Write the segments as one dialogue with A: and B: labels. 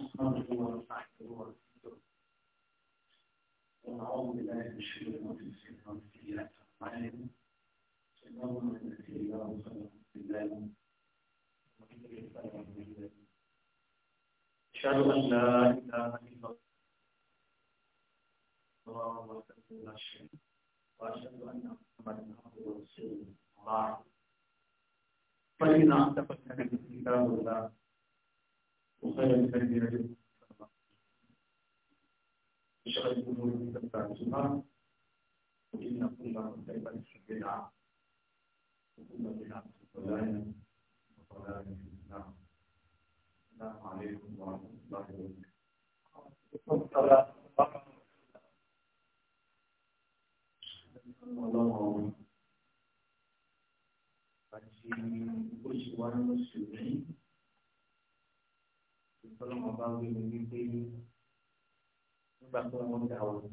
A: ونعوذ بالله من شرور انفسنا ومن سيئات اعمالنا انه من يهده الله فلا مضل له ومن يضلل فلا هادي له اشهد ان لا اله الا الله وحده لا شريك له واشهد ان محمدا عبده ورسوله وبعد فان اصدق الحديث كتاب الله وخير الهدي هدي شر الأمور محدثاتها وإن كل محدثة بدعة وكل
B: بدعة ضلالة وضلالة في النار السلام عليكم ورحمة الله وبركاته
A: Ọlọ́run ọ̀run àti oṣù wa ní oṣù yìí. tọ́lọ́mọ bá wí ní wípé nígbà tó wọ́n dà wọ́n.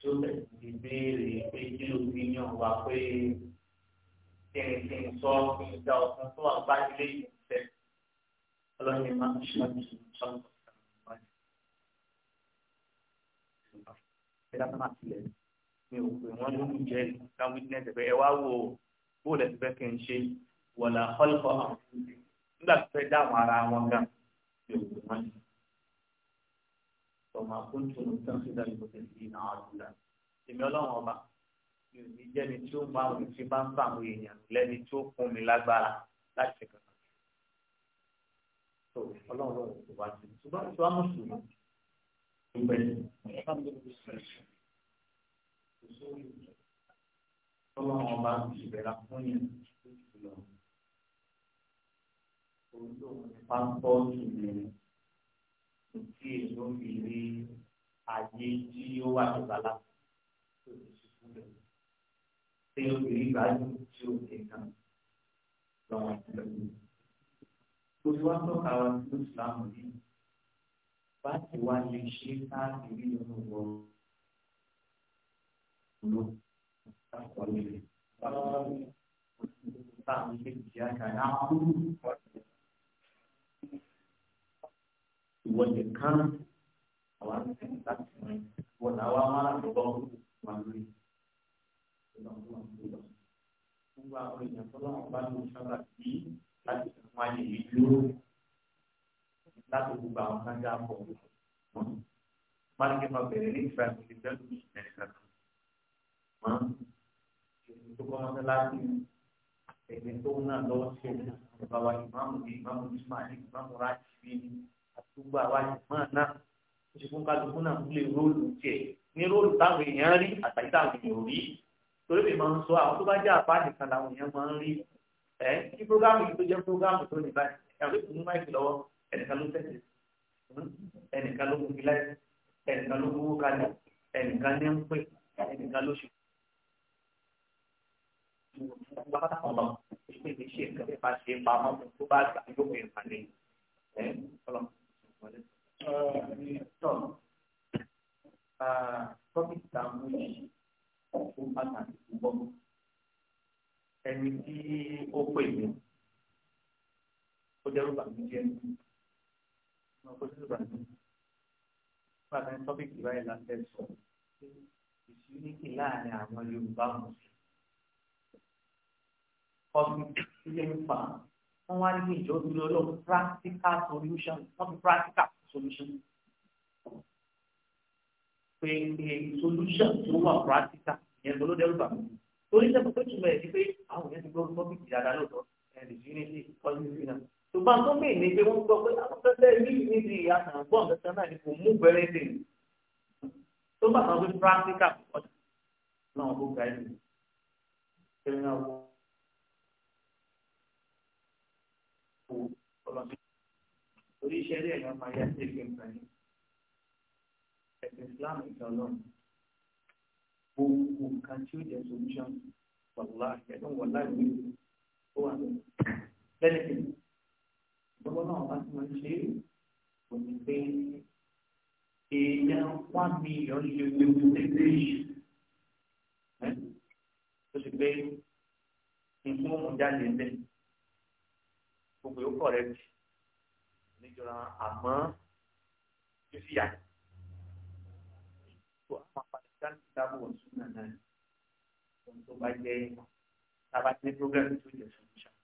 A: tó tẹ̀sí béèrè pé kí ló fi yàn wá pé kí ni kí n sọ kí n dá ọkùn tó wà bá ilé ìgbésẹ̀ ọlọ́run máa ń ṣáájú sọ́nà ẹ̀dá tó máa tilẹ̀ mi ò pè wọ́n lóhùn jẹ́ ká witness ẹ̀ pé ẹ wá wo bóòlù ẹ̀ fẹ́ kí n ṣe wọ̀là kọ́lùkọ́ àwọn nígbà tó fẹ́ dáhùn ara wọn gan yóò wù wọ́n yìí. ọmọ akóńtò ló tán sí ìdájọ́ ìbòtẹ́ sí iná àdúrà èmi ọlọ́run ọba mi ò ní jẹ́ni tí ó máa wù tí bá ń fà àwọn èèyàn lẹ́ni tí ó fún mi lágbára láti ṣe kankan. tó ọlọ́run ló wọ̀ wá sí i ṣùgbọ́n tí wàá mùsùlùmí ìgbẹ́ ọlọ́run ọba ìbẹ̀rẹ̀ fún yẹn lójú lọ olóhùn pápọ́ọ̀tù rẹ̀ tí èso fi rí ayé tí ó wà ní bàlá tó ti ṣubú rẹ̀ tí ó fi rí ìgbàlù tí ó fi kàn lọ́wọ́ ìgbàlù. Gbogbo wa tọ́ka wa sí Ìsìlámù yìí bá ti wá lè ṣe káàkiri nínú wọn. Lọ sàkọlẹ̀ bá wọn kó tá à ń lè jẹ́ àkàrà àwọn ìwọ nìkan àwọn akẹ́kọ̀ọ́ láti rìn wọ́n làwọn máa lọ wà lórí gbogbo àwọn èèyàn tó lọ́wọ́ bá lò sábà bí láti fún ayé yìí dúró láti gbogbo àwọn kan dá pọ̀ mọ́. Máàlùkì máa bẹ̀rẹ̀ ní ìfẹ́ àgbègbè bẹ́ẹ̀ ní ẹ̀ka kan. Mọ́ èmi tó kọ́ mọ́tẹ́ láti èmi tó ń náà lọ́wọ́ sí ẹ̀ka bàbá ìmáàmù ní ìmáàmù Ismail ìmáàmù Rájí bíi gbogbo àwa ìgbọ́n náà ó ṣe fún kálukú náà lè róòlù tiẹ̀ ní róòlù táwọn èèyàn rí àtàyí táwọn èèyàn rí torí mi máa ń sọ àwọn tó bá jẹ́ àpá nìkan làwọn èèyàn máa ń rí ẹ kí programu yìí tó jẹ́ programu tó ní báyìí ẹ̀rọ ìkùnú máìkì lọ́wọ́ ẹnìkan ló tẹ̀sí hmm? ẹnìkan ló kún ilé ẹnìkan ló kówó kalẹ̀ ẹnìkan ní ń pè ẹnìkan ló ṣe gbogbo àtàkùnbà ìpínlẹ̀ tọ́ tọ́pìtì tá a mú yìí ó pàtàkì púpọ̀ ẹni tí ó pè mí ó dẹ́rù bàmí jẹ́ ọmọ kó dẹ́rù bàmí pàtàkì tọ́pìtì báyìí la fẹ́ sọ ìsúnìkì láàrin àwọn Yorùbá mùsùlùmí ọdún tí ń fà wọ́n wá ní pé ìjọ dúró lọ́wọ́ practical solution wọ́n fi practical solution pé solution tó wà practical yẹn ló dẹ́rù bà mí torí sẹ́kọ̀ọ́ tó túmọ̀ ẹ̀ ní pé àwọn èèyàn ti gbọ́ topic dáadáa lọ́dọ̀ ẹ̀ lè ṣe ní sí ọdún sí náà ṣùgbọ́n tó mí ní pé wọ́n gbọ́ pé àwọn ah, fẹ́fẹ́ rí níbi àtàgbọ́n kẹsàn-án náà ni kò mú bẹ̀rẹ̀ dè tó bá kan pé practical ọ̀dọ̀ náà ó gbà ẹ̀ lè ṣe náà wọ́n. kú ọlọ́sí. torí iṣẹ́ rí ẹ̀yàn máa yá sí ìfẹ́ nǹkan yìí. ẹ̀sìn Islam ìtọ́lọ́run gbogbo nǹkan tí ó jẹ́ solution wàlá ẹ̀dùn wàlá ìwé ó wà lẹ́nu kejì. ìjọba náà bá ti máa ń ṣe é kò ní pé èèyàn wá mílíọ̀nù lè wéwu tẹ́lẹ̀ yìí. ó sì pé nǹkan ó mú jáde bẹ́ẹ̀ gbogbo yóò kọ̀ rẹ jù níjọra àmọ́ fífi àyè tó àwọn apàdánù dábò ọ̀tún náà náà ohun tó bá jẹ́ tábà ní programme tó jẹ́ solution.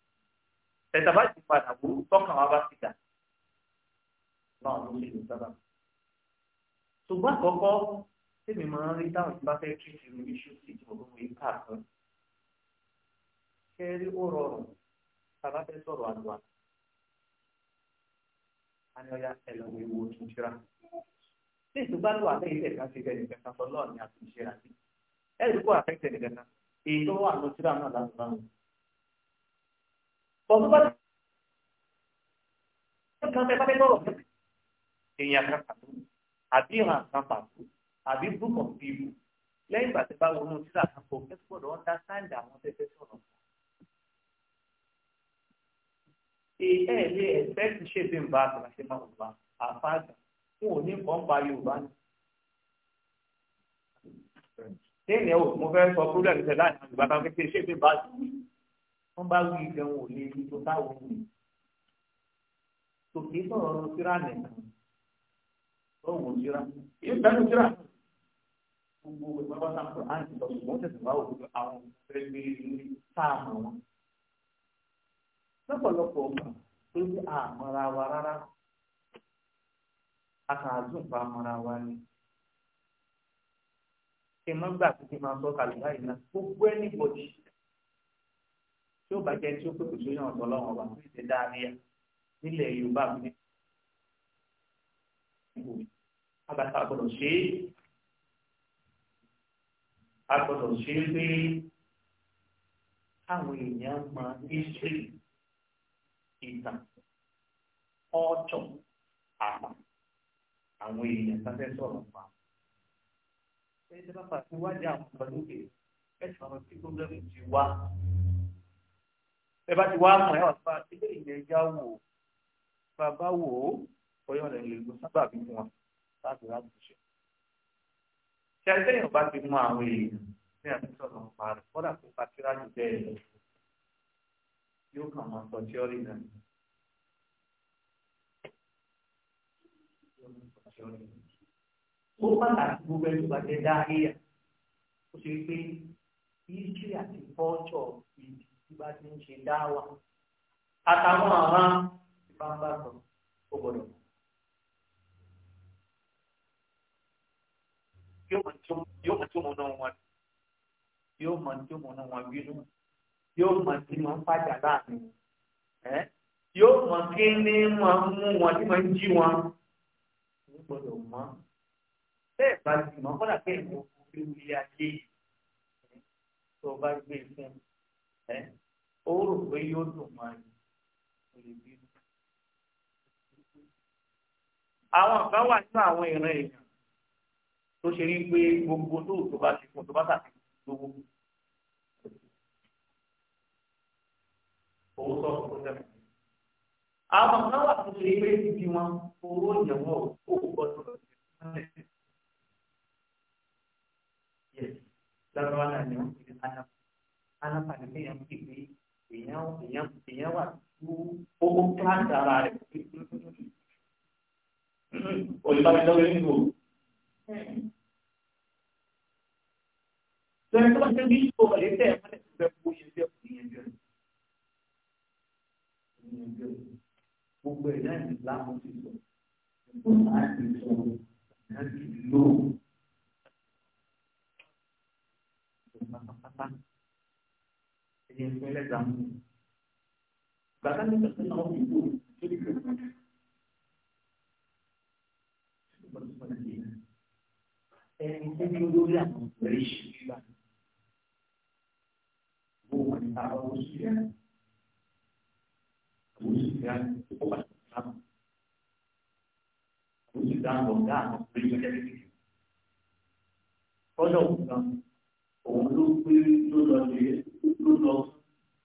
A: tẹ̀sán bá ti padà wò tọ́kàn wa bá ti dà náà ló ṣe lè sábà. ṣùgbọ́n àkọ́kọ́ tèmi máa ń rí táwọn ìgbà fẹ́ kí ti rí iṣu sí ìjọba òun yìí kà kan. ṣé rí ó rọrùn bàbá fẹ́ sọ̀rọ̀ àdúrà a ní ọ̀yà ẹ̀lọ́wọ̀ ewu òtúnṣúra tí ìtúgbà lò àlẹ́ ilé ẹ̀ka ṣe bẹ́ẹ̀ nìkan sọ lọ́ọ̀ ni àti ìṣe àti ẹ̀rù kó àfẹ́tẹ̀ nìkan náà èyí tó wà lọ síra náà láti báwọn. bọ̀dú bá ti kan fẹ́ bá fẹ́ lọ́rọ̀ fẹ́ èèyàn kan pàtó àbí ìhàn kan pàtó àbí group of people lẹ́yìn ìgbà tí bá wọnú síra kan kò fẹ́ sọ̀rọ̀ ẹ lè ẹ̀fẹ́ ti ṣe bí n bá àtàlàṣe máa wò bá àfáàgbà fún òní kan pa Yorùbá ni. téèyàn ò mo fẹ́ sọ problem ṣe láàrin àgbà kan pé ṣe bí n bá ti wí wọ́n bá wí ìgbẹ́ wọn ò lè rí tó táwọn wí. tòkè sọ̀rọ̀ ọ̀rọ̀ síra nìkan lọ́wọ́ síra èyí bẹ́ẹ̀ ló síra gbogbo ìpàgọ́ta àti ìtọ̀sùn wọn tẹ̀sán báwo àwọn lọ́pọ̀lọpọ̀ ọ̀gbọ̀n pé ní àmọ́ra wa rárá a kàn á dùn pa àmọ́ra wa ni. kí n má gbà tí kí n máa sọ kalẹ̀ báyìí náà gbogbo ẹni bọ̀dì tí ó bá jẹ́ tí ó pèpè tó yàn ọ̀tọ̀ lọ́wọ́ wa fún ìṣe dáadéa nílẹ̀ Yorùbá mi ní àbàtà gbọ́dọ̀ ṣe é a ṣe é pé káwọn èèyàn máa ń ṣe é ìtàn ọ̀tọ̀ àpà àwọn èèyàn tá fẹ́ sọ̀rọ̀ pa. Ṣé ìjọba pàṣẹ wájà àwọn ọmọ lókè ẹ̀sìn àwọn tí pọ́blẹ́mù ti wá? Ẹ bá ti wá mọ̀ ẹ́ wà fún wa, ilé ìyẹn já wò ó. Bàbá wò ó, ọyọ́ rẹ̀ lè lo sábà bí wọn láti láti ṣe. Ṣé ẹgbẹ́ yẹn bá ti mú àwọn èèyàn ní àtúntò náà pa rẹ̀ kọ́dà tó pa tíráàjù bẹ́ẹ̀ lọ? yóò kàn máa sọ tíọ́rì náà. ó pàtàkì gbogbo ẹni tó bá jẹ dáhìá ó ṣe pé history àti culture ìdí tí bá ti ń ṣe dáwà àtàwọn àwọn ìbámbá sọ ó gbọ́dọ̀. yóò mọ̀ tí ó mọ̀ náà wọn bínú yóò mọ̀ tí wọ́n fàjà láàrin ẹ́ yóò mọ̀ kí ní wọ́n mú wọn tí wọ́n jí wọn wọ́n gbọ́dọ̀ mọ̀ bẹ́ẹ̀ bá ti mọ̀ kọ́dà pé ìwọ fi wí ayé tó bá gbé e fún ẹ́ ó rò pé yóò dùn mọ́ ẹ kò lè bí. àwọn kan wà nínú àwọn ìran èèyàn tó ṣe rí pé gbogbo tó tó bá ti fún tó bá tà gbogbo. owó sọ fún fún sẹ́mi. àwọn kan wà tó ṣe eré ibi wọn owó ìyàwó òkú gbọdọ̀ lọ́wọ́ náà ni wọ́n fi ana anapa ni pé èèyàn kì í pé èèyàn èèyàn èèyàn wà tú owó kíláàsì ara rẹ̀ olùbámidọ́wé nínú o. sọ́yìn tó bá ṣe bí ìṣòro ẹ̀ tẹ̀ ẹ̀ mọ́lẹ̀ tó bẹ̀ kó yẹn jẹ́ kó jẹ́ ìyànjú ẹ̀ gbogbo ẹ̀ náà ìsìlámù ti sọ ó máa ti sọ ìyá ti lò ó. ẹ̀yẹ fún ẹlẹ́dàá mú gbàgbá ní pẹ̀lú àwọn ìbò tó lè lò. Ẹni tó ń lórí àwọn ìbẹ̀rẹ̀ ìṣèlú ìgbà. Bó wà ní àwọn oṣù Abu Sufyan itu pasti Islam. Abu Sufyan bongga membeli menjadi tiga. Kodok kan, ulu pun tu lagi, tu log,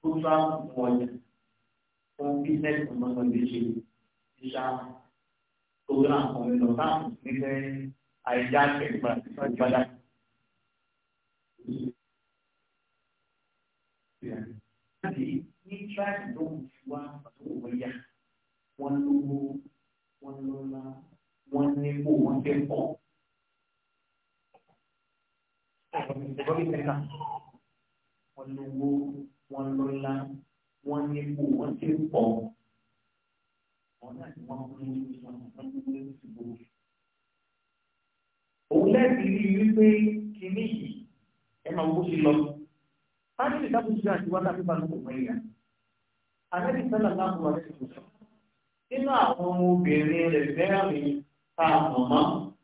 A: tu sam semuanya. Kau bisnes memang bisnis, bisa program pemerintah, bisnes ajar kepada Jadi, ini wá àtúkọ̀ yá wọ́n lówó wọ́n lọ́lá wọ́n nípò wọ́n fẹ́ pọ̀. Wọ́n lówó wọ́n lọ́lá wọ́n nípò wọ́n fẹ́ pọ̀. Ọ̀nà tí wọ́n fún mi wọ́n fún mi lóṣù òun lẹ́ẹ̀kì rí i wípé kìíní yìí ẹ máa wọ́n ti lọ. Fáṣítì dábòsí àti wátápépà ló kò mọ ìyá ànábì sọlá láàbù wà lẹ́yìn ìbùsùn nínú àwọn ọmọbìnrin rẹ̀ mẹ́rin ta màmá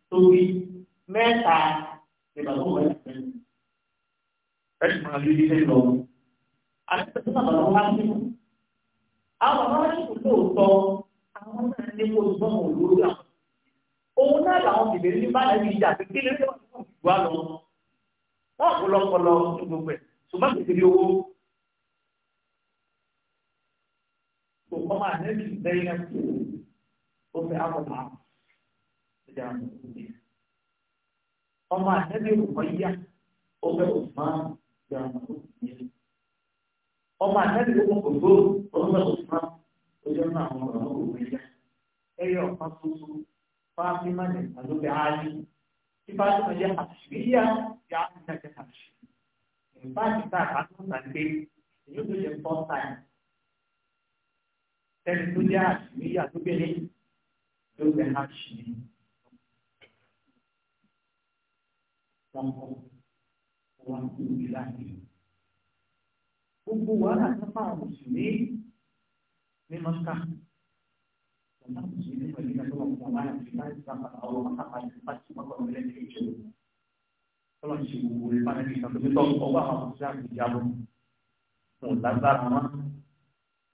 A: torí mẹ́ta ìbàdàn wà lẹ́yìn ẹ̀sùn máa lé ilé lọ. ànábì sọlá bàbá wá sí i àwọn bàbá wá sí i lóòótọ́ àwọn náà ní kó sọ wọn lórí àwọn. òun náà làwọn bèbèrè ní báyìí ní ìjà pé kí lè lè wà fún ìgbà lọ. wọ́n kò lọ́pọlọ ní gbogbo ẹ̀ ṣùgbọ́n kò o o o ọmọ ànẹ́bí bẹ́yìn náà ó fẹ́ àbọ̀mọ́ àwọn ìjà àwọn òbí ọmọ ànẹ́bí òkò yíyá ó fẹ́ òfin ìjà àwọn òbí ọmọ ànẹ́bí òkò tó ó fẹ́ òfin ó jẹ́ náà àwọn ọmọ òkò yíyá ẹ̀yọ ọ̀kan tuntun fáfímà ní àlùbẹ̀ áyé tí fáfímà yẹ àṣìríyá yà á ń tẹ̀kẹ́ àṣìrí ìfáàkì tá a o tó ń tàn o èyí tó yẹ o táyì. ẹni tó jẹ́ àṣìníyà tó bẹ̀rẹ̀ ló bẹ̀ á ṣì ní. Wọ́n wọn kú ní Gbogbo wàhálà tó máa wù sí ní ní mọ́ṣíkà. Wọ́n ní pẹ̀lú ìdájọ́ wọn kọ́ wàhálà tó máa ń sá padà ọ̀rọ̀ wọn kápá ní pàṣẹ mọ́tò ọ̀rẹ́ ní ń ṣe gbogbo ìpàdé ìṣàkóso tó ń kọ́ wà àwọn òṣìṣẹ́ àgbèjáwó. Wọ́n lágbára wọn.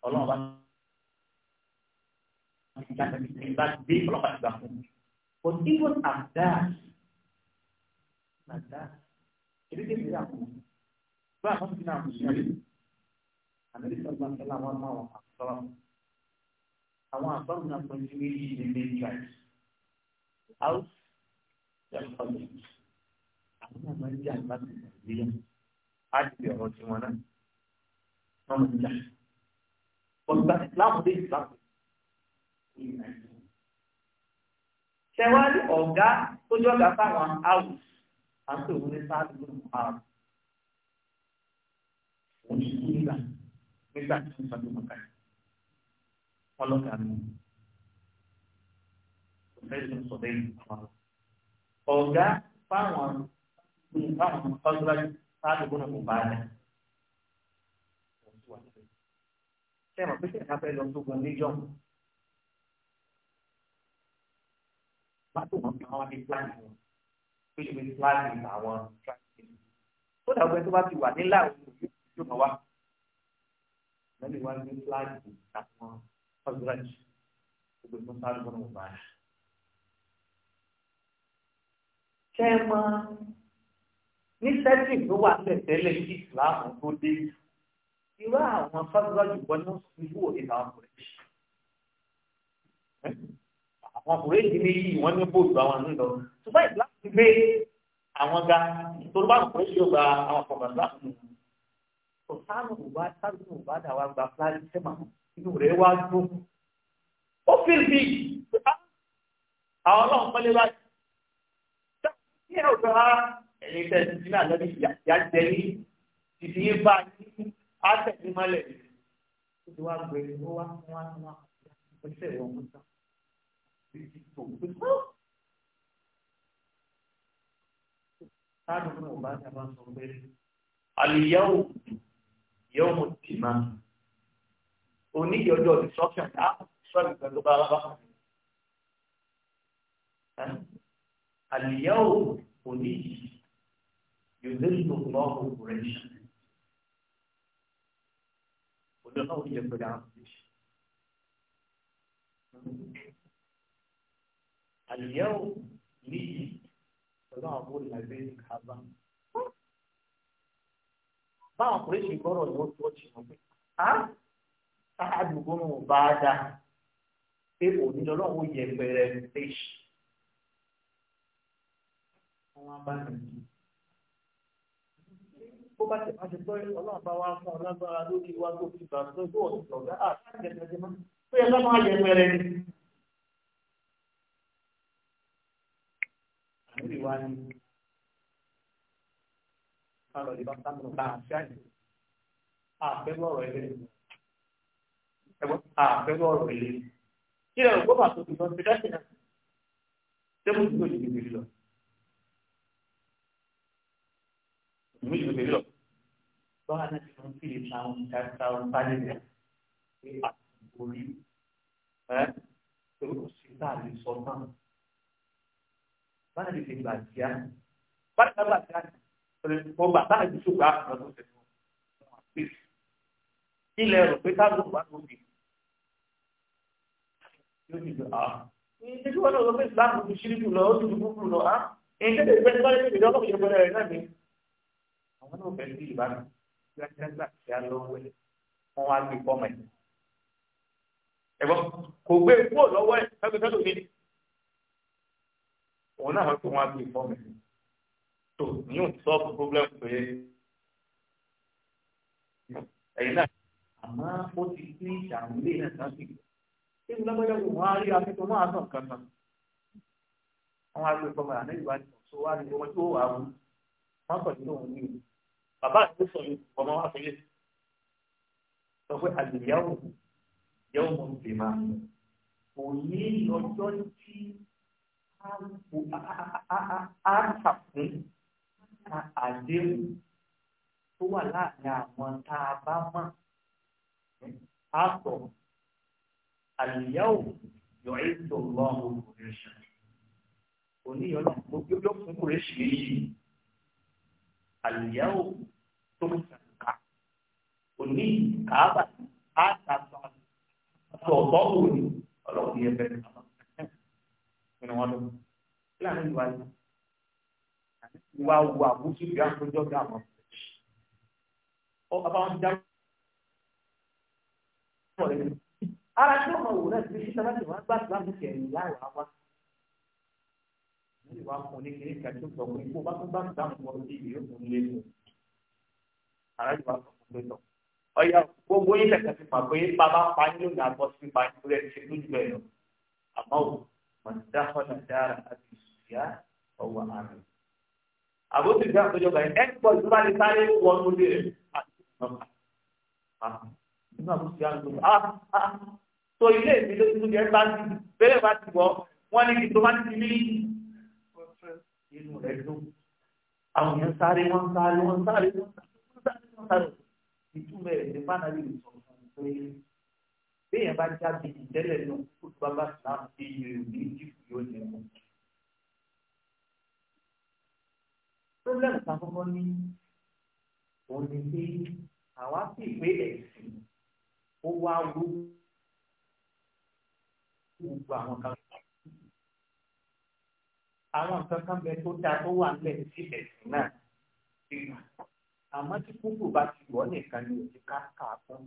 A: Ọlọ́run bá ketika terlibat di pelopat baku. But even ada. maka jadi dia bilang, bah kamu kenal sekali. Anda di sebelah Allah mau Allah Awak apa nak mencuri di media? Out dan kami. Aku nak menjahat dia. Ada dia orang mana? Menjahat. Bukan Islam, dia Islam. Ṣẹ̀wárí ọ̀gá tó jọ́gà fáwọn áwù àti òun ní sáàtì ló ń pa ọ́. Òun ní kí nígbà nígbà tí wọ́n sọ́dún mọ́ká. Wọ́n lọ́gà mi. Kò fẹ́ ló ń sọ bẹ́ẹ̀ ní àwọn àwọn. Ọ̀gá fáwọn fáwọn ọ̀gbọ́n sáàtì ló ń pa ọ́. Ṣé pé kí fẹ́ lọ sógun níjọ́ wọ́n tó wọ́n fi wọ́n fi plan wọn tó lè fi plan àwọn traffic. tó dàgbẹ́ tó bá ti wà nílà òun yóò tó kàn wá lẹ́nu ìwà ní plan àwọn husband gbogbo tó sáré gbọ́dọ̀ wọ́n bá a. kẹ́ ẹ mọ ní sẹ́tì tó wà lẹ̀ tẹ́lẹ̀ ní ìsìláàmù tó dé irú àwọn fásitì gbọ́dọ̀ ní wọ́n ti wú àwọn ọkùnrin èdè méjì wọ́n ní bóòlù àwọn àánú lọ ṣùgbọ́n ìsìláàmù ti gbé àwọn ga torí bá ọkùnrin yóò gba àwọn ọkùnrin ìsìláàmù nù. ọ̀sánù òbá sánù òbá dà wá gba fúláì sẹ́mà inú rẹ̀ wá dó. ó fi bí àwọn ọlọ́run pẹ́lẹ́ bá ṣe é ọ̀dọ́ ara ẹ̀yin tẹ̀ sí náà lọ́dún ìyá jẹ́ ní ìdí bá yín á tẹ̀sí mọ́lẹ̀ ó ti wá gbé ó wá wá wá oníṣẹ́ Táàdùn náà ah, bá ti máa sọ pé àlùyáwó yóò mú tì máa. Oníyọjọ́ destruction ká sọ̀rọ̀ pẹ̀lú balaba. Àlùyáwó oníyì yóò lè lò lọ́wọ́ operation. Odò náà ó yẹ pẹ̀lú àwọn اليوم لي pẹ̀lú àwọn bóòlù liberian kaba báwọn ọkùnrin ṣe gbọ́rọ̀ ni wọ́n tó ọtí wọn pé á sáàdùgbò náà bá a dá pé òní lọ́lọ́wọ́ yẹ pẹ̀rẹ̀ méjì wọn bá ti di bó bá ti bá ti gbọ́ ọlọ́run bá wá fún ọ lágbára lórí wa tó fi bàtọ́ tó ọ̀sìn àti àjẹmẹ́jẹmẹ́ tó yẹ ká máa ni. àbíbí ah, ah, wa ni ká lọ lè bá sábà bá a ṣáà yìí àfẹ́lú ọ̀rọ̀ ilé àfẹ́lú ọ̀rọ̀ ilé kí ẹ ògbó bàtò tó lọ sí dáṣẹ náà tẹ́mú tó lè gbèrè lọ. Ìmú ìlú gbèrè lọ. Bọ́lá náà ti fún fìlì táwọn táwọn báyìí rẹ̀ pé ah, mana di sini gbà pada báyà lè gbà tíá mo gbà báyà lè ṣùgbọ́n àwọn ọmọ ọ̀sẹ̀ tó wà pé ilẹ̀ rò pé ká gbogbo àwọn òbí yóò ti dùn áà ìṣẹ́jú wọn náà lọ pé ìsìláàmù ti ṣírí jù lọ ó ti dùn kúrú lọ á èyí tẹ́lẹ̀ ìgbẹ́ni bá lè fi ìdánwò yẹn pẹ̀lẹ́ rẹ̀ náà ni àwọn náà fẹ́ẹ́ sí ìbánu bí a ti ń gbà tíá lọ́wọ́ ẹ̀ wọ́n wá gbé fọ́ọ̀mù ẹ̀ òun náà tó wọn á gbé fọ́ọ̀mù tó yóò sọ́ọ̀bù problem pé ẹ̀yin náà àmọ́ ó ti ní ìṣàrùn ilé náà sáà sí ṣé ìlú lọ́gbọ́dọ̀ wò wọ́n á rí akẹ́kọ̀ọ́ náà sàn kan sàn àwọn àgbẹ̀ fọ́ọ̀mù àná ìwà tó wà ní ọmọ tí ó wà á wù wọ́n kàn ní òun ní ìlú bàbá àti sọ yìí ọmọ wa fẹ́ sọ pé àlèyáwó yẹ́wò mọ̀ ní bèèmà òní ọjọ́ tí á kàkún àdéhùn tó wà láàrin àwọn tá a bá mọ̀ á sọ àlìyáwó yọ̀ ẹ́ tó lọ́wọ́ òṣèlú oníyàn náà mo gbé yọ fún kùrẹ́sì méjì àlùyáwó tó ń sàǹkà òní kàábà á sàtọ̀ àtọ̀ òní ọlọ́run yẹn bẹ̀rẹ̀ náà nínú wọn lọ kí lànà ìwà yìí ìwà wà bùsùn ìyá àkójọ bí àmọ́ ọ bàbá wọn ti dá wọn lẹ́nu ara tí wọn wò náà ti fi sábà tí wọn gbà tí wọn kẹ ẹ̀yìn láì wá wá wọn lè wá fún ní kiri kí a tó sọ pé kó bá tó bá tó dáhùn wọn bí yóò fún lé fún ara tí wọn sọ fún pé tọ gbogbo yín lẹkẹ ti fà pé bàbá pa yín lónìí àgbọ̀ sí pa yín lórí ẹni ṣe lójú bẹ́ẹ̀ lọ àmọ́ من دخل دار أبي سفيان فهو آمن أبو سفيان tó jọba ẹ̀ pọ̀ tó bá lè sáré wọnú ilé rẹ̀ nínú Abu Sufyan ló ń tó ilé mi ló tún jẹ́ bá ti bẹ́rẹ̀ bá ti wọ̀ wọ́n ní kí tó bá ti ní inú rẹ̀ dùn àwọn èèyàn sáré wọn sáré wọn sáré wọn sáré wọn sáré ìtumọ̀ béèyàn bá jáde ìtẹ́lẹ̀ nù kó tó bá bá sàmù iye òní jìbù yóò ní mu. pírọ́blẹ́mù kan kọ́kọ́ ní òun ni pé àwa sì pé ẹ̀sìn ó wá wú gbogbo àwọn kan. àwọn nǹkan kan bẹ tó dáa tó wà nílẹ̀ sí ẹ̀sìn náà àmọ́ tí kúkú bá ti wọ́ nìkan ni òjì ká kà á fún un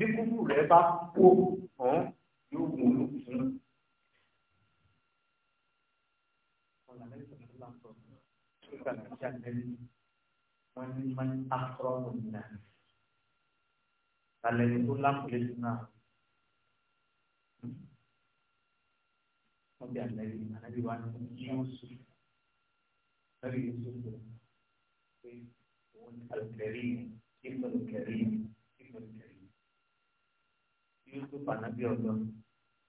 A: bí kúkú rẹ̀ bá kó hàn yóò mú olùkùn. wọ́n ní máa ń akọrọ nìyà kalẹ̀ ní tó lápẹ̀lẹ̀ tó náà. wọ́n bí àlẹ́ yìí àlẹ́ wa ní yóò sùn lórí yóò sùn pé òun ní yìí kí ló yìí kí ló yusuf anabi ọlọ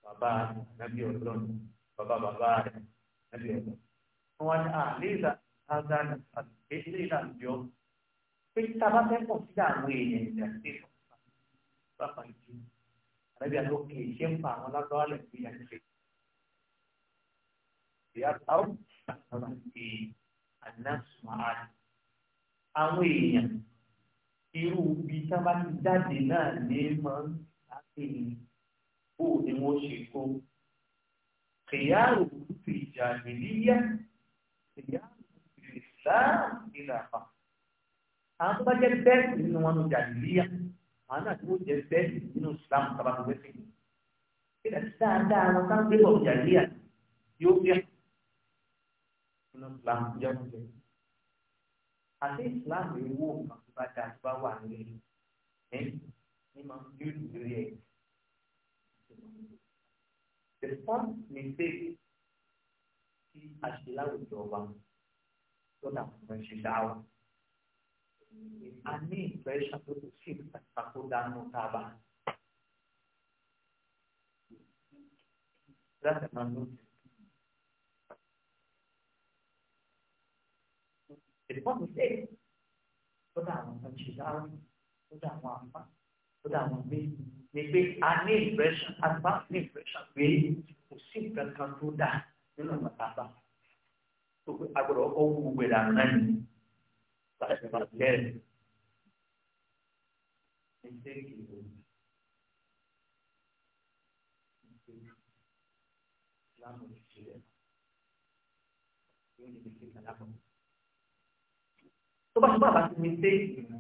A: Baba anabi ọlọ Baba Baba rẹ anabi ọlọ wọn ni à léèlà àgbà àti léèlà jọ pé tábà fẹ́ pọ̀ sí àwọn èèyàn ìjà sí ìfọ̀nfà bàbá ìjú anabi àti òkè ṣé ń pa àwọn lágbára lẹ̀ fún ìyá ìṣe. ìyá táwọn àwọn àti ànásùmáà àwọn èèyàn irú ibi tábà jáde náà ní máa bó ni wọ́n ṣe kó kìyàrò fi jàmìlíyà kìyàrò fi islam ìlàpá àwọn tó bá jẹ bẹ́ẹ̀sì nínú wọn ní jàmìlíyà àwọn náà tí wọ́n jẹ bẹ́ẹ̀sì nínú islam sábà tó bẹ́ẹ̀sì kí ni dáadáa wọn sáà ń gbé bọ̀ jàmìlíyà yóò fi nínú islam jẹ́ àti islam ewu nǹkan tó bá dáa bá wà nílé ẹ̀ ní máa ń bílù lórí ẹ̀. the first mistake tí a ṣe láwùjọ wa lọ́dà fún ẹ̀ṣẹ̀ dáwà a ní ìfẹ́ ṣàkóso sí àkódánù tábà. Láti máa lóde. Ele pode ser? Toda a vontade de dar, toda a vontade ó dà wọ́n pé ni pé a ní impression a bá ní impression pé kò sí nǹkan kan tó dà nínú ọ̀nà tá a bá tó pé a gbọ́dọ̀ ọkọ̀ wú gbogbo ẹ̀dá náà ni láti máa bẹ̀rẹ̀ mistake ìlú. Ìsìlámù ìṣẹ̀lẹ̀ yóò ní mistake alákọ̀ọ́. Tó bá ṣe bá bá ti mistake ìlú,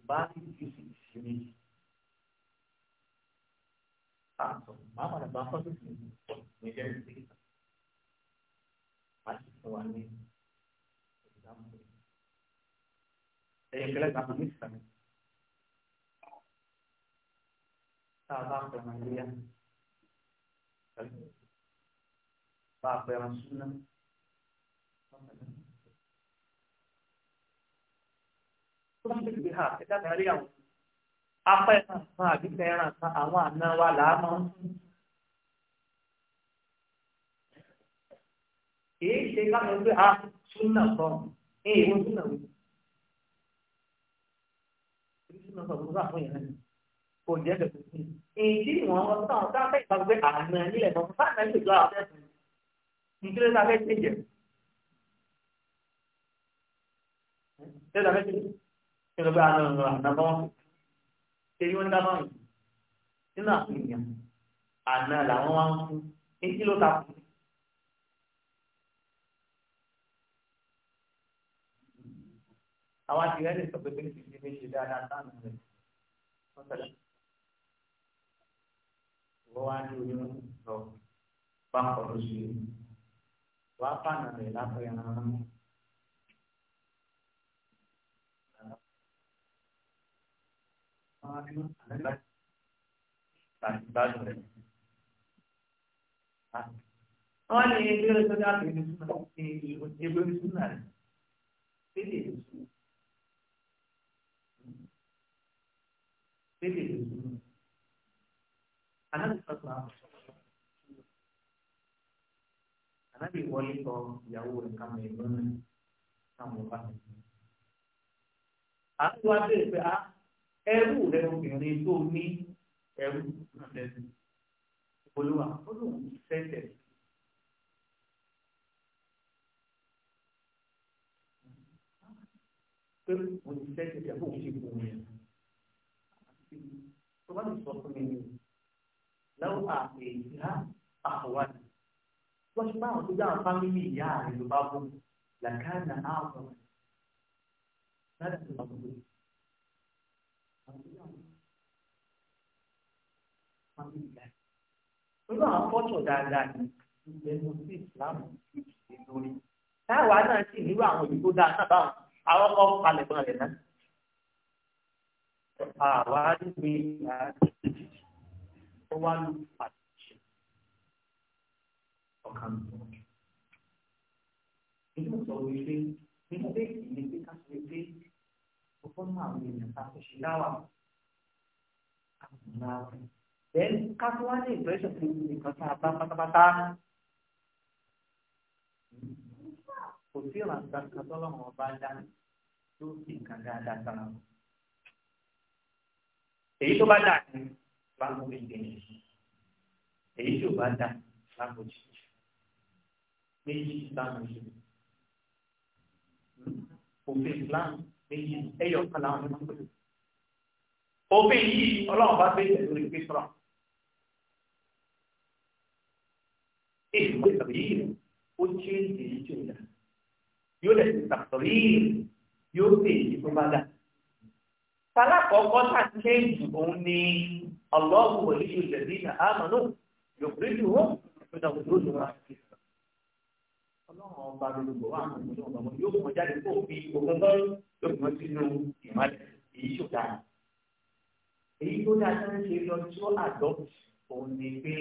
A: ìbá ti ju sí ìsinmi. Ah, mama na bapa tu meja itu kita. Pasti tuan ni. Saya kira tak mungkin kan. Sahabat dengan dia. Bapa yang sunnah. Tuhan itu lihat, kita dari yang apẹ́ náà kan àbí fẹ́ràn kan àwọn àna wa là á mọ́. Èyí ṣe káàmì pé a ah, súnà sọ, èyí wọ́n súnà wí. Èyí súnà sọ fún sáà fún yẹn náà. Kò jẹ́ ẹ̀sẹ̀ fún mi. Èyí tí wọ́n wọ́n sọ àwọn sáà fẹ́ ìgbàgbé àná nílẹ̀ kan fún sáà náà lè gbọ́ àwọn fẹ́ fún fẹ́ ṣe Ṣé sáà fẹ́ ṣe Ṣé lọ bá àná àná bọ́? ṣe yóò dá márùn nínú àpèyàn àná làwọn wá ń fún ní kí ló ta kù. àwọn àti rẹ́ẹ̀lì sọ pé pé kí ni ṣe dáadáa sáànù rẹ̀ wọ́n tẹ̀lé. wọ́n wá ní oyún lọ bá kọ̀ lóṣù yìí wọ́n á fàànà rẹ̀ lápẹ̀ ẹ̀ràn mọ́. wọ́n anábì wọlé sọ ìyàwó rẹ̀ kàmú ẹ̀gbọ́n rẹ̀ kàmú ọba rẹ̀. àti wá bẹ́ẹ̀ pé a ẹrú rẹ obìnrin tó ní ẹrú àtẹ̀sí olúwa ó lóun fẹ́tẹ̀. pé mo ti fẹ́tẹ̀ tẹ̀ bóun ṣe kú mi. tó bá lè sọ fún mi ni lọ́wọ́ àpèjá àwàdì wọ́n ti bá àwọn tó dá àwọn fámìlì ìyá rẹ̀ ló bá bọ̀ làkàna àwọn. Nada ti bá bọ̀ lórí. alhamdulilayi pẹ̀lú àwọn fọ́tò dáadáa ni ìgbẹ́nu sí ìsìlámù ti ṣe lórí táwa náà sì nílò àwọn òyìnbó dáa náà báwọn àwọn ọkọ̀ palẹ̀ mọ́ rẹ̀ náà àwa nígbè ó wá lù pàtàkì ọkàn tó èyí ò sọ wípé nígbà tí ìyẹn pé ká sọ wípé ó fọ́nà àwọn èèyàn tá a ṣe dáwà Dan ká tó wá ní ìpẹ́sẹ̀ tó ní nǹkan tá a bá pátápátá kò sí ìrànṣà kan tọ́lọ́mọ ọba dá tó sì kan dáadáa sára wọn. èyí tó bá dà ní báńkò ìgbẹ̀yìn kalau tó bá dà báńkò jìjì méjì báńkò jìjì ìwé tàbíyìí ó ṣe é ṣe èyí tí ò dá yóò lè ṣe tàbíyìí yóò ṣe èyí tó bá dá. Sálákọ̀ọ́kọ́ tá a ṣe jù òun ni ọlọ́run wòlé ìlẹ̀lí ìlà àmọ́nù yòókùnrin jù wọ́n ìpínlẹ̀ òdòdó ló wà sí. Ọlọ́run ọba lolobọ̀ wà ní ìlú ọ̀gbọ̀n yóò mọ jáde kó fi ogun mọ́ yóò mọ sínú ìmọ̀lẹ̀ èyí tó dáa. Èyí tó dáa tó ṣe lọ sí àdọ́tì òun ni pé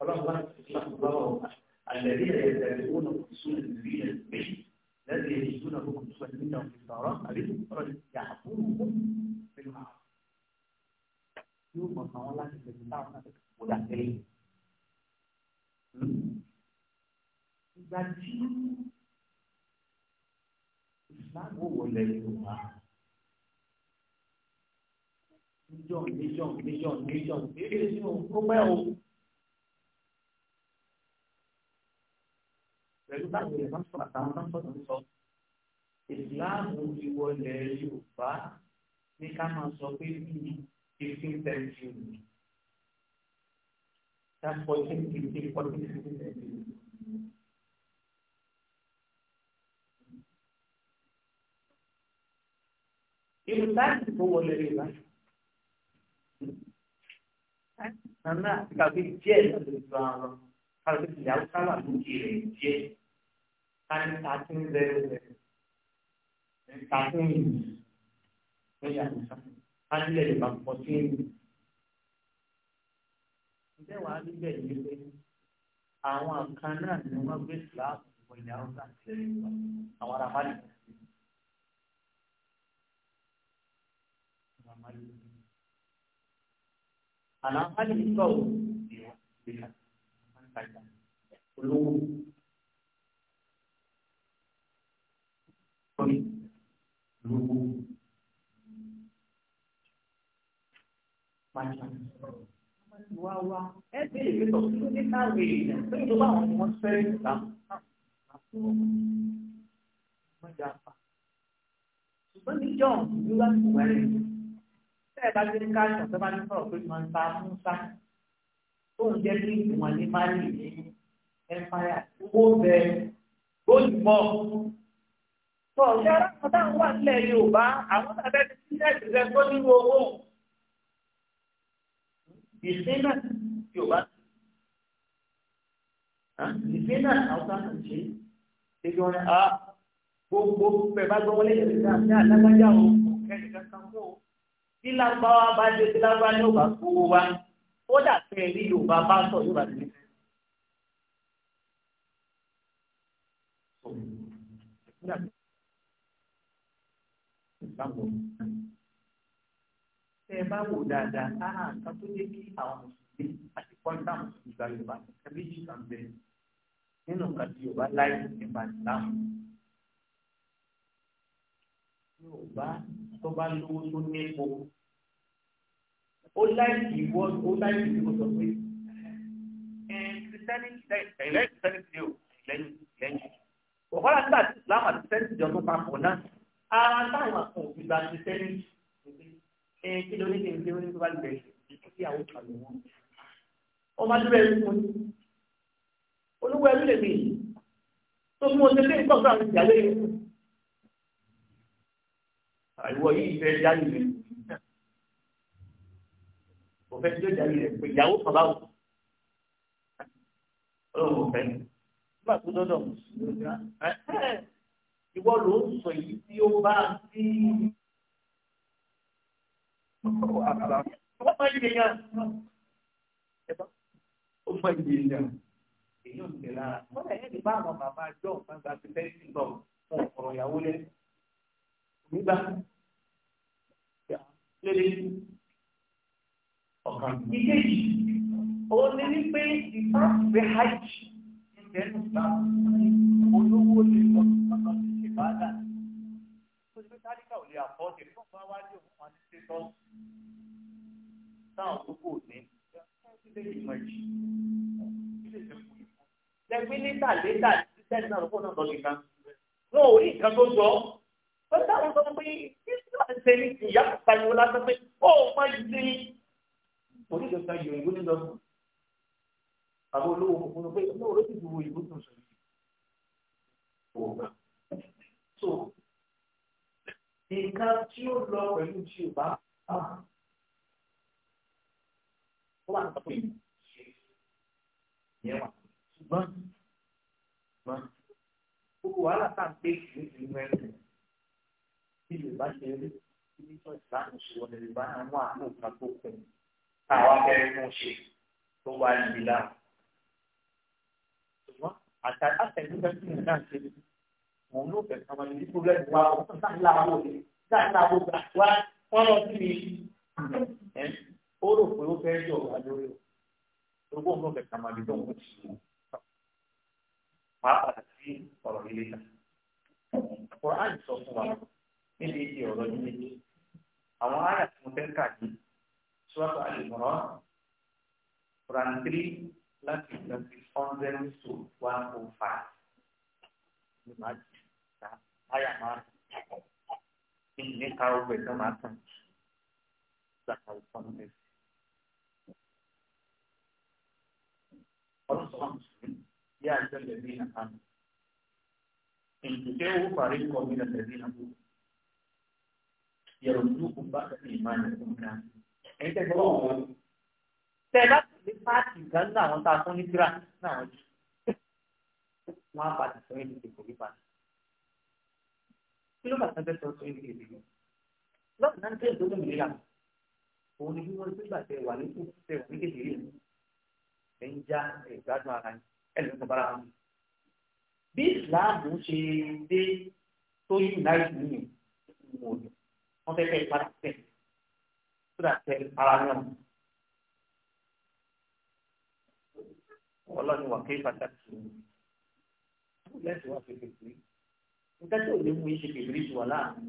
A: فلما استكبروا الذين يتابعون رسول النبي الذي الذي يجدونه كسوة منهم في التوراة عليهم رجل يعفوهم بالمعروف يوم ما الله الذي تعرف مدخلين ìgbà tí islam ò wọlé yorùbá níjọ níjọ níjọ níjọ níjọ níjọ níjọ níjọ níjọ láti lè máa ń sọ àtàwọn máa ń sọ̀tún sọ. ìsìláàmù ti wọlé yorùbá ní ká máa sọ pé bíi fifteen century that fourteen fifteen fourteen fifteen century. irú táàkì tó wọlé yorùbá. Nana, kàwé díẹ̀ lọ́dọ̀ ìjọ àwọn, kàwé ìyàwó sábà lókè rẹ̀ díẹ̀ and 1300. And 13 hundred and fourteen. Ǹjẹ́ wàá níbẹ̀ yìí pé àwọn kan náà ni wọ́n gbé síláàbù ìwọ ilẹ̀ Haúsá àwọn ará Mali. Àlàáfáà lórí lówó pàṣẹ. Wá wá ẹ bí èmi lọ sí ní káàwé èèyàn pé ìjọba àwọn ni wọ́n fẹ́ ìgbà mọ́jà pa. Ṣùgbọ́n ní John ló bá ti wẹ̀rẹ̀. Bẹ́ẹ̀ bá ti ní káàṣì ọ̀sẹ̀ bá ní sọ̀rọ̀ pé máa ń ta Musa. Tóun jẹ́ kí ìwọ̀n ní Mali ní Empire. Owó bẹ góòlù pọ̀ tọ ọ̀gá arákùnrin táwọn wà nílẹ̀ Yorùbá àwọn tàbí ẹni tí ẹ̀sìn rẹ tó nínú owó ìsìn náà Yorùbá ìsìn náà àwọn táwọn náà ṣe é ṣe wọn a ah, gbogbo pẹ̀ bá gbọ́ wọlé ìrìn náà ní àdágbájá o kẹ́lí kankan fún o tí lágbáwá bá dé tí lágbáwá Yorùbá gbowó wa ó dà pé rí Yorùbá bá sọ Yorùbá ti ní fẹ́ ìsàmù tẹ ẹ bá wò dáadáa sáà nǹkan tó yẹ kí àwọn mùsùlùmí àti kọ́ńtà mùsùlùmí gba yorùbá nǹkan méjì kan bẹ nínú nǹkan tí yorùbá láì nípa ìsàmù yorùbá tó bá lówó tó ní epo ó láì kì í wọ́n ó láì kì í wọ́n sọ pé ẹ kìrìsìtẹ́nì ẹ̀lẹ́kìrìsìtẹ́nì lẹ́yìn lẹ́yìn òkọ́lá nígbà tí islam àti sẹ́ńtì jọ tó papọ̀ náà ara ah, táwọn àkàn òbí gba ti sẹ́ni ẹ kí ló ní kí n gbé orí tó bá lè bẹ̀rẹ̀ kí àwọn ìtàn lò wọ́n. ọmọ adúlọ̀ ẹ̀rú fún mi olúwa ẹ̀rú lèmi tó mú ọtí lé ìtọ́jú àwọn ìyàwó yẹn. àìwọ yìí fẹ́ jáde rẹ̀ kò fẹ́ tí jáde rẹ̀ pé ìyàwó kan báwò ọlọ́run kò fẹ́ nígbà tó dọ́dọ̀ mùsùlùmí ìwọ ló ń sọ èyí tí ó bá sí. ọmọ ìdè yẹn ọmọ ìdè yẹn èyí ò tẹ̀ lára wọ́n lè ní bá àwọn bàbá àjọ nǹkan gba ti fẹ́ẹ́ sí lọ fún ọ̀rọ̀ ìyàwó lẹ́ nígbà lélẹ́ ọ̀kan. ìkejì òun ni wípé ìfọ́nfẹ́ hajj ìfẹ́ nígbà olówó lè lọ sí ọ̀kan ìbáàdà tó ti fi tálíkà ò lè àfọ́ọ̀dì fún bá wá ní òun àti ṣètò táwọn tó kò ní ilé ìmọ̀ ìjì
B: ilé ìdẹ̀kùn ìfún. lẹ́gbẹ́ níta létà
A: títẹ́ náà lọ́pọ̀ náà lọ́ọ́ nìkan wọn ò rí nǹkan tó jọ ó dáhùn sọ pé kíkọ́ àti ìyá pariwo lásán pé ó máa yí sí onídọ̀ọ́ta yòóyìnbó nílọ́gbọ̀n àbọ̀ olówó kòkòrò pé olówó ló ti dùn òyìnbó tó so nǹkan tí ó lọ pẹ̀lú tí ò bá wà ó wà tó yẹ yẹn wà ṣùgbọ́n ṣùgbọ́n gbogbo wàhálà tá à ń gbé ìlú ìlú ẹ̀rọ tí lè bá ṣe rí ní sọ ìbánu ṣùgbọ́n lè bá àwọn àánú kan tó pẹ̀ táwa fẹ́ẹ́ mú ṣe tó wà níbi láà ṣùgbọ́n àtàlásẹ̀ nígbà tí mo náà ṣe rí òun ló fẹ́ kama ní pírọ́blẹ́mù wa òun tó sáà lára wò ní sáà lára wò gbà wá wọ́n lọ sí mi ẹ̀ ó rò pé ó fẹ́ yọ̀ wá lórí o gbogbo òun ló fẹ́ kama ní lóhùn ó ti sùn pàápàá sí ọ̀rọ̀ ilé ta ọ̀rọ̀ àyè sọ fún wa níbi ìdí ọ̀rọ̀ ilé àwọn àyà tí mo fẹ́ kà ní sọ́tò àlùmọ́rọ́ Quran three láti twenty hundred to one oh five. Imagine àyà máa kí ní ká ọgbẹ tó máa tán gbàgbà ìfọ̀nù rẹ̀. ọdún sọ mùsùlùmí bí àjọ lẹ́bí nà á nù. ìdílé wo parí kọ́ mi nà lẹ́bí nà kú. yẹ̀rọ̀ ojú kò bá kẹ́kẹ́ ìmọ̀ ẹ̀ fún ká. ẹ̀yin tẹ́ gbọ́ wọn. tẹ́ bá tẹ̀lé páàkì kan náà àwọn tá fún ní tíra náà wọ́n á pàtàkì sọ́yìn ní ìdìbò yìí kí ló bàtà fẹ́ sọ sọ ibi èdè yìí lọ́ọ̀tì náà ń tẹ́ ìdókòwò ìlera òun ni bí wọ́n ti gbà tẹ wà ní kú tẹ wà ní kékeré yìí ẹ̀ ń já ìgbádùn ara yìí ẹ̀ ló ń bára wọn. bí ìsìláàmù ṣe dé tó yí ìnáyìí nìyẹn mo lò wọ́n fẹ́ fẹ́ ìpadà tẹ̀ tó dà tẹ ara náà. ọlọ́run wà kí pàtàkì lẹ́sìn wà fi kékeré nǹkan tí ò ní mú iṣẹ́ kìbìrì tù wà láàrin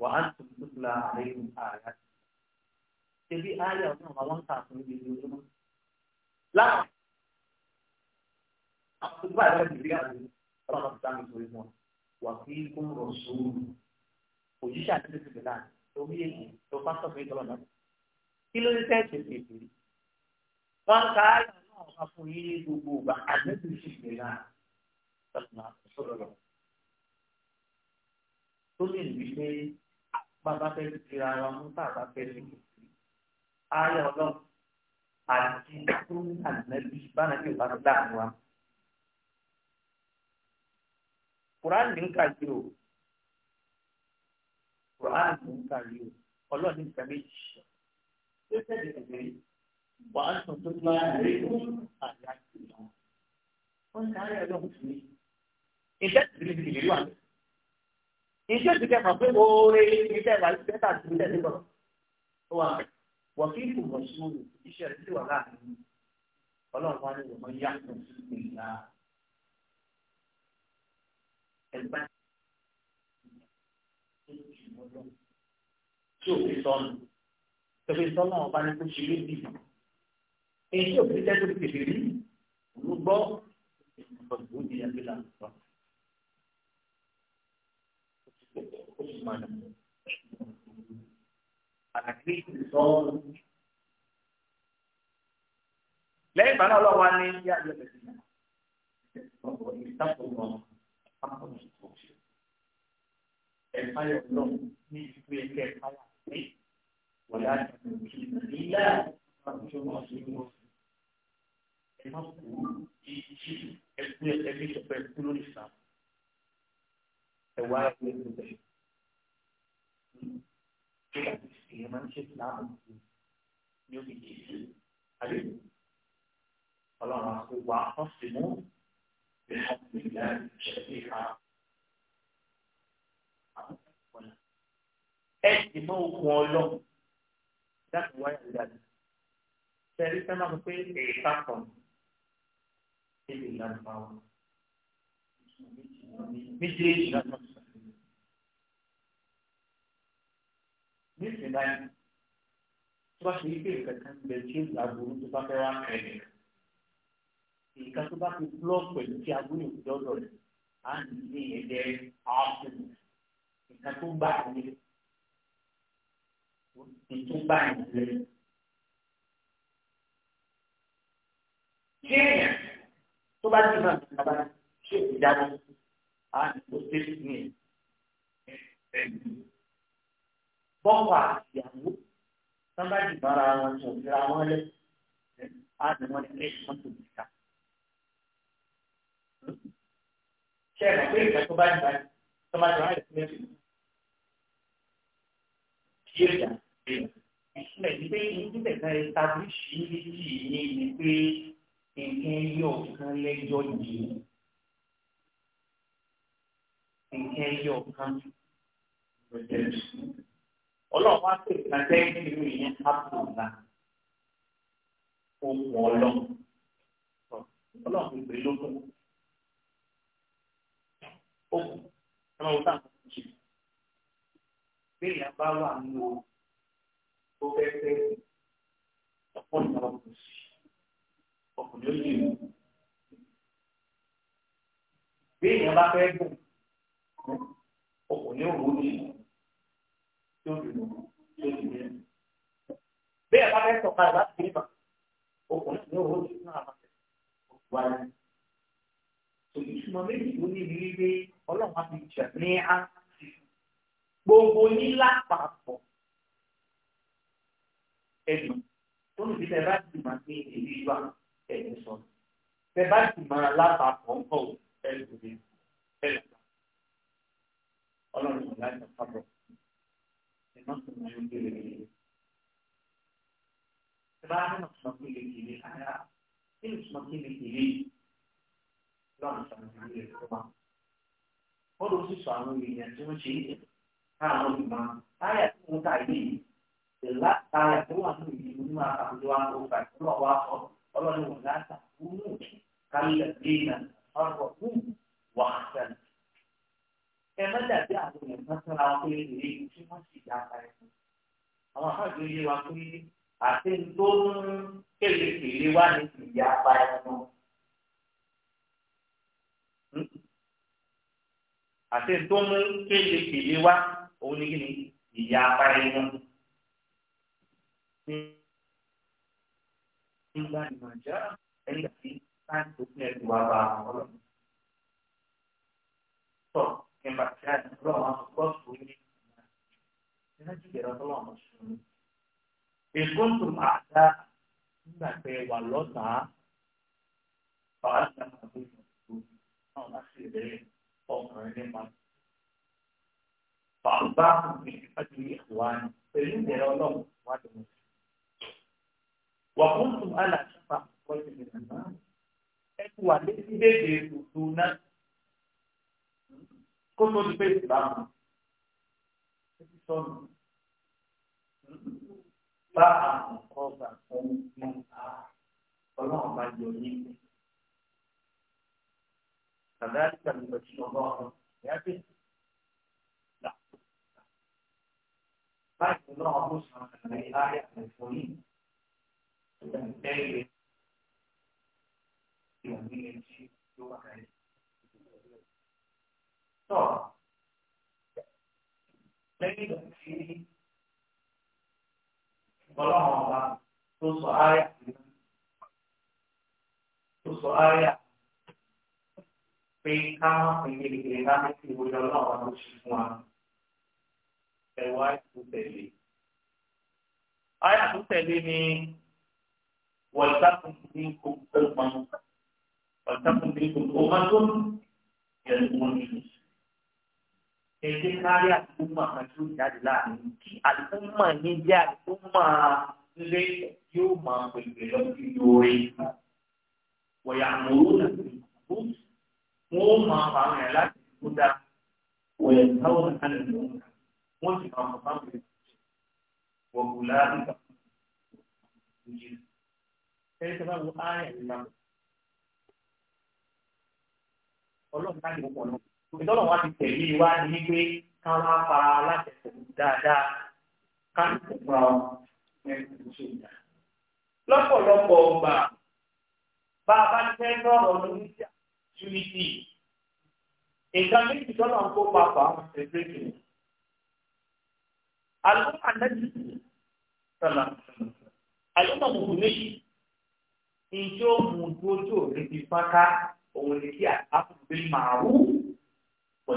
A: wà á tún tútùlà àárín ààrẹ ṣebí ààyè ọ̀nà àwọn kà fún ibi ìlú ọdún láwọn àwọn tó bá ìwé kìbìrì àti ọlọ́run ti sáà nítorí wọn wà kí kó ń rọ̀ sóòrù òjíṣẹ́ àti ìdílé náà omi èyí tó pásítọ̀ fún ìtọ́lọ̀ náà kí ló ní tẹ́ẹ̀tì kìbìrì wọn ká ààyè náà wà fún yín gbogbo ìgbà àti ìdílé náà tó lè wí pé bàbá fẹ́ fi ara mú bàbá fẹ́ fi kù sí. ayé ọlọ́run àti tó ní bára bí òbá ti dáhùn wa. kùránì ń kàyé o kùránì ń kàyé o ọlọ́run ní nǹkan méjì tó tẹ̀lé ìwé wàá sùn tó bá rí fún àyà ìlànà. wọ́n ń sáré ọlọ́run sí ìjẹ́ ìdílé ìdílé wà ní iṣẹ́ ti kẹfà pé oore iṣẹ́ ìwà iṣẹ́ tà sí iṣẹ́ nígbà ó wà wọ́n kí kù wọ́n sún mi iṣẹ́ rẹ̀ wà láàrin ọlọ́run wa ni wọ́n mọ yá kù sí ìlà ẹgbẹ́
B: tí òfin sọnù
A: tẹ̀lé sọ́nà ọba ní kó ṣe lébi èyí òfin tẹ́tù kìkìrì olùgbọ́ ìgbàgbọ́ ìyàgbé làǹtọ́. Usman. And at least it's all. lẹ́yìn ìgbà náà lọ́wọ́ wa ní yíyá yóò bẹ̀rẹ̀ sí ọ̀pọ̀ ìtàkùn wọn àpapọ̀ ìṣòro ẹ̀fà yọ̀ lọ ní ìlú ẹgbẹ́ ẹ̀fà yà pé wọ́n yá kí ìyá àtúnṣe wọn sí inú ọ̀sẹ̀ ẹ má kú ìjì ẹgbẹ́ ẹgbẹ́ ìṣọ̀pẹ́ kú lórí ìsàmù ẹ̀wà ẹgbẹ́ ìṣọ̀pẹ́. 这两个实验呢，其实拿本子有点歧视，还是，فلا واعتصموا بحبل الله جميعا ẹ sì mọ okun ọlọ láti wáyà ìdájọ sẹẹrí sẹ máa sọ pé èèkà kan níbi ìlànà àwọn méjèèjì láti máa ní ìsìnlá yìí tó bá ṣe wípé nǹkan kan bẹ tí èsì aburú tó bá fẹ́ wá kẹ́lẹ̀ nǹkan tó bá ti blọ́ pẹ̀lú tí aburú yòókù dọ́dọ̀ rẹ̀ á ní ilé yẹn jẹ́ ọ́fíìsì nǹkan tó bá ilé tó bá ilé. ṣé èèyàn tó bá ti máa ń bá ṣe á ní kó tẹ́sí ní ẹ̀ ẹ̀ ẹ̀ bọ́ọ̀kù àtìyàwó sábà dìbò ara wọn tó ìlera wọn lẹ á ní wọn ní ẹ̀sìn wọn tó nìka. ṣé ẹ̀rọ pé ìgbà tó bá dìbò ayé tó bá dìbò ayé tó méjì kí ó yà ìṣúná yìí pé ìdílé kan ẹ̀stábíṣì yìí ní ni pé nǹkan yóò kan lẹ́jọ́ yìí nǹkan yóò kan lẹ́jọ́ yìí ọlọ́run wá pè ká sẹ́yìn irú ìyẹn ápù ńlá ohun ọlọ́run ọlọ́run ti pè lókun ohun ẹ̀rọ òun táwọn ti ṣe bẹ́ẹ̀ yà bá wà ní o tó fẹ́ fẹ́ ọ̀pọ̀ ìjọba kò sí ọkùnrin ó yẹ o bẹ́ẹ̀ yà bá fẹ́ gùn ọkùnrin ó rò ó yẹ o yóò dùn yóò dùn yẹn. bẹ́ẹ̀ bá fẹ́ sọ̀ka láti kiri ma ọkùnrin ní owó ti náà máa tẹ̀ ọ̀pọ̀ wáyé. ìtumọ̀ méjì ló ní ìrírí pé ọlọ́run á fi jà ní á sí gbogbo nílá papọ̀ ẹ̀dùn tó ní ìdílé bá ti máa ní èyí wá ẹ̀dùn sọ bẹ́ẹ̀ bá ti máa lápapọ̀ ńkọ̀ ẹ̀dùn ẹ̀dùn ọlọ́run kò láì sọ̀ka ẹ má sọ ma ṣojú lè lè ẹ bá ní màsùmá kí lè kéré ara kí lè sùmá kí lè kéré lọ́nà sọ̀rọ̀ ní ilé ẹ̀kọ́ wa wọ́n lọ sí sọ àwọn èèyàn tí wọ́n ṣe é káàmù ìmọ̀ táyà tí wọ́n ta yìí ìlà táyà tó wà ní ìlú nínú àkàndó àkókò ìfúnná wa sọ ọlọ́run wọn láta kúrú kálẹ̀ dé náà ọ̀rọ̀ kú wàhálà ẹ má dàbí àwọn èèyàn kan sára wọn pé èrè yìí tí wọ́n sì dá ara ẹ̀sìn. àwọn àfáàjọ yé wa pé àti tó ń kéde kéré wá ní ìyá apá ẹ̀sìn. àti tó ń kéde kéré wá òun ní kíni ìyá apá ẹ̀sìn. Nígbà ìmọ̀já ẹni àti láti tó fún ẹ̀sìn wá bá ọlọ́run. Tọ́. en particolare Roma, costruire una chiesa Roma. Il conto massa una pegua lotta fatta una vita non la si vede come ne ma فأصبحوا من حفظه إخوان فإن لهم إخوان وكنتم ألا شفا قلت من النار إخوان لكي بيجي دونك kó tó di pé ìsìlámù títí sọnù bá àwọn kọ́ọ̀bà fún mọ́ ọlọ́run bá yọ nígbà. كذلك يبين الله آياته لا بعد الله مصحف الآية الفلين تنتهي إلى مين شيء يوقع tọ̀ lẹ́yìn ìgbà tí ọlọ́run ọba tó sọ áyà tó sọ áyà pé ká má pè é kékeré ká má pè wọlé ọlọ́run ló ṣe fún wa ẹ̀wá ìtú tẹ̀lé. áyà tó tẹ̀lé ni wọ́n dákun ní gbogbo ọmọ wọ́n dákun ní gbogbo ọmọ tó yẹ kó ní ẹ̀jẹ̀ kárí àdúgbò kan tó jáde láàrin kí àdúgbò yẹn jẹ́ àdúgbò lé yóò máa pèpè lọ sí lórí. Wọ̀yà àmúrú náà ti kú. Wọ́n máa fa àwọn ẹ̀ láti kú dá. Wọ̀yà táwọn náà lè lò wọ́n. Wọ́n sì máa fọ́ fáwọn ẹ̀ wọ̀kù láàrin kan. Ẹni tó bá wo áyà ìlànà. Ọlọ́run ká ní gbogbo ìtọ́lọ̀ wa ti tẹ̀lé wa ní wípé ká wá fara láti ẹ̀sìn dáadáa ká ní ìfúnra wọn ẹ̀sìn tó ṣe ìdá. lọ́pọ̀lọpọ̀ ọgbà bá a bá tẹ́ lọ́rọ̀ lóníjà túwìtì ìgbà méjì tọ́lọ̀ ń kó papọ̀ àwọn ẹgbẹ́ kìíní. àlùkò ànájú sọ̀lá àlùkò mùsùlùmí méjì ìjọ mùdójò rẹ̀ ti fọ́nká òun lè kí àbáfọ̀ bí màrú. Ijó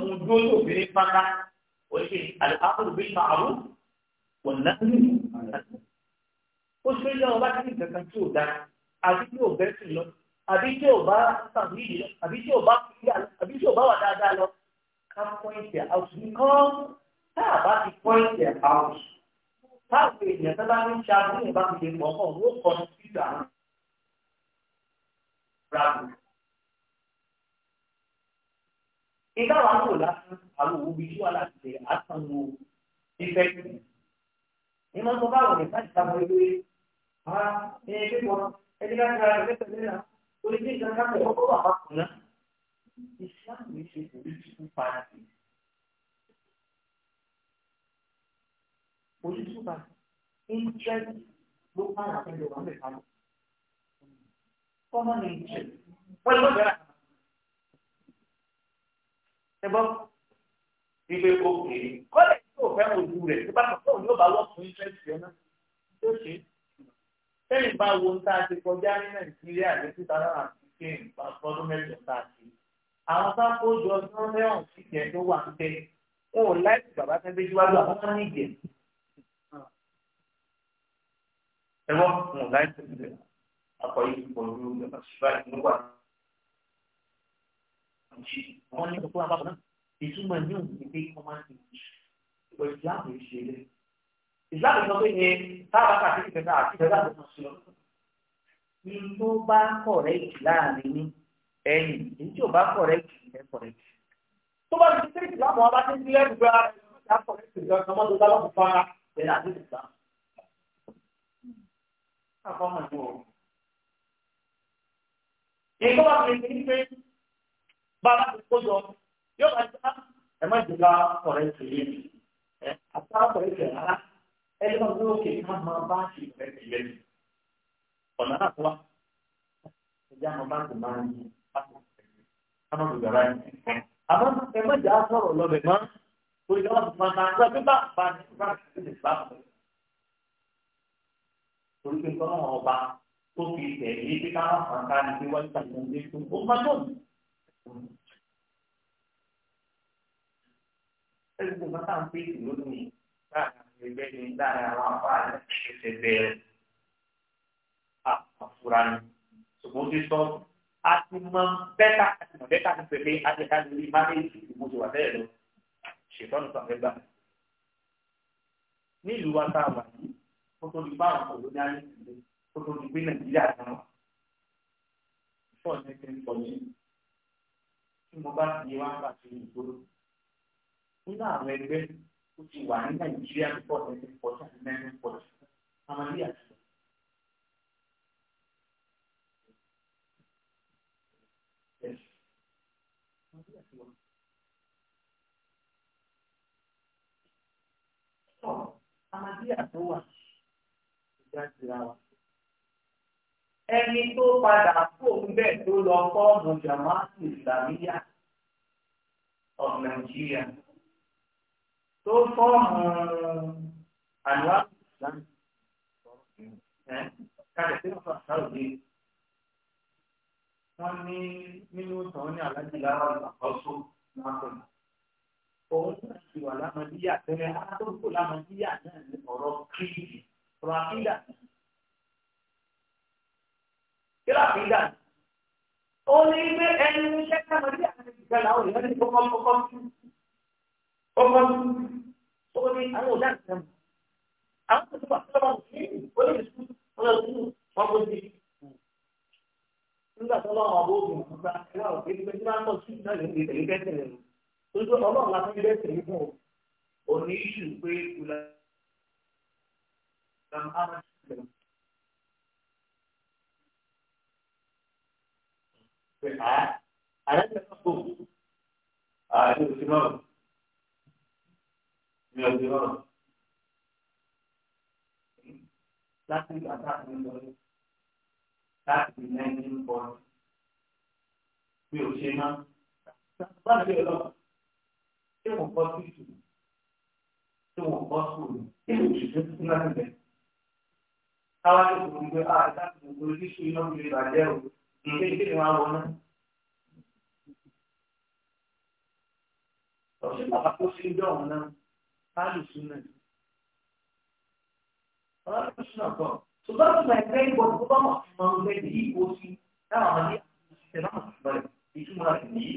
A: mùdó yóò fi ní pátá, ó ṣe àlùfáàkùrù bí màálù, wọ̀n náà ní ó ṣe lọ́wọ́ bá ti ní kankan tí ò dá, àbí tí ò bẹ́ sí lọ, àbí tí ò bá sàmì yìí lọ, àbí tí ò bá kíyà lọ, àbí tí ò bá wà dáadáa lọ. Ká pọ́ìntì àwùjọ nìkan tá a bá ti pọ́ìntì àwùjọ. Táwọn èèyàn tó bá ń ṣe abúlé bá fi lè pọ̀ pọ̀, wọ́n kọ́ sí ìgbà náà ráàbù. Ìgbà wa ń wò lásán àwọn òwú bíi ṣúwà láti ṣe àtàwọn òwú ìfẹ́ tì. Ìmọ̀ tó bá wọ̀ ní láti sábà wípé a ní ẹgbẹ́ wọn ẹni bá ti ra ẹgbẹ́ tẹ̀lé náà orí bí ìjọba ká tẹ̀lé ọkọ̀ wà papọ̀ náà. Ìṣáàmù ṣe kò rí tìkú parati. Orí tìkú parati. Interest ló bá àwọn ẹgbẹ́ wọn mẹ́ta lọ common interest. Wọ́n lọ bẹ̀rẹ̀ àná. Ẹ gbọ́, ìgbé òkè kọ́lẹ̀ tó fẹ́ ojú rẹ̀ tó bá kọ́ òun yóò bá lọ fún interest rẹ̀ náà. Tó ṣe sẹ́yìn bá wo tá a ti kọjá ní Nàìjíríà ní two thousand and fifteen lọ́dún mẹ́jọ tá a ti. Àwọn sáfó jọ tí wọ́n fẹ́ràn sí ìjẹ́ tó wà ń bẹ̀. Wọn ò láì bàbá tẹ́lẹ̀ ọkọ̀ yìí pọ̀lú ṣùgbọ́n nígbà wọ́n ní ọkọ̀ àbábọ̀ náà ìtumọ̀ ní òun ní pé wọ́n máa ń tẹ̀lé ìwọ ìsìláàmù yìí ṣe lé ìsìláàmù sọ pé ní táwọn bá kàkiri kẹta àti ìjọba tó kàn sí ọ. ní tó bá kọ̀rẹ́ẹ̀tì láàrin ní ẹ̀yìn èyí tí ò bá kọ̀rẹ́ẹ̀tì ẹ̀ kọ̀rẹ́ẹ̀tì. tó bá ti tẹ́lẹ̀ ìsìláàmù wọn bá ti ń tilẹ̀ gbogbo ara rẹ̀ ló ń kọ̀rẹ́ẹ̀tì ìjọba ọmọdé lọ́wọ́ fún ara pẹ̀lú nǹkan bá fi ní pé bàbá ti kó jọ yóò bá dá ẹ má jù ká ọ̀rẹ́ tìlẹ̀ ẹ àti ọ̀rẹ́ tìlẹ̀ rárá ẹ lè máa gbówó kè ká máa bá ti ọ̀rẹ́ tìlẹ̀ ọ̀nà náà tó wá ẹjẹ́ àwọn bá ti máa ń yí láti ká máa gbèjà rárá àmọ́ ẹ má jà á sọ̀rọ̀ lọ́bẹ̀ mọ́ orí ọ̀rọ̀ tó máa ń sọ pé bá bá ní bá ti ti bá ọ̀rẹ́ orí pé nǹkan náà ọba tó fi tẹ̀lé pé káwọn kan ká ní pé wọ́n ti tàbí ọdún tó ó máa tó ní. ẹgbẹ́ gbogbo máa ń pèsè lónìí láàárín ẹgbẹ́ ni láàárín àwọn afáàlẹ́ ẹsẹ̀ bẹ̀rẹ̀ àfúrá ni ṣùgbọ́n ó ti sọ a ti mọ bẹ́tà a ti mọ bẹ́tà ti pèpè a ti ká lórí mánéèjì ìdìbò ti wà bẹ́ẹ̀ lọ ṣètọ́nù sọ̀rọ̀ gbà. nílùú wa tá a wà yìí kó tó di báwọn kò ló ní ayé ìdílé ó tó ti gbé nàìjíríà náà fún ọ̀sẹ̀ tí ń sọ yìí tí mo bá ti yẹ wá bá ti yìn tó nínú àwọn ẹgbẹ́ ó ti wà ní nàìjíríà púpọ̀ twenty four twenty nine forty amadé àti. Amadé àti wà ìjà ìjìra wa ẹni tó padà fóun bẹ́ẹ̀ tó lọ fọ́ọ̀mù jamaatu islamiyya of Nigeria tó fọ́ọ̀mù àlùwà islam kalẹ̀ tí wọ́n fà sáwùdí wọ́n ní nínú tàn ní alájí lára àkọ́só náà tó nà òun náà ti wà lámàdíyà tẹ́lẹ̀ á tó kó lámàdíyà náà ní ọ̀rọ̀ kírì rọ̀ àkíyà kílá fi dà ó ní pé ẹni iṣẹ́ kámẹ́rì àti ìgbàlá ò ní ẹni tó kọ́ kọ́kọ́ tú kọ́kọ́ tú ó ní àwọn òdà nìkan àwọn tó ti wà fún ọmọ sí olóyè sùn ọlọ́ọ̀ sùn wọn kò sí. nígbà tó pé láti ìgbà tá a ti lọ láti nineteen forty mi ò ṣe náà bá a lè lọ ṣé mo kọ́ sí ìtù ṣé mo kọ́ sùn ṣé mo ṣe ṣe fún láti bẹ̀. Táwa kò ní pé àá láti mú orí ṣe iná fi lè bàjẹ́ ìwé ìdí ni wọn wọnà. ọ̀sẹ̀ bàbá tó ṣe ń dọ̀hún náà alùsùn náà. alùsùn náà kọ́ ṣùgbọ́n tó gba ẹgbẹ́ ìbọn tó bá wà fún ọmọ ẹgbẹ́ yìí kó sí náà wọn ní ìṣẹ̀lẹ̀ náà ti bẹ̀rẹ̀ ìtumọ̀ rẹ̀ nìyí.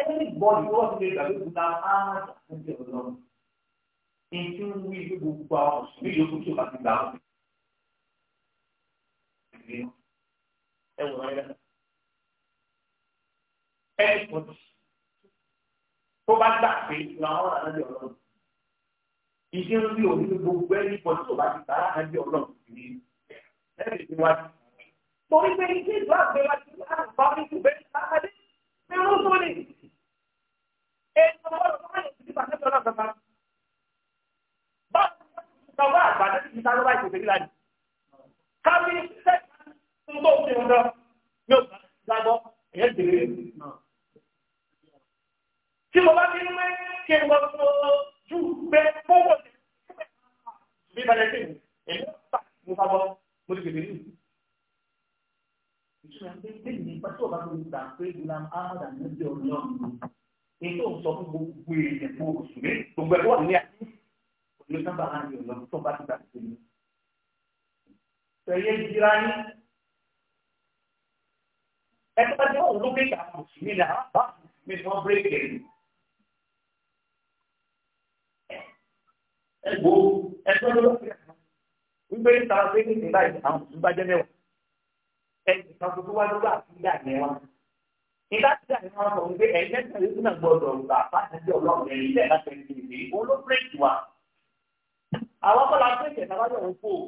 A: ẹgbẹ́ ìbọn ìwọ́ ti lè gbàgbé gbogbo àwọn àjàkúndé ọ̀dọ́ ètò wí gbogbo àwọn òṣèlú yòókù tó bá ti gbà wọn ẹ wò wọn lẹ́nu ẹni kò tí tó bá gbà pé làwọn ọ̀nà bí ọlọ́run ìdí ń rí òní gbogbo ẹni kò tí tó bá ti tààrà náà bí ọlọ́run ní ẹni tí wá sí. torí pé iṣẹ́ ìlú àgbẹ̀wá ti ní àgbà oníkù bẹ́ẹ̀ sáadé ní rúdú ni ètò ọlọ́run báwo ni wọ́n ti sọ wá àgbàdo ìdíta ló bá ìṣòfin láti kábíyèsí sẹ́ẹ̀ ń bọ̀ sí ọ̀dọ́ yóò gbàgbọ́ ẹ̀yẹ́ tèrè náà. tí mo bá ti ń mẹ́ kí n lọ sọ ju pé fọwọ́ sí bí balẹ̀ sí èmi bá mo bá bọ́ mo ti gbèdé yìí. ìṣúra pé bẹ́ẹ̀ ni pàṣẹ ọba tó ń gbà pé Gulam Ahmad àmì ọ̀dọ́ ètò sọ fún gbogbo èèyàn gbogbo sùgbẹ́ gbogbo ẹ̀kọ́ ní àyè òní sábà àmì ọ̀dọ́ tó bá ti gbà sí mi. sọ yín. That's why they are looking at us. We now have with no breaking. Ẹ̀gbọ́n ẹ̀gbọ́n ló lọ́ọ́ fi àná. Wípé ìta pé ní ìlà ìdáhùn tó bá jẹ́ mẹ́wàá. Ẹ̀sìn kan tó wá lórí àfíńdà yẹn wá. Ìdá tí àyè máa sọ wípé ẹ̀jẹ̀ tí àyè náà gbọdọ̀ gbà fáṣẹ́jọ́ ọlọ́run ẹ̀yìn lẹ̀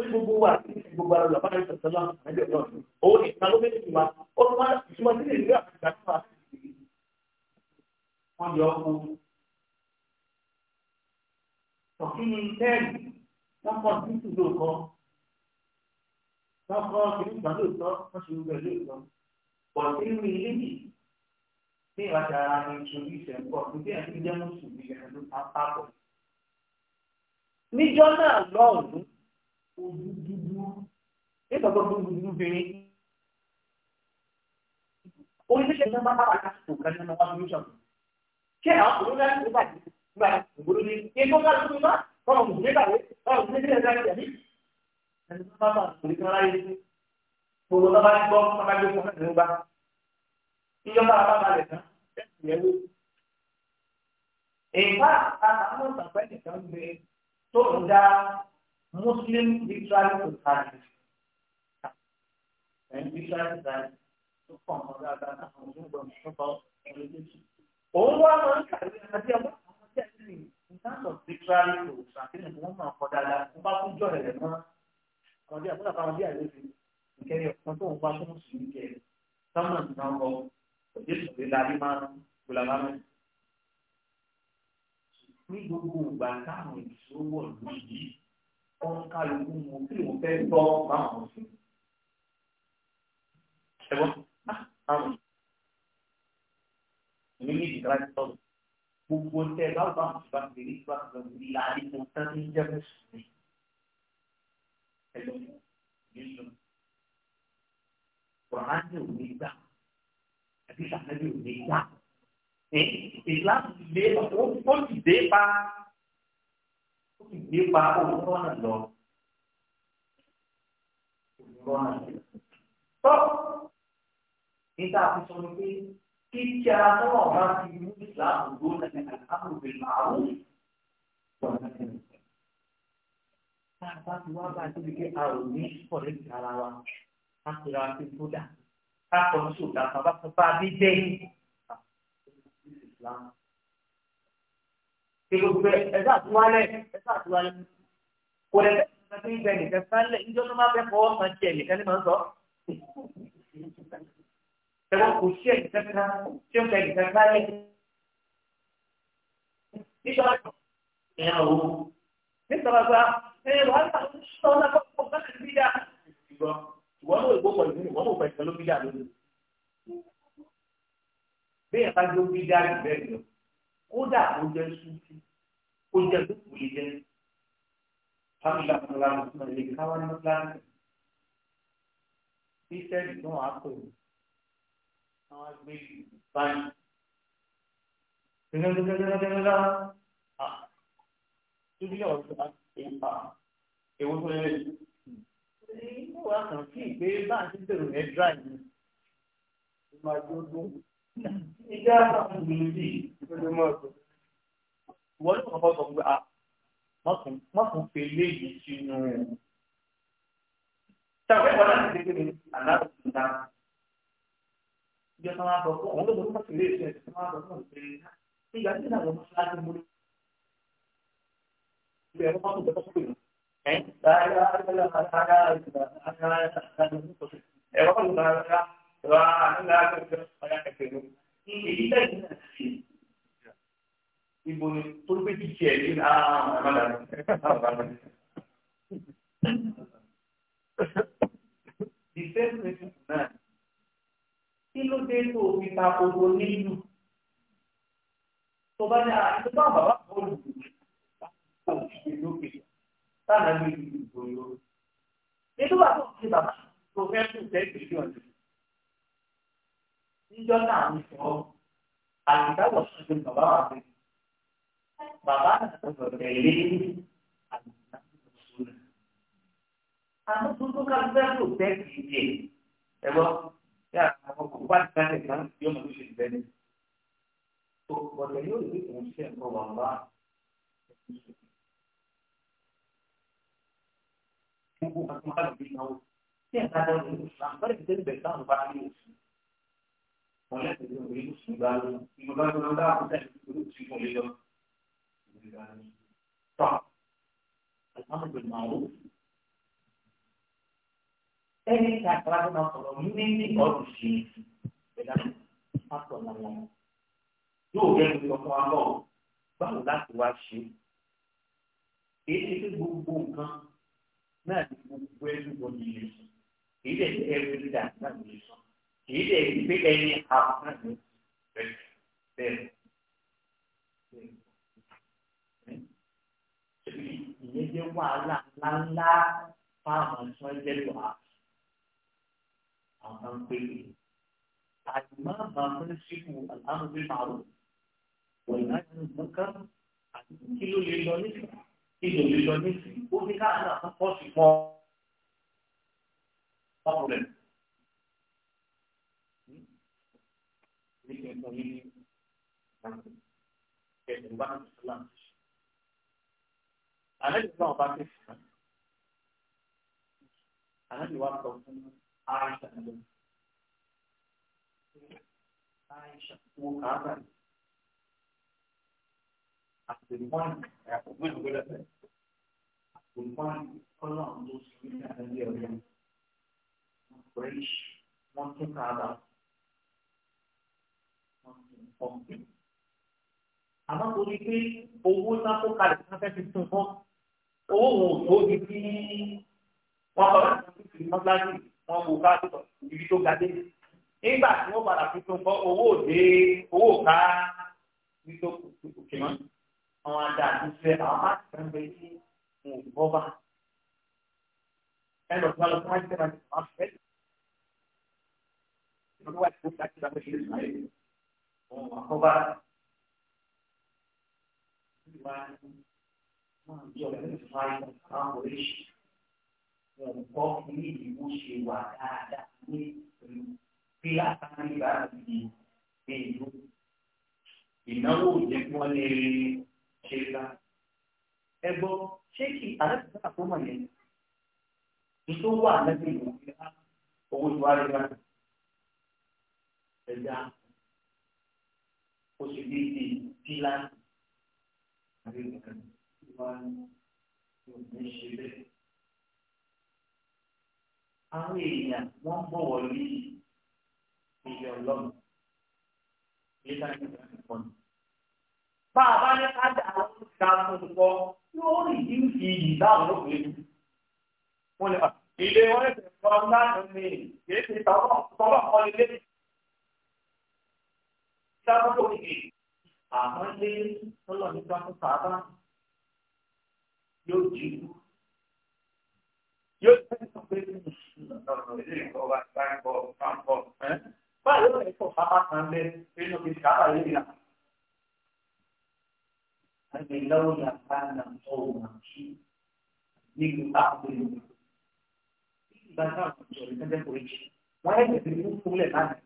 A: ó ní gbogbo wa àti gbogbo ara lọ́ba ní sọ̀tọ́lá àjọ náà òun ní ìta ló mẹ́rin ti wa ó tún máa ìtumọ̀ sílẹ̀ ìlú àti ìgbà tó wà wọ́n yọ ọ́ tọ̀kí ní tẹ́ẹ̀lì wọ́n kọ́ títù lóòkọ́ wọ́n kọ́ kìnnì ìgbà lóòótọ́ wọ́n ṣe gbogbo ẹ̀ lóòótọ́ pọ̀ nínú ilé yìí ní ìwádìí ara ní ìṣòro ìṣẹ̀ǹkọ́ ń jẹ́ mùsùlùmí ẹ̀ ló ta pápọ̀ níjọ́ náà lọ́ọ̀dún ojú dúdú nígbà tó dúdú dúdú bèrè oríṣiríṣi ẹgbẹ́ máa bá àkàtúntò kan nínú wọn lóṣù kí àwọn kò lóra ní ìgbà tí gba ògbóló ní egbó ká lóṣù náà kọ́nà mùsùlùmí kàwé kọ́nà mùsùlùmí kàwé kàwé kàwé ẹni tó máa bá òní kan láyé gbogbo tó bá gbọ́ tó bá gbé fún ẹni tó bá ìjọba àbábalẹ̀ kan ẹ̀sìn yẹn wò àtàwọn ọ̀sán pẹ́ẹ́nì kan gbé tó ń dá Muslim literary society. And literary society tó pọ̀ mọ́ dáadáa àwọn olùgbọ̀n nípa religion. Òun wá máa ń kàwé àti àwọn àwọn tí a ti rìn in terms of literary tools àti nìkan wọn máa kọ dáadáa wọn bá tún jọ̀rẹ̀ rẹ̀ mọ́. Àwọn bí àbúrò àbáwọn bí àlejò ìkẹyẹ ọ̀kan tó ń bá tó ń sùn ní kẹ̀ sọ́mọ̀ náà lọ òde sùnlé lárí máa ń gbọ́lára mọ́. Ní gbogbo ìgbà táwọn ìṣòwò lù yìí wọn kálukú mu kí wọn fẹ́ gbọ́ báwọn sí. ẹ bọ́ báwọn èmi ní ìdíkàlá ti tọ́lù gbogbo tẹ bá bá àwọn ìgbà tó lè gbà tó lè la àdìpọ̀ tán ní jẹ́fẹ́ sùn. ẹ lọ yíyọ kùránì ò ní gbà àti sàkàlì ò ní gbà. Ìlànà ìlé ọ̀pọ̀ ó ti dé pa. sì gbé pa olùrọ́nà lọ. Olùrọ́nà tọ́ níta fi sọ pé kí tí ara tọ́wọ̀ bá ti mú ìsìláàmù lónà ní àkàkùnrin màálù tá a bá ti wá bá a débi pé a ò ní sọ̀rọ̀ ìgbà ara wa a ti ra pé tó a kọ̀ ní sòdà bàbá tó bá a dé bẹ́ẹ̀. Islam gbogbo ẹ̀sà àtúwálẹ̀ ẹ̀sà àtúwálẹ̀ kò lè fẹ́ fẹ́ ibẹ̀ nìkan sálẹ̀ níjọ́ tó máa fẹ́ fọwọ́ kan tiẹ̀ nìkan ní máa ń sọ. ẹ̀rọ kò sí ẹ̀ nìkan kan tí ó fẹ́ nìkan sálẹ̀. nítorí ẹ̀yàn ò nítorí gba ẹ̀yàn wà á sọ ọ́nà kọ́kọ́ bákan bí dá. ìwọ náà ìgbó pọ̀ ìdúró ìwọ náà pẹ̀lú bí dá lónìí. bí ẹ̀ka gbó bí kódà kó jẹ́ sufi kó jẹ́ kókò lè jẹ́ fámìlà fúnra mùsùlùmí lè káwá ní fúlàní kírísítẹ́nì náà á pè mí àwọn agbé báyìí gẹ́gẹ́gẹ́gẹ́gẹ́gẹ́gẹ́ tóbi ọ̀rọ̀ ìpa ewu tó lé inú wa kàn sí ìgbé bá a ti bẹ̀rù ẹ̀ dráì ni ìgbà tó dún ìjà àwọn ìgbìyànjú yìí tó lè mọ̀ ọ̀tọ̀. Ìwọ ní kọ̀ọ̀kan sọ pé má kún pé léyìí sínú.
B: Ṣàpẹ́ ìwọ náà ti dé ní tó
A: dá. Ìjọba máa bọ̀ fún òun ló gbọ́dọ̀ fún ìléèṣẹ́ ìjọba máa bọ̀ fún òun pé ìgbà tí ìlànà ọmọ ṣáájú mú ní. Ìgbà ẹ̀rọ máa ń bọ̀ fún òun. Ẹ̀rọ máa ń bọ̀ ibo ni torí pé títí ẹ̀ ní àmàlà the same principle náà kí ló dé tó fi ta gbogbo nílùú tó bá ní àti bá bàbá kan lù ú láti ṣe lókè sáà ní ìlú ìgbòho ètò bá tó ṣe bàbá tó fẹ́ tó fẹ́ tẹ̀lé ọ̀dọ́ níjọ́ náà ń sọ àyíká wọ̀ ṣe bàbá wà fún bàbá àtàwọn ọ̀rẹ́ ilé àtàwọn àwọn tuntun ká fẹ́ kò tẹ́ kì í yé ẹ gbọ́ yà àwọn kò bá ti kalẹ̀ kan yóò máa ṣe ìbẹ́ni. Ọ̀pọ̀lọpọ̀ yóò rí òun ṣe ẹ̀kọ́ bàbá gbogbo nǹkan tó ń bá lòdì náwó tí ẹ̀ka dáná ní ìsìlámù bá lè tẹ́lẹ̀ bẹ̀rẹ̀ táwọn bá ní ìsìn wọn lẹ́sẹ̀ lórí صعب الأمر بالمعروف Ele está claro na sua mente ou no chifre. Verdade? A sua mão. Yóò rẹ̀ ní ọkọ̀ àlọ́. Báwo láti wá ṣe? Èyí ṣe gbogbo nǹkan náà ní gbogbo ẹ̀sùn wọn ní ilé sùn. Èyí dẹ̀ ní ẹ̀rù dídà náà ní ilé sùn. Èyí dẹ̀ ìyẹn jẹ́ wàhálà ńláńlá fáwọn tí wọ́n jẹ́ lọ́wọ́ àwọn kan pé àjùmọ̀ bá fún síkù àlámù bí màrún wọ̀nyí láti ní nǹkan àti kí ló lè lọ nísìnyí kí ló lè lọ nísìnyí ó ní káàdì àkọ́kọ́ sí mọ́ ọkùnrin. Ní kí n sọ ní ìgbà tí ẹ̀sìn bá ń sọ láti àlejò tí wọn bá ti fún àlejò wa sọ fún àìsà lọ àìsà wo kàákà àtẹnumọ́nì àyàfọ̀gbẹ́ ìgbẹ́lẹ́fẹ́ àtẹnumọ́nì kọ́lọ́ ló sì ní àlejò ọ̀rẹ́ wọn pẹ́ ìṣe wọn tún kàákà wọn tún pọ́ǹpì àmọ́ torí pé owó sáfó kalẹ̀ tí fi tún fún owó wò tó di bí wọ́n bá wà ní ìlú mọ́tíláṣí wọ́n wò ká ibi tó ga dé. nígbà tí wọ́n padà tuntun kọ́ owó òde owó ká ní tó òkè mọ́. àwọn adáàbí fẹ́ àwọn máa ń tẹ̀ ń bẹ sí wọn ò bá. ẹ lọ sí alọ́sọ́ máa ń tẹ̀ra àwọn fẹ́. ìlú wa ti kó sáà ti ṣe é sáré. wọn ò wá tí ọ̀gbìn ti fa ìgbà máa ń wọlé ṣe. Ẹ̀kọ́ ilé ìdìbò ṣe wà dáadáa ní ìlú pílà kánígbà àti ìlú. Ìnáwó ìjẹ́ kí wọ́n lè ṣe ká. Ẹ gbọ́, ṣé kí àlẹ́sìn náà tó wá Àwọn èèyàn wọ́n bọ̀wọ̀ lé ìyá ọlọ́run. Ilé táyà ìgbà nìkan Bá a bá ní kájà àwọn ìka olùkọ́ yóò rí ìdíwù sí iyì láwọn olóògbé. Wọ́n lè wà. Ilé wọn lè tẹ̀sí wọn láti ní kìí ṣe tọ́lọ̀ tọ́lọ̀ kan lé. Ìjọba tó kéde. Àwọn ilé tọ́lọ̀ nígbà tó sábà yóò jí yóò jí sọ pé ọ̀rọ̀ ilé ìkọ́ wa sáńbọ̀ sáńbọ̀ ẹ́ báyìí ló ń fọ pápá kan lé nínú fi sábà yé yà. Àgbè lọ́wọ́ yà bá nà ọ̀hún àti nílùú àgbèrè. Ìgbà náà kò sọ̀rọ̀ ìtẹ́jẹ́ kò rí jì. Wọ́n yẹ kẹ̀kẹ́ ní kúlẹ̀ láti.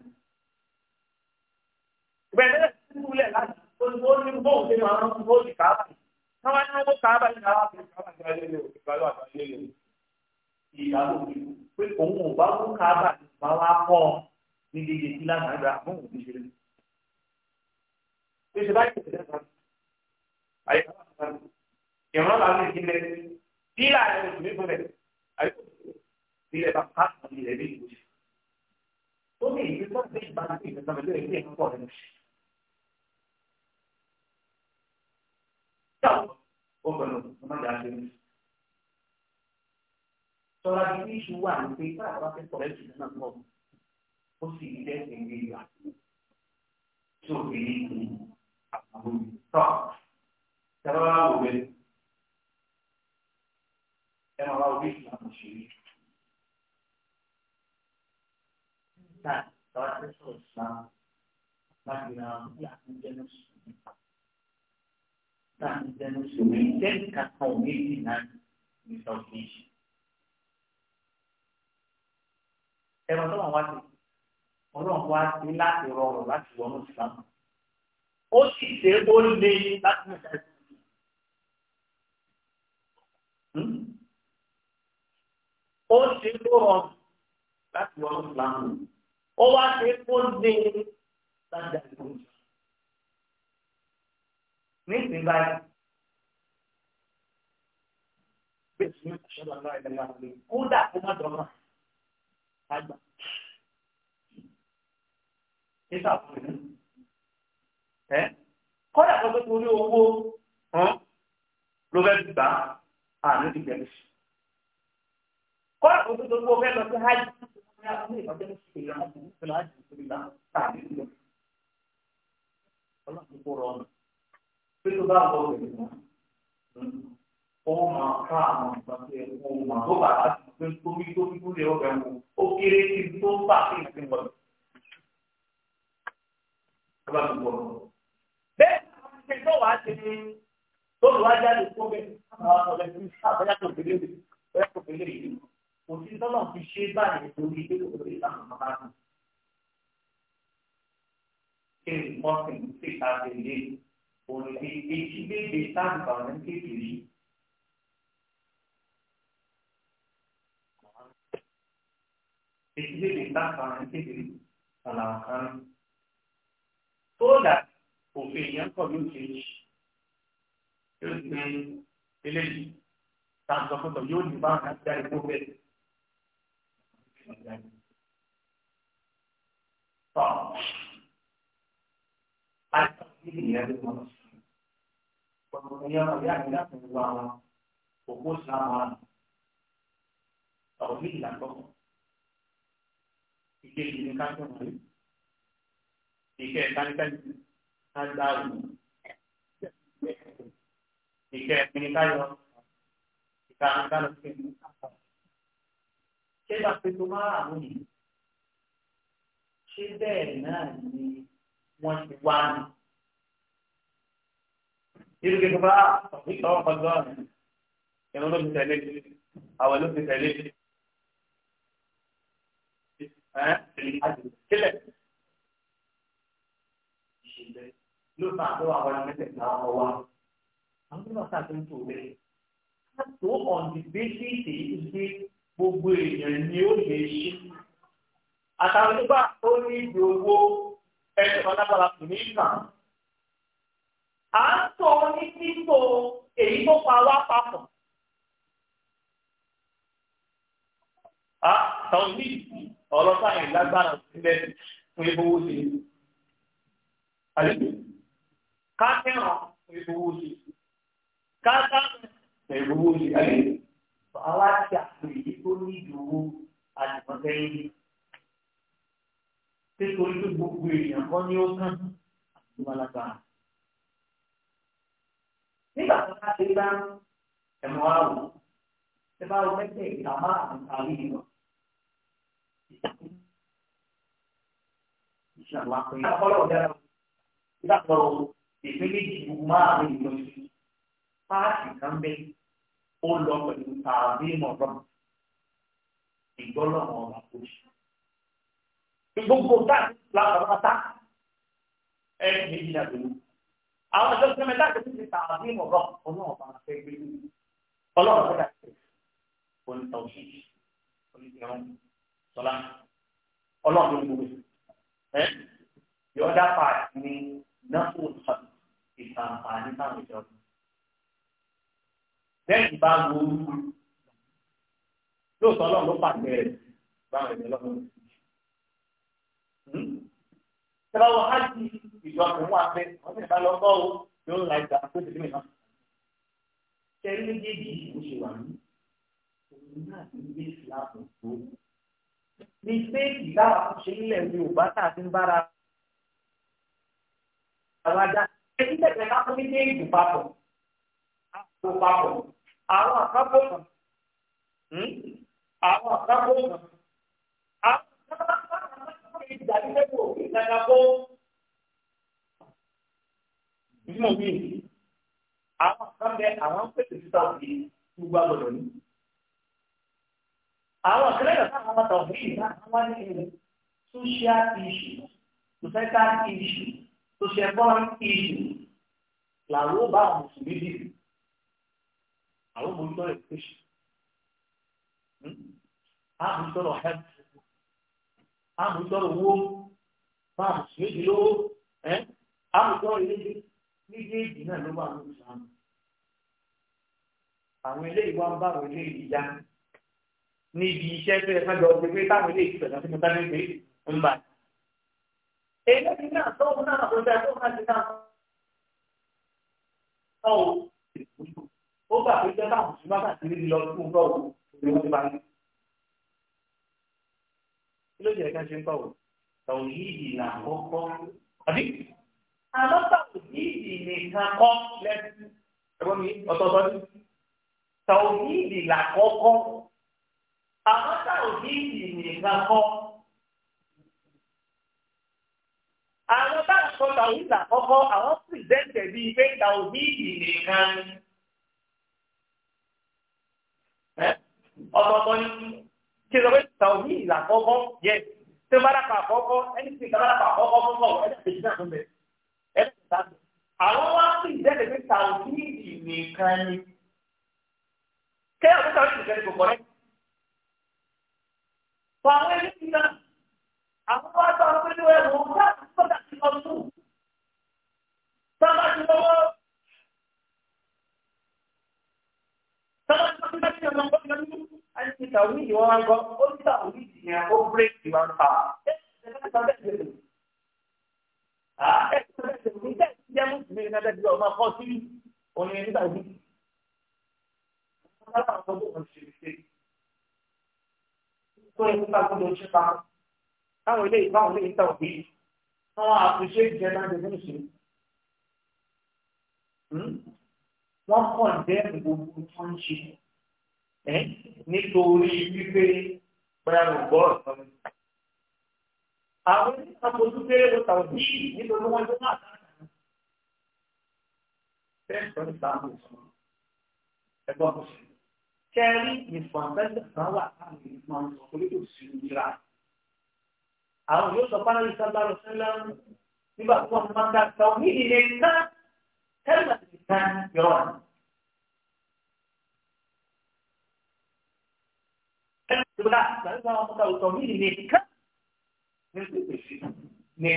A: Ìgbà yẹn kúlẹ̀ láti. Ó ní bóun ṣe máa ń bóun ṣe kàá láti. Táwa ní owó káàbà ní àwọn àti káàbà ní ayé lè òkè balọ̀ àti ayé lè ìyá lóbi pé òun ò bá mú káàbà ní bá wá kọ́ ní dídí sí lánàá rà mú òun níṣẹ́ lé. Ṣé ṣe báyìí ṣe dẹ́ka? Ayé káàbà ti sáré. Ìran làwọn èdè ilẹ̀ bí ààrẹ oṣù mi fún rẹ̀ ayé ilẹ̀ bá káàbà ní ilẹ̀ bí ìgbésẹ̀. Ó ní ìgbésẹ̀ ó gbọ́dọ̀ ọmọ ìyá ṣe ní. sọlá bí bí iṣu wà ní pé báyìí wá fẹ́ sọ̀rọ̀ ẹ̀sìn náà pọ̀ ó sì ní lẹ́sìn ní ìlú àti tí ò fi ní ìlú àbúrò tọ́ tẹ́lá wá wò wẹ́ ẹ máa wá orí ìsìn àwọn òṣèré. Tá, tọ́lá fẹ́ sọ̀rọ̀ ìsìn àwọn
B: láti
A: àti jẹ́nu sùn tá à ń tẹnu sórí ìtẹ́ǹkà kan ò méjì náà ní sọ́kìsì. ẹ̀rọ tó wà wá sí ọlọ́run wá sí láti rọrùn láti wọnú ìsìlámù ó sì ṣe ó lé láti mú ìsìlámù. Hmm? ó ṣe ó rọrùn láti wọnú ìsìlámù ó wá ṣe ó lé láti àgbọ̀n ìsìlámù. nísìnyí báyìí. Bẹ́ẹ̀ni mi àṣọ́nà náà ẹ̀dá náà lè kódà kó má dọ́gba àgbà. Nígbà fún mi. Ẹ kódà kó tó torí owó ló fẹ́ gbà àánú ti bẹ̀rẹ̀ sí. Kódà kó tó torí owó fẹ́ lọ sí pé tó bá lọ rẹ̀ mọ́ ó máa ká àwọn nǹkan tó yẹ kó máa tó bàbá ti pé tóbi tóbi tó lè ọbẹ̀ wò ó kéré kí n tó bà kí n ti wọ̀ lọ. ọba tó wọ̀ lọ. bẹ́ẹ̀ ni àwọn ṣe tó wàá ṣe ni olùwájà lè kó bẹ́ẹ̀ àwọn ọ̀rẹ́ ti àbẹ́yà tó gbélé rè bẹ́ẹ̀ kò sí tọ́lọ̀ fi ṣe báyìí lórí ilé ìwé ìlànà bàbá mi. kí n mọ́ sí ní tẹ̀lé yìí olùdí etí méje táàbù àwọn kékeré. Etí méje táàbù àwọn kékeré ọ̀làwọ̀n kan. Tóòdà òfin èèyàn kọ̀ ló ṣe é. Yóò ṣe eléyìí. Táàbù yóò ní bá àwọn àti àìkú bẹ́ẹ̀. Tọ́ níbi ìyẹn tó kàn sí. Ọ̀pọ̀lọpọ̀ ìyá ọ̀rẹ́ àgbẹ̀dá kan wọ àwọn òpó ìsìlámù àná. Ọ̀rọ̀ méjì lákọ̀ọ́kọ́. Ìkejì ni ká tún rí. Ìkẹ́ ẹ̀ka ní ká ní ká gbá òun. Ìkẹ́ ẹ̀ka ní ká Ṣé ìgbàgbé tó máa rà yìí? Ṣé bẹ́ẹ̀ náà ni wọ́n ti wá ní? irú kí n bá ìtọ́ ọ̀pọ̀lọpọ̀ ìrún ló fi tẹ̀lé àwọ̀ ló fi tẹ̀lé kílẹ̀ ló sàn tó àwọn mẹ́tẹ̀ẹ̀ta ọmọ wa àwọn tó bá sàn tó ń tò bẹ́ẹ̀ ká tó ọ̀dì bẹ́sí èyí tó gbé gbogbo èèyàn ni ó lè ṣe àtàwọn tó ní ìdí owó ẹ̀ṣẹ̀ ọ̀dàbàlà kò ní ìtàn à ń tọ́ ní títò èyí tó pa wá papọ̀. a tàwọn ní ìsìn ọlọ́pàá yẹn lágbára sílẹ̀ fún ìbówó ṣe àlejò ká fẹ́ràn fún ìbówó ṣe ká dáhùn fún ìbówó ṣe àlejò aláṣà èyí tó ní ìdòwò àtìmọ́tẹ́yìn nítorí pé gbogbo èèyàn kan ní ó kàn àti wọn lágbára nígbà tó bá ṣe dá ẹ̀mọ́ àwò ṣe bá wọn mẹ́tẹ̀ ìgbà máa ń parí ìlọ. ìṣàlùwà pé ọlọ́ ọ̀dára ìdàpọ̀ ìpín méjì máa ń lò sí páàkì kan bẹ́ẹ̀ ó lọ pẹ̀lú tàbí mọ̀rọ̀ ìgbọ́lọ̀ ọ̀la kò sí. gbogbo táà lápapátá ẹ̀ méjì náà lò ó àwọn ọ̀dọ́ tó mẹ́ta tó ti ta àbí mọ̀rọ̀ ọlọ́run ọba fẹ́ gbé ní ọlọ́run tó dà sí oníta òṣì oníṣẹ́wọ́n sọlá ọlọ́run ló ń gbogbo ẹ the other part ni náfò ìfàǹfààní táwọn ìjọba bẹ́ẹ̀ ni bá wo lóòótọ́ ọlọ́run ló pàṣẹ rẹ̀ báwọn ẹ̀mí ọlọ́run tẹ́lá wọ hajj ìjọ tó wà pé wọ́n ti bá lọ bọ́ o yóò la ìgbà tó ti dìbò náà. Tẹ̀lé méjèèjì kò ṣe wà ní òun náà ti ń gbé ìsìláàmù tó. Ní séèkì dára fún ṣe ilẹ̀ Yorùbá tá a ti ń bára àwájá. Ẹni tẹ̀sẹ̀ ká fún méjèèjì papọ̀. Àpò papọ̀. Àwọn àkápò kan. Hmm? Àwọn àkápò kan ti dẹ́kun òfin kankan kó. Ìdúmọ̀ mi yìí, àwọn kan bẹ àwọn pèsè títà òfin gbogbo àgbọ̀dọ̀ ní. Àwọn akẹ́lẹ́gbẹ̀ fún àwọn ọ̀tọ̀ òfin yìí náà wá ní ìlú social issue, societal issue, socioeconomic issue làwọn ó bá àwọn mùsùlùmí dì. Àwọn olùtọ́ education. Àwọn olùtọ́ health àmùsọ̀rọ̀ owó máa méjì lówó àmùsọ̀rọ̀ ìlédè méjèèjì náà ló wà lóṣù àwọn eléyìí wá ń bá àwọn eléyìí já níbi iṣẹ́ tó yẹ ká jọ pé pé táwọn eléyìí pẹ̀lú àti mọ́tá nígbè ń bà. eléyìí náà tọ́wọ́ náà kò dáa tó máa ti náà ó gbà pé jẹ́ káwọn sùn bá bàtí níbi lọ sí ọgbọ́n òun ló ti bá yẹn ló jẹ́ ká ṣe ń pàwọ̀ tàwọn yìí là kọ́kọ́ àbí àmọ́ tàwọn yìí nìkan kọ́ lẹ́sìn ẹ̀gbọ́n mi ọ̀tọ̀ọ̀tọ̀ ni tàwọn yìí là kọ́kọ́ àmọ́ tàwọn yìí nìkan kọ́ àwọn táwọn kọ́ tàwọn yìí là kọ́kọ́ àwọn pìrìsẹ́ńtẹ̀ bíi pé tàwọn nìkan ọ̀tọ̀ọ̀tọ̀ ni kí ló ń ta òní ìlà kọ́kọ́ yẹ tí bá dàpọ̀ àkọ́kọ́ ẹni tí bá dàpọ̀ àkọ́kọ́ fún ọ ẹni tí náà fún bẹ ẹni tí ta bẹ. àwọn wá sí ìdẹ́lẹ̀ pé ta òní ìnìkan ni kẹ́yà tó ta òní ìnìkan ni kò kọ́ rẹ̀. fún àwọn ẹni tí náà àwọn wá sọ pé ní ẹ̀ wò ó bá kọ́ta sí ọdún. sábà ti lọ́wọ́ sábà ti lọ́wọ́ àti ti tàwí ìdí wọn wá ń ó ti tàwí ìdí yẹn ó bírèkì wọn fà á. ẹ ilé ìbáwọn ilé ìta òbí. Wọ́n àtúnṣe jẹ náà lè ṣe. Wọ́n kàn dé gbogbo tó ń ṣe nítorí wípé bẹ́ẹ̀rù gbọ́ ọ̀sán. Àwọn oníṣàkóso kéré ló tàwọn bí nítorí wọ́n jọ máa dáná. Bẹ́ẹ̀ sọ ní báàmù sùn. Ẹgbọ́n kò sí. Kẹ́rí ìfọ̀nsẹ́sẹ̀ kan wà láàrin ìgbìmọ̀ ìsọ̀kúlé tó sì ń yíra. Àwọn yóò sọ fáwọn ìsábà lọ sílẹ̀ nígbà tí wọ́n máa ń dá sọ ní ilé ká tẹ́lẹ̀ nìkan yọ̀ọ̀nù. sebelah baru kalau kita utami ini kan ini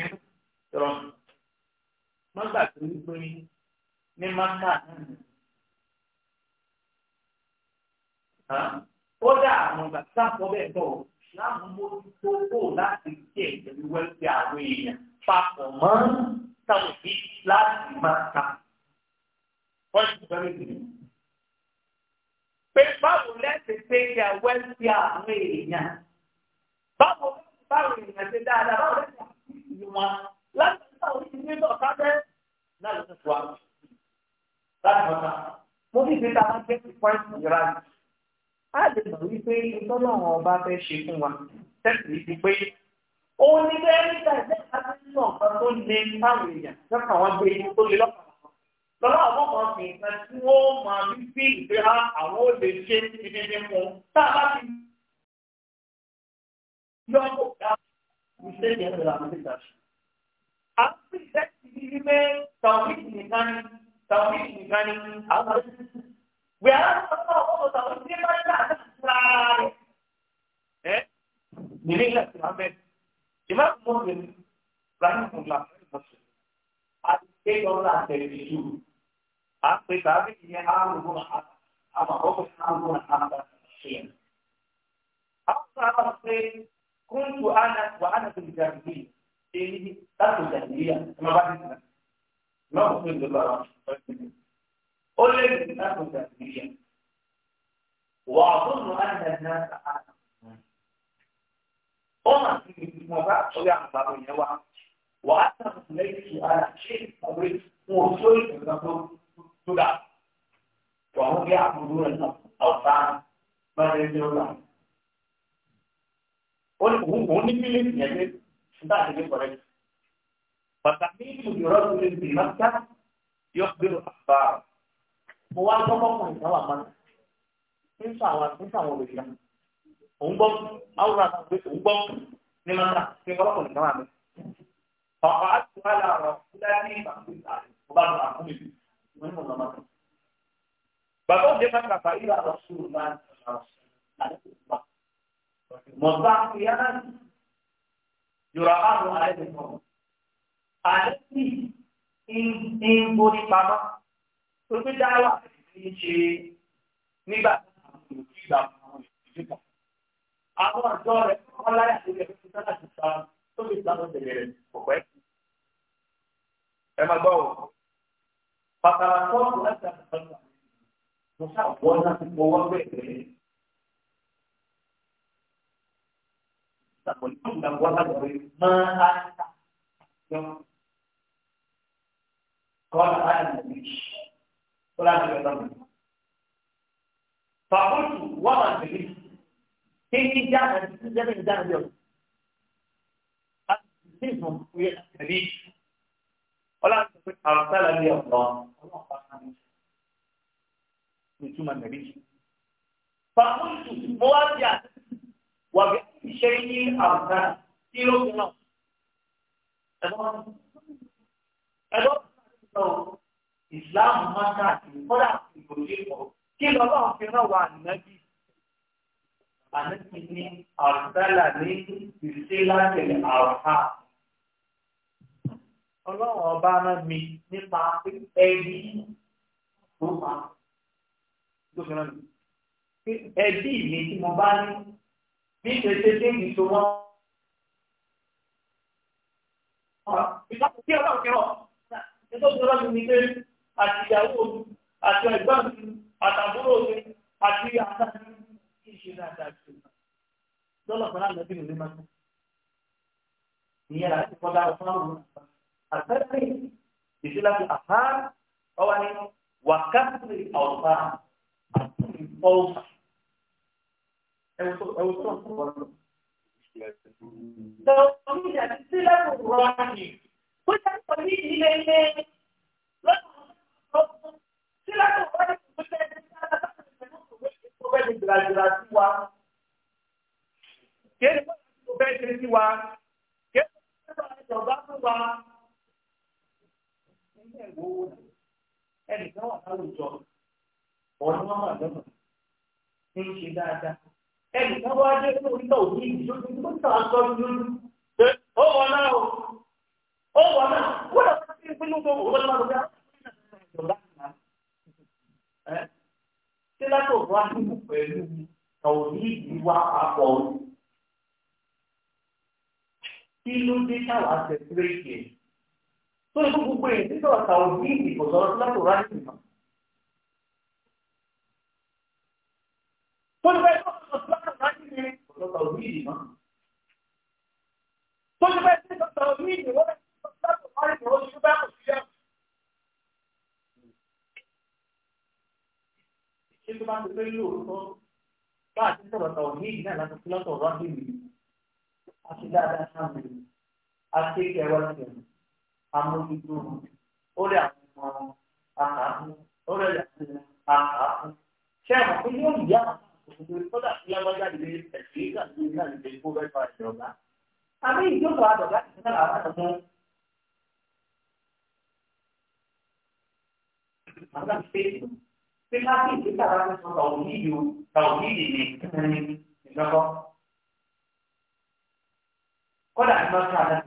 A: terus maka ini ini maka ha oda mo ba sa ko be to la mo to ko la ti ke de wo ti a we pa ko ma ta wi la ma ta ko ti ba ni pé báwo lẹ́sìn pé kí a wẹ́ sí àwọn èèyàn báwo lẹ́sìn báwo èèyàn ṣe dáadáa báwo lẹ́sìn àkíyèsí wọn láti ṣe àwọn ìdílé náà sábẹ́ náà ló tún wá láti wọ́n ta mo ní ìgbésẹ̀ àwọn jẹ́ ti pọ́ìn ìyára rẹ̀ á lè mọ̀ wípé ìtọ́nà ọba fẹ́ ṣe fún wa tẹ́sí ti pé òun ni bẹ́ẹ̀ nígbà ìjẹ́ ìdájọ́ náà kan tó lé táwọn èèyàn lọ́kàn wọn gbé tó lé lọ́wọ́ àwọn ọmọ ọ̀sìn nǹkan tí wọ́n máa ń fi ìfẹ́ ha àwọn ò lè ṣe ibi ní mu tá a bá ti yọ ọ́ kọ̀ọ̀ká ìṣe yẹn lọ́la àwọn ìgbà ṣe. a ń fi ìfẹ́ ti di wípé tàwíìsì nìkan ni tàwíìsì nìkan ni àwọn ọ̀sìn nìkan ni. wíwá lọ́wọ́ àwọn ọmọ tàwíìsì ní bá dá àdá rẹ̀. ẹ nílé ilẹ̀ sí ahmed ìmọ̀ ìmọ̀ ìgbẹ̀ni ibrahim ọ̀la àti kéjọ́ ọ̀la àtẹ̀lẹ́sùn. آپ کوئی کہا کہ یہ عام گن آپ ہو عام گن آپ
B: الشيء
A: أصعب شيء كنت أنا وأنا في الجاهلية إيه ترك الجاهلية ما بعد ما أقول بالله قل لي ترك الجاهلية وأظن أن الناس أعلم أنا في الموضوع شوية عن بعض الهواء وأنا ليس أنا شيء أريد وصلت لكم sudah. Wahyu dia abdul alfan mereka और वो होने के लिए नहीं है सीधा सीधे पड़े बतामीन युरद लिल बिमक्का يخبر اخبار mo wá gbọ́dọ̀ fún ìsáwà máa ń sáwà ń sáwà olùsíà òun gbọ́ àwòrán àtàgbé òun gbọ́ ní máa ta kí n gbọ́dọ̀ fún mi. ọ̀pọ̀ àti wàhálà ọ̀rọ̀ Bàbá òde máa kàfà yíra lọ sí ìlú àdúgbò. Mọ̀tà ìyá náà yòrò àbọ̀ àlejò kan. Àlejò ń borí pamọ́. Tó gbé dáwà ń ṣe nígbà tí àwọn òbí gbà àwọn ìdílé kan. Àwọn ọ̀dọ́ rẹ̀ kọ́ láyà lórí ẹ̀fọ́ tó sára ti sá tó lè sá lọ́sẹ̀ rẹ̀ kọ̀kọ́ Ẹ máa gbọ́ wọ̀ fàtàlàkọ́ọ̀tù láti àtàkọ́tà mo ṣàwọ́n láti fọwọ́ bẹ̀rẹ̀ ìsàkọ̀lẹ́ tó ń gbà wá láti rí máa ń ta yọ. kọ́lá á lè rí kọ́lá á lè lọ́nà. fàkóòtù wọ́n máa bèrè kí ní jáde àti sísẹ́ni jáde yọ. a ti sí ìfọ̀n fúyẹ́ àti rí ọlọ́run sọ pé àrùsálà ní ọ̀pọ̀ ọlọ́run bá ń bọ̀ ní túmọ̀ nàbí. fàmúlùtù mo wá sí àti wà bí iṣẹ́ yí àrùsálà kí ló fi náà. ẹ̀gbọ́n ẹ̀gbọ́n sọ ìsìláàmù máa ń káàkiri kọ́dà ìgbòye pọ̀ kí lọ́lọ́run fi náà wà nàbí. àná ti ní àrùsálà ní ìṣẹ́lá tẹ̀lé àrùsálà ọlọ́run ọba rán mi nípa ẹbí tó pa tó fi rán mi ẹbí mi tí mo bá ní bí tètè tèmi tó wọ́n. Ìgbàlódé ọlọ́run kẹrọ̀ nítorí ọlọ́run mi ní pé àtìyàwó àti ẹ̀gbọ́n mi àtàbúrò mi àti àtàkùn kí n ṣe dáadáa ṣe lọ́lọ́ fún àlọ́ bí mi ní máa ń sọ. Ìyẹn làá ti kọ́ dáa fún àwọn ọ̀rọ̀ Asal di sila tu asal awak ni wakasri awsa asri awsa. Eh untuk eh untuk so kami jadi sila tu rohani. Bukan kami di lele. Sila tu rohani bukan sila tu bukan jelas-jelas tua. Kira-kira tu bukan jelas tua. Kira-kira tu bukan jelas tua ẹ̀rọ owó náà ẹnì kan wà láwùjọ ọ̀nà wọn wà lọ́nà ní í ṣe dáadáa ẹnì kan wá jẹ́ pé orí náà ò ní ìdí lójú tó ń tàn sọ lójú ó wọ náà o ó wọ náà wọ́n lọ sí ìpínlẹ̀ tó wọ́n lọ́wọ́ lọ́wọ́ lọ́wọ́ ṣé látò wá nínú pẹ̀lú tàwọn ìdí wá papọ̀ kí ló dé táwọn àṣẹ pírẹ́kì ẹ̀ tó ní gbogbo èyí títọ̀ àtàwọn bí ìdìbò sọ̀rọ̀ sí láti ráyè nìkan. tó ní bẹ́ẹ̀ tó sọ̀rọ̀ sí láti ráyè ìdìbò. tó ní bẹ́ẹ̀ tó sọ̀rọ̀ tàwọn bí ìdìbò láti ráyè nìkan ó ṣe bá kò sí yá. tó bá ti fẹ́ lóòótọ́ bá a ti ìdìbò amójútó ó lè àwọn ọmọ àkàkùn ó lè àwọn àkàkùn ṣé àwọn pé yóò yá òṣèlú kódà tí lágbájá lè ẹ̀sìn ìgbà tí ìgbà lè kó bẹ́ẹ̀ fà ìjọba
B: àbí ìjọba àdọ̀gá ti náà àwọn
A: àwọn àwọn àfẹ́sùn pé ká sí ìgbésà láti sọ tàwọn yíyí o tàwọn yíyí ni ìjọba kódà ní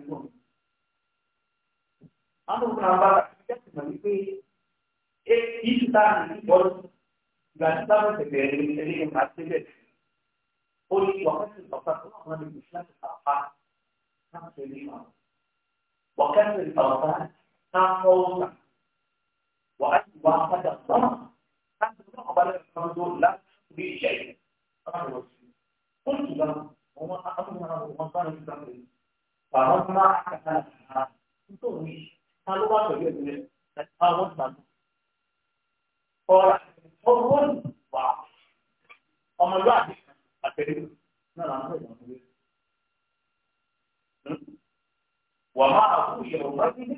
A: Antum kenapa tidak memiliki eh kita ini bos gak tahu sebenarnya ini yang pasti deh. Oli waktu itu waktu itu orang di Islam apa? Nama lima. Waktu itu apa? Nama orang. Waktu waktu apa? Kan semua kepada Rasulullah di sini. Orang Muslim. Pun juga orang orang orang orang orang orang orang orang orang orang ta ló bá pẹ̀lú ẹ̀mí rẹ̀ láti bá wọ́n gbà tó. ọ̀rọ̀ ọmọ wọn wà ọmọlúwàbí àtẹ̀lé náà làwọn ọmọ ìwà wọn wà máa kú ìyẹ̀wò bá ti ní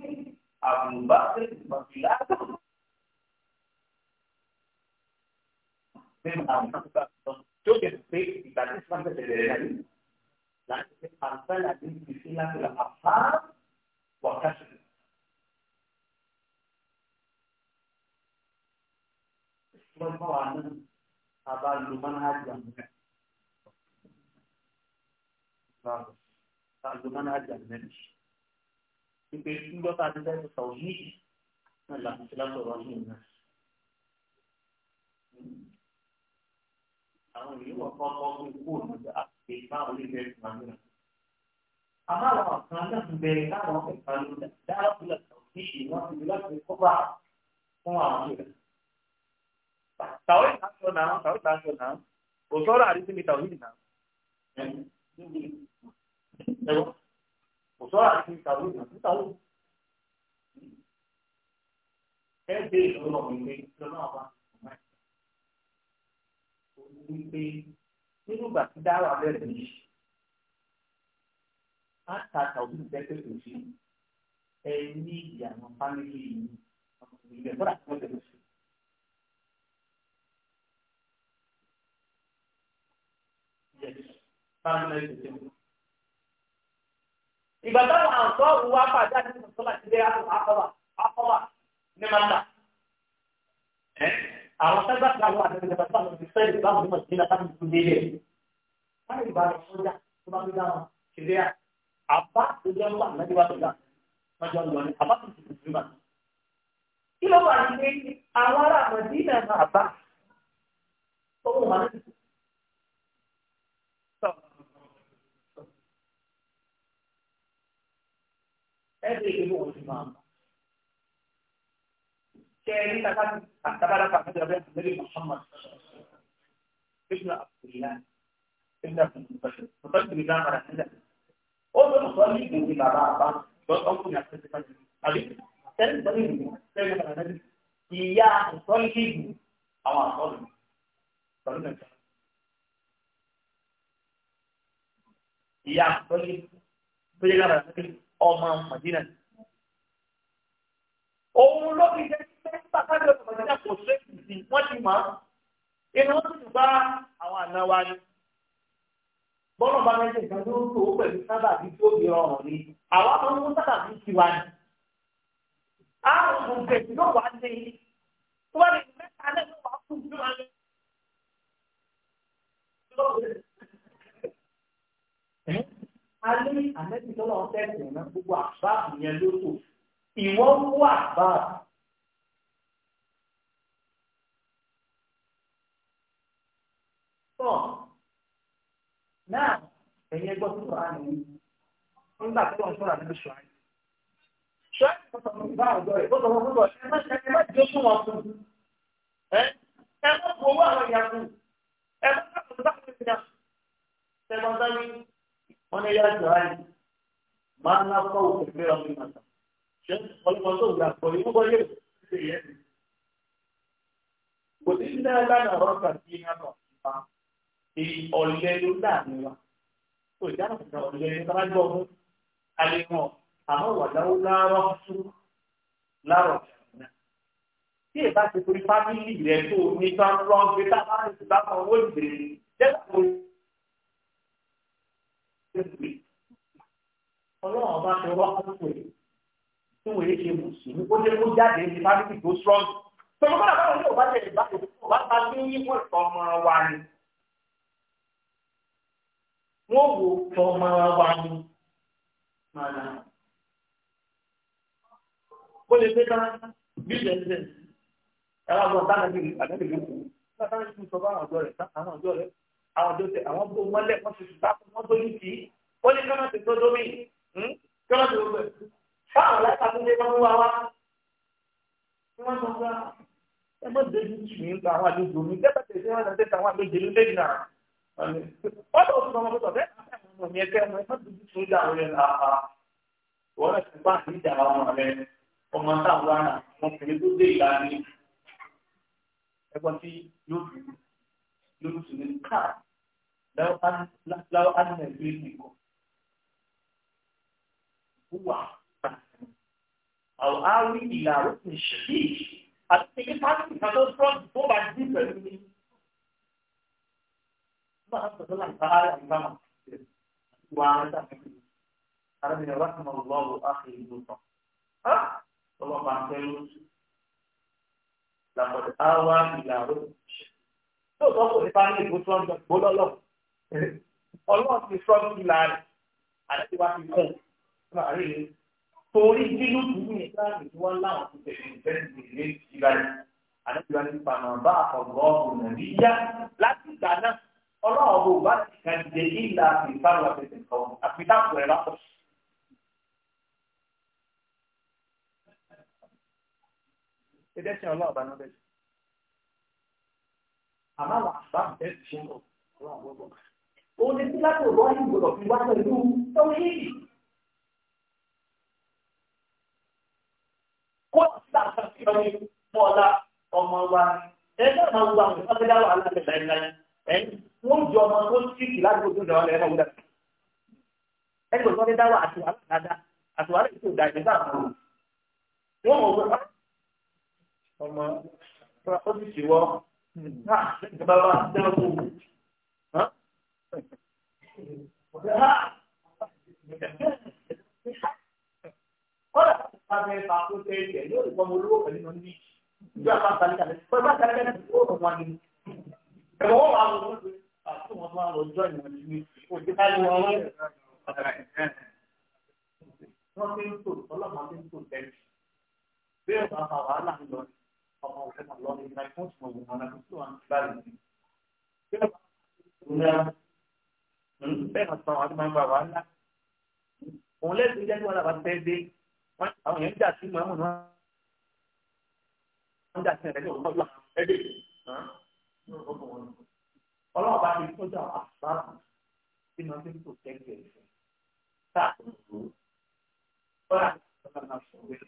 A: àbùbá tẹ̀lé ìgbàgbìlá tó. Nínú àwọn akẹ́kọ̀ọ́ tó tó yẹ pé ìgbà tí Islam tẹ̀lé rẹ̀ láyé láti fi àǹfààní àti ìfìlà àfáà. sọ́kọ́ wa náà bàbá lu manhajì àmì bàbá lu manhajì àmì ìpè ńgbọ́ta ti fẹ́ sọ̀rọ̀ yìí náà làwọn ti lásọ̀rọ̀ yìí náà. àwọn èyí wọ̀ kọ́kọ́ fún ikú òmùdá àti báwọn ilé ẹ̀sìn máa ń gbà. àmọ́ àwọn kan náà ń bẹ̀rẹ̀ láwọn ẹ̀ka ló dára fúlẹ̀ sọ̀rọ̀ yìí wọ́n ti kọ́ bá fún àwọn ìrẹsì tàwọn ìdájọ́ náà tàwọn ìdájọ́ náà kò sọ̀rọ̀ àdísí mi tàwọn ìdájọ́ náà kò sọ̀rọ̀ àdísí mi tàwọn ìdájọ́ náà ẹ gbé ìṣòro náà wípé ìṣòro náà wà ọ̀gbọ́n wípé nínú ìgbà tí dáwà bẹ̀rẹ̀ ní àtàtà òbí tẹ́tẹ́ tó ṣe ẹ ní ìyànà fámìlì yìí ilẹ̀ fọ́nà tí wọ́n tẹ̀lé sí. fámìlì ìṣẹ̀lẹ̀. ìgbà táwọn àǹtọ́ òwú apàdé àti ìṣọ̀tọ́lá ti dé àkọ́wà àkọ́wà ní mọ́tà. àwọn sábà kan wà ní ìjọba tí àwọn ìṣẹ́ ìlú báwọn mímọ̀ sí láti tún délé. báyìí ìbá lọ sọ́jà tó bá gbé dáhùn ṣẹlẹ̀ à. àbá tó jẹ́ ń wà lẹ́yìn wá sọ́jà lọ́jọ́ lọ ní àbá tó ti tù kí ló wà ní àwọn ará àmọ̀dínà máa bá owó màá every evil imam. كان تكاد تبارك عبد الرحمن النبي محمد ابن عبد الله ابن عبد المنتشر مطلب بجامع رحمه أول مصلي في بابا عباس بس أول ناس تفهم عليه كان دليل كان مثلا يا مصلي أو مصلي صلينا يا مصلي بجامع رحمه ọmọ Màdínà. Òun ló fi jẹ́ sẹ́ńtà kájọ Màdínà kò sí èsì wọ́n ti mọ̀ ọ́. Inú wọn sì bá àwọn àna wa ni. Bọ́lá bá mẹ́jẹ̀ ìgbà tó ń tò ó pẹ̀lú sábàbí tó di ọ̀ràn ni. Àwa máa ń mú sábàbí ti wa ni. Àwọn òǹkẹ̀ yóò wá dé. Tó bá lè mẹ́ta lẹ́nu wàá kú sí a ní àmẹ́sì tọ́lọ̀ ń tẹ̀sìn náà gbogbo àbáàbù yẹn ló tò ìwọ ń wọ àbáàbù. tọ́ náà ẹ̀yin ẹgbọ́ tó wà nìyí nígbà tó ń sọ̀rọ̀ àdébí ṣùgbọ́n ṣùgbọ́n ìfọ̀sọ̀ mi bá ọ̀dọ́ rẹ̀ bọ́sọ̀ wọn bọ́sọ̀ ẹ má ṣe ẹ má jẹ́ fún wọn fún ẹ ẹ má bu owó àwọn ìyá fún ẹ má bá ọ̀dọ́ bá ọ̀dọ́ ìyá fún ẹ má bá mi wọ́n ní yá jù áyì máa ń lápá òkè fẹ́ ọmọ ìmọ̀ta ṣé ọlọ́pàá tó gbà pọ̀ yìí wọ́n yé ṣe yẹ kí. kò sí ní ẹgbẹ́ náà wọ́n kà sí iná náà nípa ti ọ̀lẹ́ ló dàbí wa kò já àtúntà ọ̀lẹ́ sábàjọ́ fún alẹ́mọ̀ àmọ́ wàdáwó láàárọ̀ tún láàárọ̀ tún tí ẹ bá ti pé fámìlì rẹ tó ní lọ gbé tá a bá ń bá owó ìbèrè jẹ́ ọlọ́run bá ti wá púpọ̀ ẹ̀ tí wọ́n yé ṣe mùsùlùmí ó jẹ́ kó jáde ní fásitì tó strong. bá ní òbá tẹ̀lé bá tẹ̀lé òbá bá ní yíwọ́ ọmọ wa ni. wọ́n wo ọmọ wa ni lè gbé tán bí àwọn tó tẹ àwọn bò mọ́lẹ̀ wọ́n ti sùtà fún wọn tóyún tì í ó ní kí wọ́n ti tó dómi kí wọ́n ti wọ́n bẹ̀. fáwọn láìka tó dé wọ́n wá wá tí wọ́n sọ fún wa ẹ mọ̀ débi tì mí nípa àwọn àlejò mi dẹ́pẹ̀ tẹ̀sí wọn náà tẹ̀sí àwọn àlejò mi lé nà wọ́n tó fún ọmọ tó sọ bẹ́ẹ̀ ọmọ mi ẹgbẹ́ ọmọ ẹ má dúdú tó dà wọlé láàpá wọ́n rẹ̀ ti bá àdíjà ọmọ rẹ̀ ọmọ táwọn ará ọmọkùnrin tó dé ìlànà ẹgbọ́n tí yóò dùn lóṣù ní káà láwọn ánìmọ̀ ìlú ìgbìkọ̀. Wúwà àwọn àárí ìlà òkun ṣèlú àti ṣèké pàtó ìkàtọ́ sọ́ọ̀tì tó bá dín pẹ̀lú mi. Máa ń sọ̀tọ́ láti bára ìgbà máa wà á dàbí. Arábìnrin wa kàn lọ wọ àkèrè ìlú tán. Ọlọ́pàá ń fẹ́ lóṣù. Làkọ̀dá wá ìlà òkun tó sọ fún nípa ní ìbò tó ń gbó lọ́lọ́ ọlọ́run ti sọ ní ìlànà àti wá fi kún láàrin torí nínú ìlú yẹn láàrin tí wọ́n láwọn ti tẹ̀lé ìfẹ́ǹdì ilé ìjìlá yìí àdébíwá ní pàmòbá ọgọ́rùn-ún nàìjíríà láti ìgbà náà ọlọ́run bò bá ti kàn jẹ ìlà ìfáwọn àfẹsẹ̀ kan àfitàkùn ẹ̀ lápò. Ẹ̀dẹ́sìn ọlọ́ọ̀bá náà bẹ̀rẹ̀ àmọ́ àwọn àgbà bẹ́ẹ̀ ti ṣe ń lọ lọ́wọ́ àwọn ọgbọ́n. òun ni síláàtì òbọ̀ yìí gbọdọ̀ fi wá pẹ̀lú tọ́wọ́ yìí. kó sílá kan sí ọmọ mọ́ọ̀lá ọmọ wa ẹ náà máa wù àwọn ìfọ́n tẹ́lá wàhálà rẹ̀ láìláì ẹ wọ́n jọ ọmọ tó tíìkì láti ojú tó tọ́lé dáwà àtùwárà dáadáa àtùwárà ètò ìdájọ́ bá àwọn ọmọ wọn mọ̀ wọ́n ọmọ ó ìjọba wa dáàbò kọ́lá pàṣẹ pàṣẹ tẹ ẹ tẹ yóò gbọ́ mo lówó pẹ̀lú ìnáwó ní ìjọ àpá àtàlẹ́kà lẹ́yìn pẹ̀lú àtàlẹ́kà lẹ́yìn tó rọ̀ wọn ni ẹ̀rọ wọn wà lọ́wọ́ pé àti wọn máa lọ jọ ìwọ̀n ní òjì ká ló wọn wọn. wọ́n ti ń tò ọlọ́mọ ti ń tò tẹ́lẹ̀ bí ẹ̀rọ àfàwà náà lọ sí ọmọ òfin àlọ́ ní ìgbà fún ìmọ̀ ìmọ̀ náà tó wà nígbà rẹ̀. bẹ́ẹ̀ náà sọ àwọn àti máa ń bá wa ńlá. òun lẹ́sìn jẹ́ kí wọ́n làbá fẹ́ dé àwọn èèyàn ń jà sí màmú náà. wọ́n jà sí ẹ̀rẹ́ ní òun lọ́wọ́ ẹ̀dẹ̀. ọlọ́ọ̀bá ti tọ́jú àwọn àṣà tí màá fi ń tò kẹ́kẹ́ ìfẹ́. táà tó ń lò ó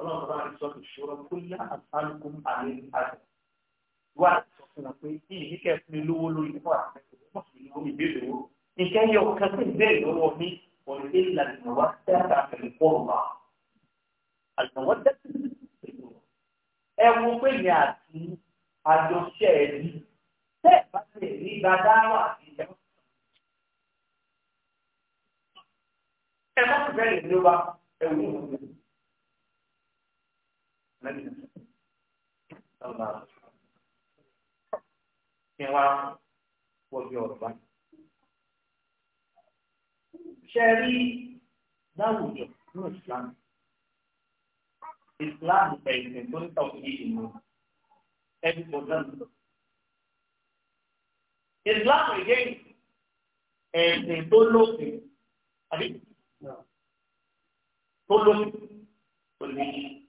A: ọlọ́run bá rí sọ́kù ṣòro kó yá àtàlùkù àlẹ́ àjọ wà sọ fún wọn pé kí ìyí kẹ́ fún mi lówó lórí fún àtẹ̀kọ́ mọ̀ sí lówó mi bẹ́ẹ̀ lówó nǹkan yẹ ọ̀kan tó bẹ́ẹ̀ lọ́wọ́ mi ọ̀rẹ́ ìlànà ìnáwó tẹ́lá pẹ̀lú pọ́ọ̀lù àlùmọ̀wọ́ dẹ́kun ẹ pé ní àti àjọṣe ẹ̀rí tẹ́ ẹ̀ bá tẹ̀ ní gbadáwà ìjọ. ẹ má ti bẹ́ẹ̀ lè ló bá ẹ ọba kí wá wọbi ọba ṣe rí láwùjọ ní islam islam ẹ̀sìn tó ń tọ̀ sí ìlú ẹni kò náà islam ẹ̀jẹ̀ ẹ̀sìn tó lófin àbí tó lófin tó lófin.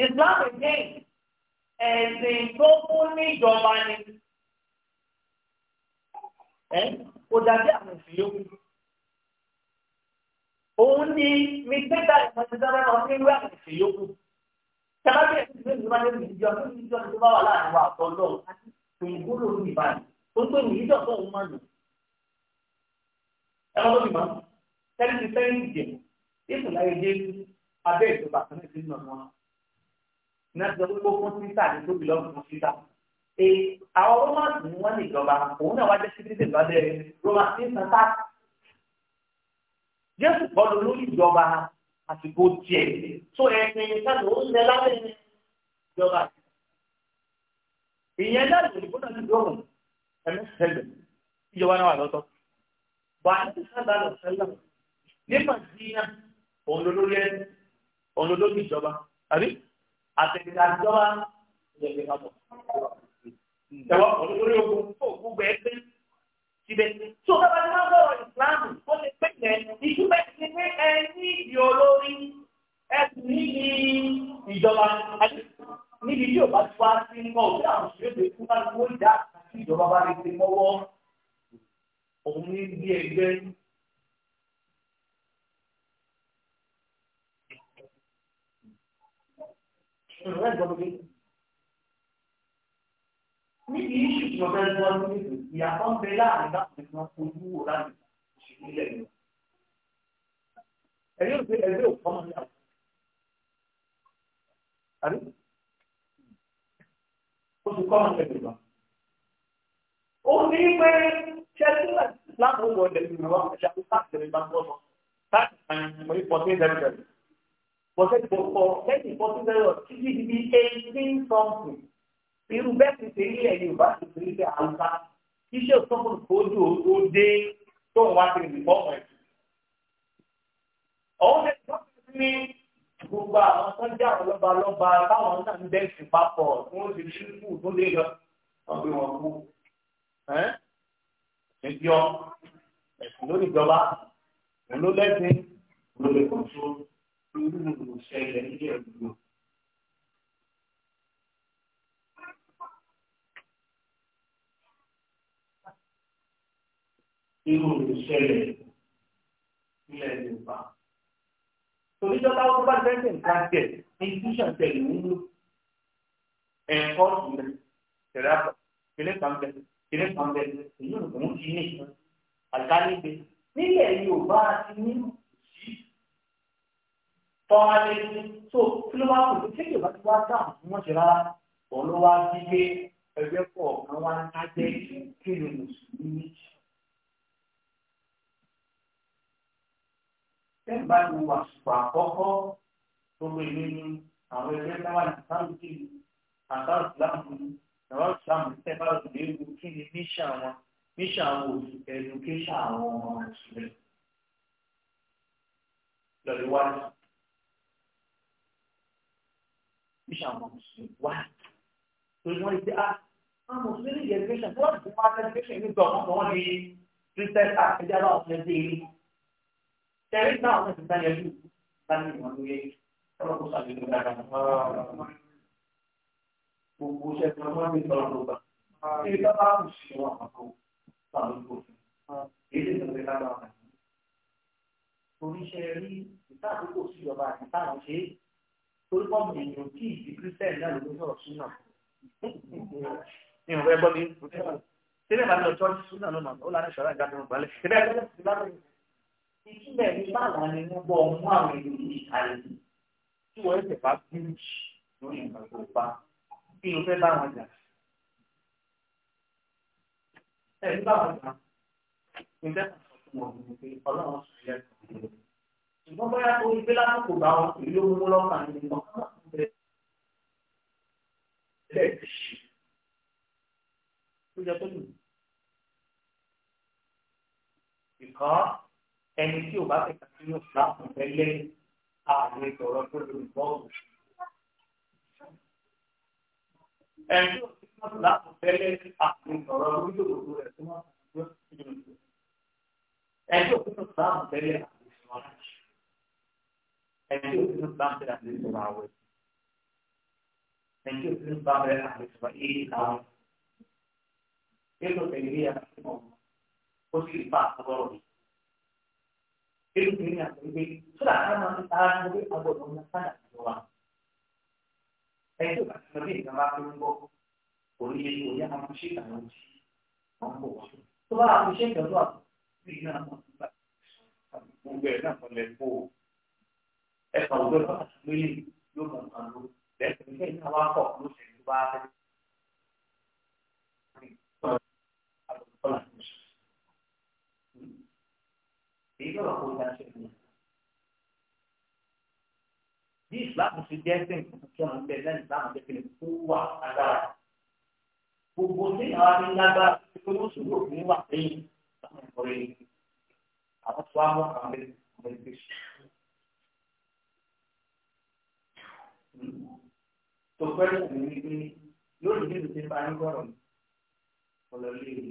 A: Islam again ẹ̀sìn tó kú ní ìjọba ni kò dàbí àwọn òfin yòókù. Òun ni mísíkà ìmọ̀síjára náà ní ìwé àwọn òfin yòókù. Sábàbí ẹ̀sìn tó ní ìwádìí ní ìjọ tó ní ìjọ tó bá wà láàrin wa àtọ́ lọ́wọ́ tó ń gbúdọ̀ ní ìbàdàn tó ń pè ní ìjọ tó ń mọ̀ nù. Ẹ̀rọ ló ní mọ́ sẹ́ni ti sẹ́yìn ìjẹ̀mú ìfúnláyé dé abẹ́ ìjọba àtúnṣe nínú ọ̀nà náà sọ pé kó fún títà ní tóbi lọ́wọ́ fún títà. E àwọn Romans ni wọ́n ní ìjọba òun náà wá jẹ́ citizen lọ́dẹ Romans ní santa. Jésù bọ́lú lórí ìjọba àsìkò tiẹ̀ tó ẹ̀sìn ìtàkùn ó ń lẹ lábẹ́ ìjọba. Ìyẹn náà lòdìbò náà ti dọ̀rùn ẹ̀mí sẹ́lẹ̀ ìjọba náà wà lọ́tọ̀. Bàálù sábà lọ sẹ́lẹ̀ nípa sí náà òun lolórí ẹni òun lolórí ìjọba àbí àtẹ̀jájọ́ra ní ẹgbẹ́ náà bọ̀. Ìjọba olórí ogun tó gbogbo ẹgbẹ́ síbẹ̀. Tó bá bá ní wọ́n bọ̀rọ̀ ìsìláàmù, ó lè pè yẹn. Ìjúbẹ̀ ti ní ẹ ní ìdí olórí ẹ̀sìn níbi ìjọba. Níbi tí òbá tó wá sí mọ́ òbí àwọn òṣèré tó bá ní wọ́n dá àti ìjọba bá lè ṣe mọ́wọ́. Òun ní bí ẹgbẹ́ ìrọ̀lẹ́ ìgbọ́mọdé. níbi iṣu tí wọ́n fẹ́ gbọ́ nínú ìlú ìyàtọ̀ ń bẹ láàrin láti fi wọn fojú wò láàrin òṣèlú ilẹ̀ yìí. ẹ̀yọ́ ìgbé ẹgbẹ́ òkú ọmọ ní àwọn. àbí ó ti kọ́ ọmọ ẹgbẹ́ wa. ó ní pé ṣẹ́túlẹ̀ láti wọ̀ ẹ̀dẹ̀ ìrìnàwó àṣà tó káàkiri bá ń bọ́sẹ̀tì tó kọ lẹ́yìn fọ́tí lẹ́yọ̀ títí di bí eighteen something irú bẹ́ẹ̀ ti ṣe ilé ẹ̀yìn ìbá ti ṣe ilé àlùfá iṣẹ́ òṣùpọ̀ kójú ó dé tó wá ti rìn bọ́ ọ̀rẹ́. ọ̀hún ṣe tó ti ní gbogbo àwọn sọ́jà ọlọ́ba lọ́ba táwọn náà ń bẹ́ẹ̀sì papọ̀ tí wọ́n ti ṣí kù tó lé lọ wọ́n gbé wọn kú. ẹ̀sìn lórí ìjọba òun ló lẹ́sìn òun ló lè kọ̀ọ̀tún irú gbogbo ṣẹlẹ̀ nílé ẹ̀dúgbò. irú gbogbo ṣẹlẹ̀ nílé ẹ̀dúgbò. torí jọba wọn bá tẹ́sán káàkiri ní ìtúṣà tẹ̀lé wúlò ẹ̀kọ́ ìlẹ̀ tẹ̀lé àpá tẹ̀lé pàmpẹ́ tẹ̀lé pàmpẹ́ èyí ò ń ṣí ní ìtàn àgbáyé nílẹ̀ Yorùbá ti nínú tọ́wá lé sí tó kí ló wá kò tó kéèké bá ti wá dáhùn tí wọ́n ṣe rárá òun ló wá bí pé ẹgbẹ́ pọ̀ kan wá ń kájẹ́ kí ni mùsùlùmí. Bẹ́ẹ̀ bá lu àsùpà àkọ́kọ́ gbogbo ìlú ní àwọn ẹgbẹ́ táwọn àtàwọn ti àtàwọn ìsìlámù ẹ̀rọ ìsìlámù tẹ́ bá lù lé kí ni míṣà wọn míṣà wọn ò sì àwọn ọmọ àtúnlẹ̀. Lọ́lẹ̀ iṣẹ́ àwọn mùsùlùmí wá torí wọ́n ti á ah, àwọn mùsùlùmí ní education tó wọ́n ti fún wọn education ní gbọ̀ngàn tó wọ́n di christian àtijọ́ àwọn ọ̀sẹ̀ dé ilé tẹ̀lé náà wọ́n ti sáyẹn lù láti ìwọ̀n lóye ọlọ́ kó sàlẹ̀ dáadáa gbogbo iṣẹ́ tí wọ́n ti sọ̀rọ̀ ló gbà kí ni bá kù sí wọn àkókò sàlẹ̀ kò fún èyí tó ti lágbára oníṣẹ́ rí ìtàkùn kò sí ìjọba àti ìtàkùn ṣe é torí pọ́ mọ̀ èèyàn kí ìdí kírísítẹ́nì náà ló sọ̀rọ̀ súnà ní ìwé gbọ́dí sílẹ̀ bá lọ tọ́jú súnà ló màá ó lára ìṣọ̀rọ̀ ìgbà tó ń gbalẹ̀
B: síbẹ̀ ní báwa ni
A: wọ́n bọ́ mú àwọn èèyàn yìí kalẹ̀ tí wọ́n ṣẹ̀ bá bíríjì lórí nǹkan kí ló fẹ́ bá jà ẹ̀ ní báwọn jà ní ṣùgbọ́n bóyá tó ń gbé lásìkò bá wọn èyí ló mú lọ́kàn ní ọ̀kan bẹ́ẹ̀ tó jẹ pé nù. ìkọ́ ẹni tí ò bá fẹ́ kàtí yóò fà fún ẹlẹ́ ààrẹ sọ̀rọ̀ tó lórí bọ́ọ̀lù. ẹni tí ò sí fún láti fẹ́lẹ́ ààrẹ sọ̀rọ̀ lórí òdòdó rẹ̀ tó wà fún ẹgbẹ́ ẹni tí ò sí fún láti fẹ́lẹ́ ààrẹ sọ̀rọ̀ láti ẹ̀jẹ̀ òfin bàbẹ̀ àti ìṣòro àwẹ̀ ẹ̀jẹ̀ òfin bàbẹ̀ àti ìṣòro èyí làwọn ètò ìrírí àti ìmọ̀ ó sì bá àtọ́rọ̀ mi. ètò ìrírí àti ìgbé sódà ká máa ń ta àwọn agbọ̀dọ̀ ní sáyà tó wà. ẹ̀jẹ̀ òfin bàbẹ̀ ìjọba tó ń bọ̀ kò ní ṣe òní àwọn ṣé àwọn tí wọ́n bọ̀ wá. tó bá àwọn ṣé ìjọba tó wà ní ìlú àwọn gbogbo ẹ̀ náà kọ́ ẹ̀ka òjò lọ lórí yóò mọ̀ nǹkan ló lẹ́sìn iṣẹ́ iná wa pọ̀ ló ṣe tó bá fẹ́. èyí lọ́rọ̀ kó ta ṣe mí. bí ìsìláàmù ṣe jẹ́ sí nǹkan tó ń bẹ lẹ́yìn ìsìláàmù jẹ́ kí ni kó wà agbára. gbogbo tí àwa ní lágbára tó ló ṣòro fún wà lẹ́yìn láwọn ìkọ̀rẹ́ àwọn tó wà mọ́ àwọn ẹgbẹ́ ìṣẹ́. tó pẹ́lú ìwé wípé lórí bí ìdíje bá ń gbọ́rọ̀ ọ̀lọ́ lé e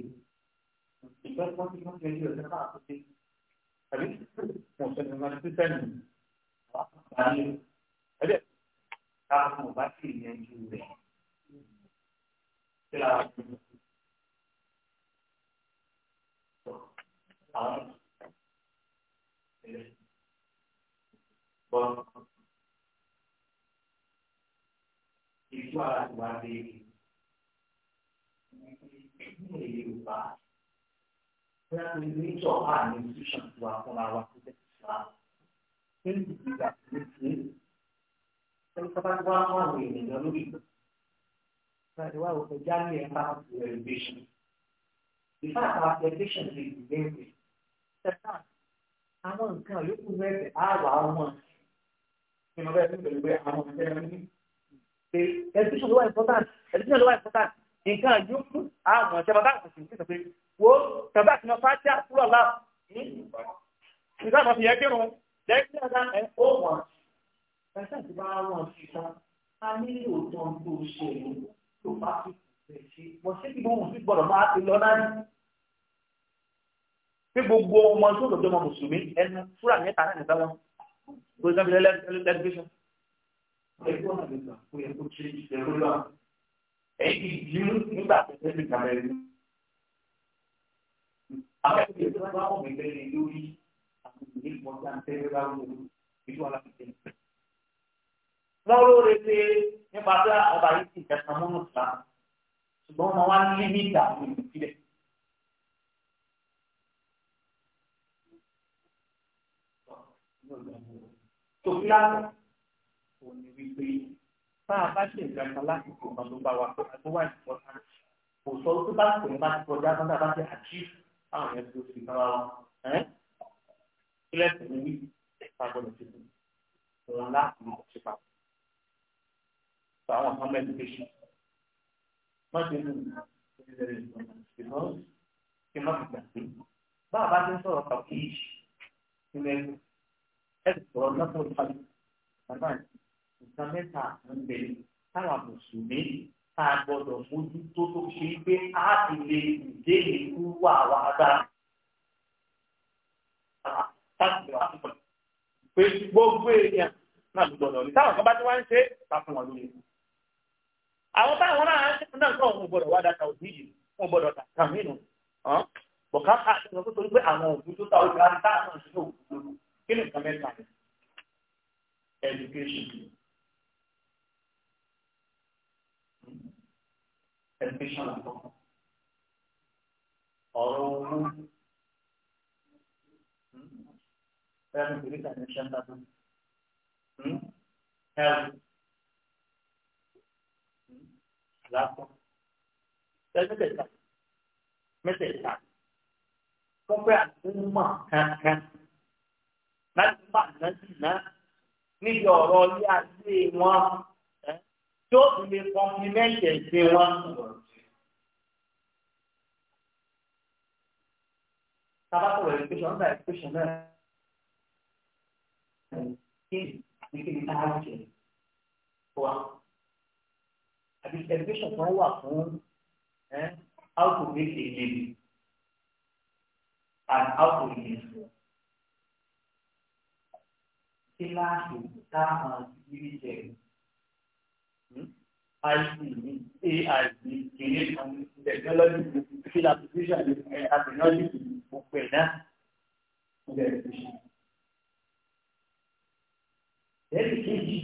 A: ìgbà tí wọ́n ti wọ́n ti rí ọ̀sẹ̀ náà tó ṣe tàbí mo sọ ní wọn títẹ̀ nù wáyé ẹ̀dẹ̀ káàkiri ọba sì yẹn ju rẹ̀ kí la àwọn ẹ̀dẹ̀ bọ́ọ̀. ètò àtúwà béèrè ní èyí ò bá bóyá pé níjọ bá ní institution tó wà fúnra wa tó tẹ̀sí wa pé ní ìgbà tó ní ṣe é ẹni tó bá ti wá fún àwọn ènìyàn lórí ìgbà tó ti wá òfin jáde ẹ̀ bá ti rẹ̀ ìfá àtàwọn application lè dì lẹ́ẹ̀kẹ́ tẹ̀sán àwọn nǹkan yòókù rẹ̀ á pé education ló wà important education ló wà important nǹkan yòókù àwọn ọ̀sẹ̀ bàbá àkùsì ní sọ pé wo tàbí àti náà fàájì àkúrò ọ̀la ní ìgbà àwọn fi yẹ kí wọn lẹ́yìn náà ẹ ó wọn ẹ̀sẹ̀ tí bá wọn fi tán a nílò tán tó ṣe tó bá fi kùsẹ̀ ṣe wọ́n ṣé kí wọ́n mú sí gbọ́dọ̀ máa ti lọ náà pé gbogbo ọmọ tó lọ́jọ́ ọmọ mùsùlùmí ẹnu fúlàní ẹ̀ta náà nìkan wọn gbogbo ẹgbẹ́ lẹ́gbẹ́ yẹ kó hàn nígbà kó yẹ kó ṣe ìṣẹ̀rú lọ. Ẹ̀yìn ìdílú nígbà tó fẹ́ lè kàlẹ́ rí. Àwọn ẹgbẹ́ tó bá wọ̀ mí lẹ́yìn lórí àwọn ìdílé kan tí a ń tẹ́lẹ̀ bá wù ú nínú alákìtẹ́. Wọ́n lóore pé nípa pé ọba yìí ti tẹ̀sán mọ́nà sá. Ṣùgbọ́n wọn wá ní níta àwọn ìdílé. Tòkí láti wípé bá a bá ṣe nǹkan kan lásìkò kan tó bá wa tó wà ìfọ̀ náà kò sọ tó bá kò ní bá ti kọjá tó bá ti àjí àwọn yẹn tó ti kára wọn kílẹ̀ tó ní wí ká gbọ́dọ̀ ti kú òun láti mọ̀ sí pa. Àwọn ọmọ ẹ̀dùkéṣìn wọ́n ti lù ìrẹ̀lẹ̀ ìgbìmọ̀ kí wọ́n ti gbàgbé. Báwa bá ti ń sọ̀rọ̀ kàwé yìí nínú ẹgbẹ́ ẹ̀sìn sọ̀rọ̀ lọ́sọ̀rọ̀ ìfàlẹ̀ bàbá àti nǹkan mẹ́ta ń bẹ táwọn mùsùlùmí tá a gbọdọ̀ mójútó tó ṣe pé a ti lè dé ìlú wà wá dáa. pé gbogbo èèyàn náà ló gbọdọ̀ rí táwọn kan bá ti wá ń ṣe ká fún wọn lóye. àwọn táwọn náà ń ṣe náà sọ̀rọ̀ wọn gbọdọ̀ wá dáta òbí yìí wọn gbọdọ̀ kà mí nù. bọ̀ká ká ṣe lọ sórí pé àwọn òbí tó ta ojú ara táwọn ṣe òkú lóru kí ni nǹkan mẹ́ta education. education àkọ́kọ́ ọ̀rọ̀ owó bẹ́ẹ̀ ni ìdílé kan ní ṣẹ́ńtà tó health lásán tẹ́lẹ̀tẹ̀ta mẹ́tẹ̀ẹ̀ta kọ́pẹ́ àtúmọ̀ kankan láti máa náà sì náà níbi ọ̀rọ̀ ilé ayé wọn tí ó sì lè kọ́mplimẹ́ǹtì ẹ̀sìn wọn. Tabakọ̀ education under education náà kí ni kí ni tára jẹ wa àbí education kan wà fún how to make a living and how to live. Kí láàṣì táwọn ìbí jẹun. IT AIB kìíní kan technology field application ẹ̀ àtẹ̀yọ́lì gbogbo ẹ̀ náà ó bẹ̀rẹ̀ fi ṣe. Ẹ̀rí kejì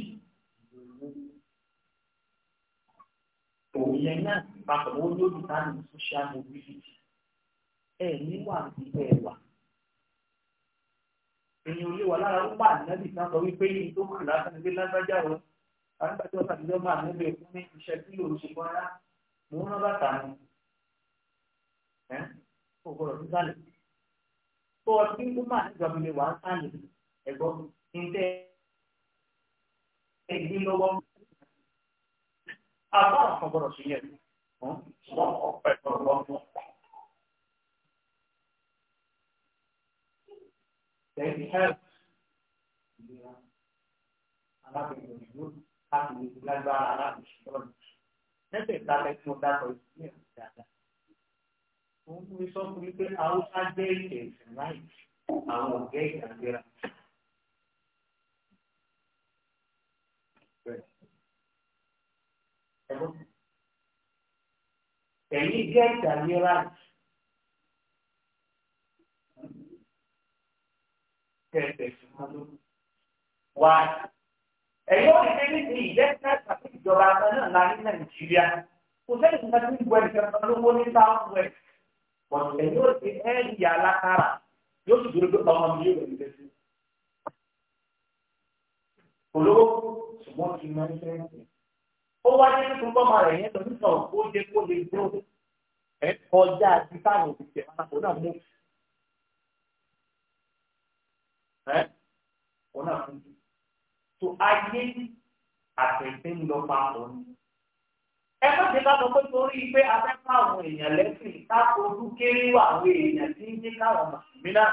A: òun yẹn náà papọ̀ ó lórí táwọn social mobility ẹ̀ níwà ìgbẹ́ ẹ̀wà èèyàn olé wa lára ó wà nábì kan sọ wípé yìí tó kù lásán ní lágbájá o àwọn ìgbà tí wọ́n sàdúgbò máa níbi ìfún ní iṣẹ́ tí yóò ṣe fún ara mò ń rán bàtà ni kò gbọdọ̀ sísàlẹ̀ tó o ti ń máa nígbà mi lè wà á sàlẹ̀ ẹ̀gbọ́n ní ẹ gbé lọ́wọ́ àbá kan gbọdọ̀ sí yẹn wọ́n ọ̀pẹ̀ lọ́wọ́ Thank you láti lè fi lágbára láti ṣe ọ̀nà. Lẹ́sẹ̀ ìdálẹ́ tí mo dákọ̀ ìdílé ọ̀hún dáadáa. Òun fún mi sọ fún mi pé Haúsá jẹ́ ìkẹ̀ ìsìn láì àwọn ọ̀gẹ́ ìgbàgbéra. Ẹ̀yin jẹ́ ìgbàgbéra. Tẹ̀sẹ̀ fún wa lóko. Wáyé. ẹ̀yọ́ ìdílé ní ìdẹ́sẹ̀ àti ìjọba náà la ní nàìjíríà kò sẹ́ni kò sẹ́ni gbọ́ ẹ̀ṣẹ̀ kan lówó ní south west but ẹ̀yọ́ ti ẹ̀ẹ́dì alákàrà yóò sì dúró pé ọmọ mi yóò olówó ṣùgbọ́n ó wá ní bọ́mọ rẹ̀ yẹn lọ kó lè dúró ẹ̀ kọjá àti táwọn tó ayé àtẹ̀sí ń lọ papọ̀ ni. ẹ má ṣe ká sọ pé torí pé afẹ́fẹ́ àwọn èèyàn lẹ́sìn káko ojú kéré wà àwọn èèyàn tí ń dé káwọn mùsùlùmí náà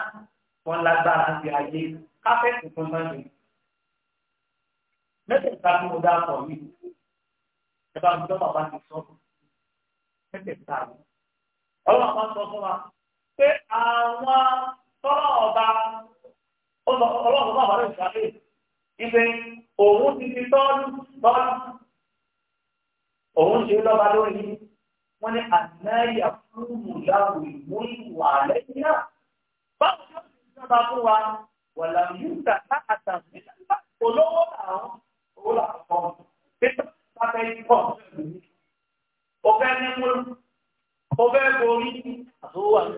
A: wọn lágbára sí ayé káfẹ́ẹ̀sì tó máa ń lò. mẹ́tẹ̀ẹ̀ta tí mo dá sọ yìí ẹ bá mi tọ́ bàbá mi sọ mẹ́tẹ̀ẹ̀ta yìí ọlọ́run máa ń sọ fún wa pé àwọn tọ́lọ́ ọba ọlọ́run máa wà lóṣù àlejò ipe òun ti fi tọ́lù tọ́lù òun ṣe lọ́ba lórí wọ́n ní àtìlẹ́yìn àfúrúmù ìyàwó ìmú ìwà lẹ́yìn náà báwo ni wọ́n ti jọba fún wa wà láàmú ìgbà láàtà nígbà olówó àwọn owó làkọ́ pété pápẹ́ pọ̀ ọ̀fẹ́ ní múlò ọ̀fẹ́ borí àtòwò àná.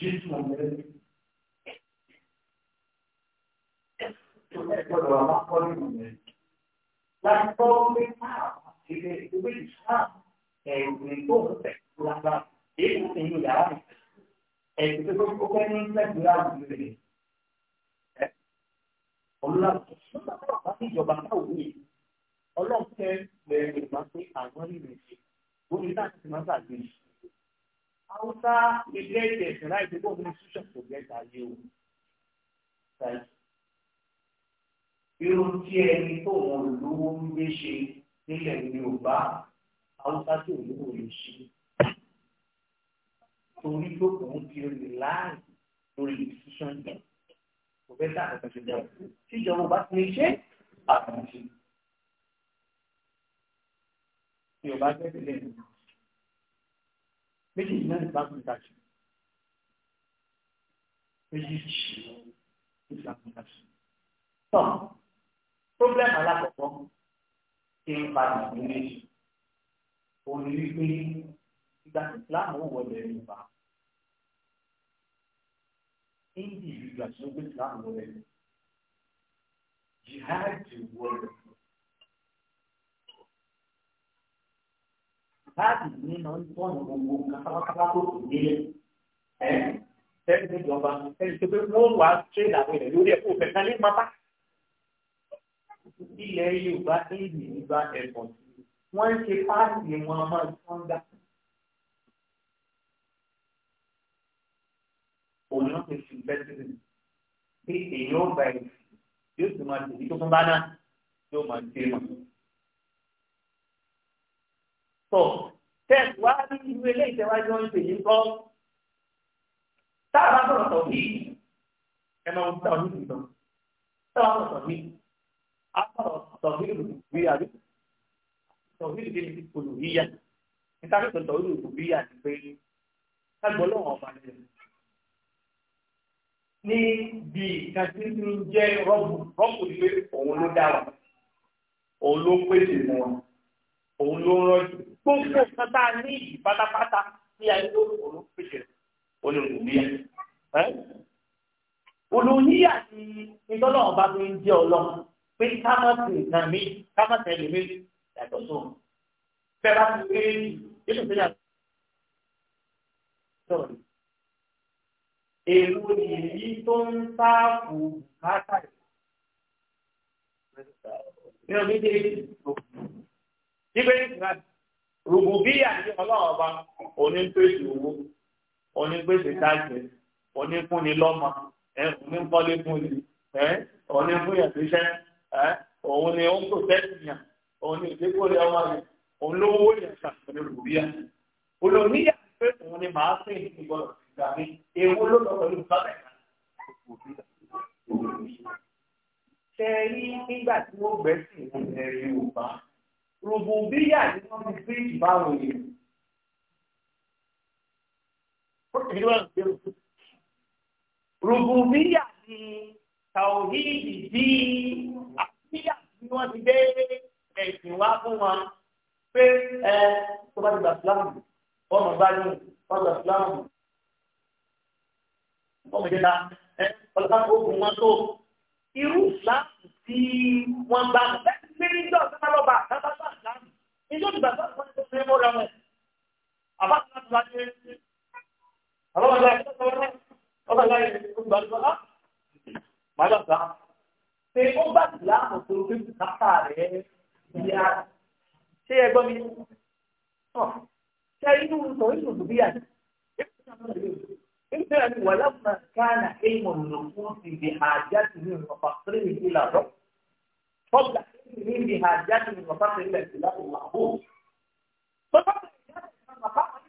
A: Jésù àmẹ́rẹ́. Tó ẹ gbọ́dọ̀ wà máa kọ́ nínú rẹ̀. Láti gbọ́ pé káàkiri ilé ìwé ìsáàmù ẹ̀rùn tó ń tẹ̀ gbangba èyí ti ń yàrá mi. Ẹ̀sìn tó tó kọ́ ní mẹ́tì láàbù rẹ̀. Ọlọ́run tó sọ́dọ̀ bá níjọba náà wù yìí. Ọlọ́run tẹ́ bẹ̀rẹ̀ ìgbà pé àwọn ìrìnsì. Ó ní láti máa gbàgbé yìí haúsá lè gẹ́ẹ̀tì ẹ̀sìn láì tó gbọ́dọ̀ institution kò gẹ́ẹ̀tì ayé o. irú tí ẹni tó wọn lówó ń gbé ṣe nílẹ̀ yorùbá haúsá tí ò lówó lè ṣe. torí tó kò ń fi rìn láì lórí institution yẹn kò fẹ́ sáà kankan ṣe jẹun tíjọba bá ti lè ṣe àtúnṣe. yorùbá gẹ́gẹ́ lẹ́nu méjì yìí náà ní báàgì ìdájì méjì yìí ní báàgì ìdájì. tọ́ problem alákọ̀ọ́kọ́ ṣe ń pa ìdílé òun ni wípé ìgbà tí ìsìláàmù ò wọlé Yorùbá individual ló gbé ìsìláàmù wọlé jihad wọlé. láti ní náà ń tọ́nà gbogbo kápákápá tó kù nílé ẹ tẹ́lẹ̀ tó jọba tẹ́lẹ̀ tó pé wọ́n wá tíré làwọn èèyàn lórí ẹ̀kọ́ òfẹ́ kan ní mapá. ilẹ̀ Yorùbá éèdì nígbà ẹ̀kọ́ wọ́n ń ṣe páàkì wọn máa ń tán dá. òun náà ti fi bẹ́tìrì pé èèyàn ọgbà ẹ̀sìn yóò sì máa tẹ̀lé tó tún bá náà yóò máa tẹ̀lé mọ́ tọ̀ tẹ̀ wá ní irú eléyìí tẹ̀wájú wọn ṣe yìí kọ́ tá a bá sọ̀rọ̀ tọ̀ bí ẹ máa ń ta ọdún ìtàn tá a bá sọ̀rọ̀ tọ̀ bí a sọ̀rọ̀ tọ̀ bí olùdókòwò yà rí tọ̀ bí olùdókòwò yà níta tó tọ̀ olùdókòwò yà ní pé ká gbọ́ lọ́wọ́ ọ̀pá ní bí kàtí ń jẹ́ rọ́bù rọ́bù ni pé òun ló dá wa òun ló pèsè fún wa òun ló rán jù gbogbo nǹkan tá a ní yìí pátápátá ní ayé ló lò ló pèsè olùrùbíyà olùyíyà ni ìtọ́lọ́ ọba tó ń jẹ́ ọlọ́run pé ká má sí nǹkan mi ká má tẹ̀lé mi yàtọ̀ sóun fẹ́ẹ́ bá ti pé yóò fẹ́ yàtọ̀ sọ̀rọ̀ èrò èyí tó ń sáàpù bùkátà yìí. Ibẹ̀ ní ìgbà rùbùbíyà ní ọlọ́run ọba onípèsè owó onípèsè táàgì onífúnni lọ́mọ oníkọ́lé fúnni onífúnyà ṣiṣẹ́ òun ni ó ń tó tẹ́sìyàn òun ni ìdíkòrè ọmọ rẹ̀ òun ló wó yẹn ṣàkóso rùbùbíyà. Olùmíyà pé òun ni màá sìn ìgbọ̀rọ̀ ìgbà mi èwo ló lọ pẹ̀lú sábẹ̀ ṣe rí nígbà tí wọ́n gbẹ́sìn ẹ̀rí òbá rògbòbíyà ni wọ́n fi fi ìbáwọn yìí. rògbòbíyà ni tàwíìdì bí àbíyà ni wọ́n ti dé ẹ̀sìn wá fún wa pé ẹ tó bá ti gbà síláàmù ọmọ bá ní wọ́n gbà síláàmù ọmọ ìjẹta ẹ ọlọ́pàá ogun wọn tó irú síláàmù tí wọ́n bá bẹ́ẹ̀ pé níjọ́ tí wọ́n lọ bá àtàbà bá àdáàmù níjọ́ ìgbà tó wọ́n ti fi mọ́ra wọn. àbá tó wọ́n ti wá dé àbá wọn láyé tó wọ́n ọba láyé tó gbà lọ á máa lọ sá. pé ó bá ìlànà tó fi kàkà rẹ̀ yá. ṣé ẹ gbọ́ mi? ṣé inú sọ inú òdùbí yà ni? إذا ولما كان علم النفوس بحاجته وفقره إلى الرب فضل المسلمين بهاجات من مصادر الى الاختلاف المحبوب فقط المصادر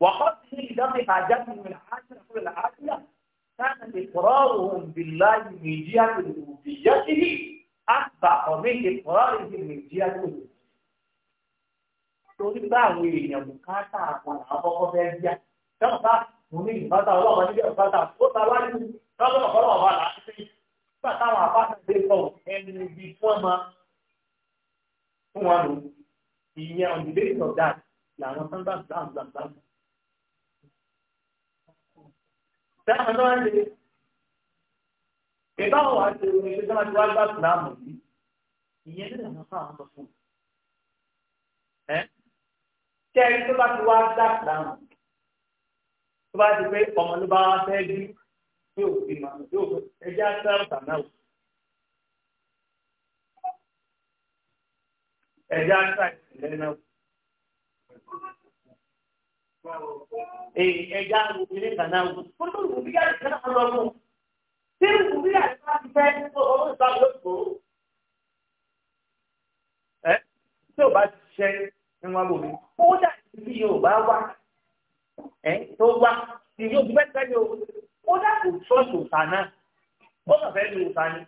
A: وقد لدفع حاجاتهم من عاشر كل العاشرة كان إقرارهم بالله من جهة ربوبيته أكبر من إقرارهم من جهة الوهيته torí báwo èèyàn bùkátà àwọn àkọ́kọ́ fẹ́ bíà tẹ́wọ̀n bá mo ní ìbátà ọlọ́ọ̀bá níbi ìbátà ó ta wá nínú lọ́dọ̀ ọ̀pọ̀lọpọ̀ àlá sí nígbà táwọn àbáta dé sọ ẹnu ibi fún ọmọ fún wọn lò ìyẹn on the basis of that làwọn sáńtà dáhùn dáhùn dáhùn. Sẹ́wọ̀n tó wá ń ṣe ìbáwò àti ìròyìn tó máa ti wá gbà síláàmù yìí ìyẹn ní ìlànà fún àwọn ọmọ fún un. Kẹ́rin tó bá ti wá gbà síláàmù tó bá ti pé ọmọ ló bá fẹ́ bí yóò fi mà yóò ẹjẹ́ àtàràtà náà o. ẹjẹ́ àtàràtà ìlẹ̀ náà o. ẹjẹ́ àtàràtà ìlẹ̀ náà o. wọ́n tó wù bí yàtọ̀ náà lọ́wọ́. tí wù bí yàtọ̀ náà ti fẹ́ ọmọ ìgbà lọ́wọ́. ẹ tí o bá ti ṣe ni wọn bò kódà tí yóò bá wà ẹ̀ tó wá ní yóò gbẹ́ sẹ́yìn o ó dàpọ̀ ṣọ́ọ̀ṣì òòtà náà ó kàn fẹ́ lu òòtà ni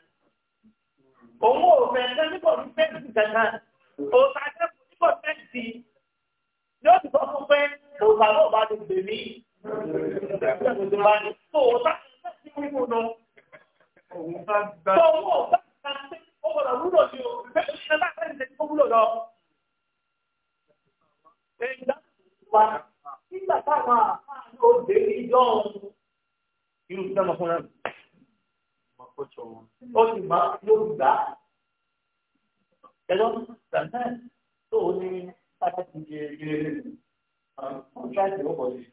A: òun ò fẹ́ sẹ́ nígbà tó fẹ́ ti kankan òòtà sẹ́kù nígbà tó fẹ́ ti yóò ti sọ fún pé òòtà náà bá ti gbè mí òòtà ti ń mú lọ. Tọ́wọ́ bá ta ṣe ó gbọ́dọ̀ wúlò ní o, bẹ́ẹ̀ ni ẹ bá fẹ́ẹ́ ṣe kó wúlò lọ nígbà táwọn àfáàní òde níjọ́ irú tí wọ́n fúnra mi. ó sì máa yóò gbà á. ẹjọ́ gbàgbẹ́ tó o ní sábà ti di eré rẹ̀ wọ́n ṣáà ti wọ́pọ̀ sí i.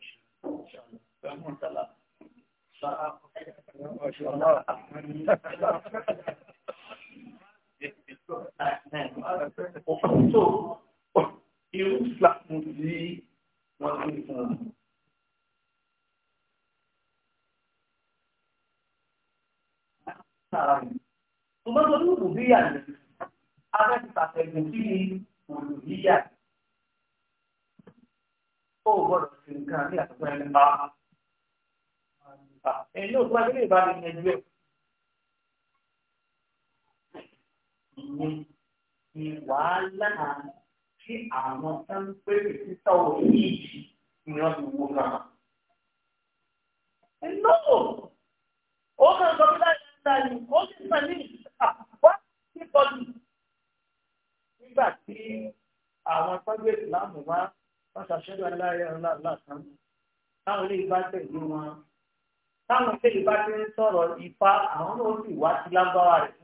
A: So, you slap me wọ́n ti fún un. ṣùgbọ́n tó ní òbíyà ni abẹ́ ti pàtẹ́gù kí ni òbíyà. ó gbọ́dọ̀ ṣe nǹkan ní àtúntò ẹni bá ẹni òkú ajé lè bá mi yanjú ẹ̀. ìyẹn ni wàhálà náà tí àwọn tó ń pèsè títà òní yìí ni wọ́n ti wó náà. Iná o, ó kàn sọ pé láti ta ni, ó sì sàn ní àpá ah, nítorí. Nígbà tí àwọn tọ́jú ìsìláàmù wá, wọ́n ṣàṣẹ́dọ̀ aláàárẹ̀ ńlá lásán. Táwọn ilé ìbá tẹ̀lé wọn. Táwọn ilé ìbá ti ń sọ̀rọ̀ Ifá, àwọn náà sì wá sí lágbára rẹ̀.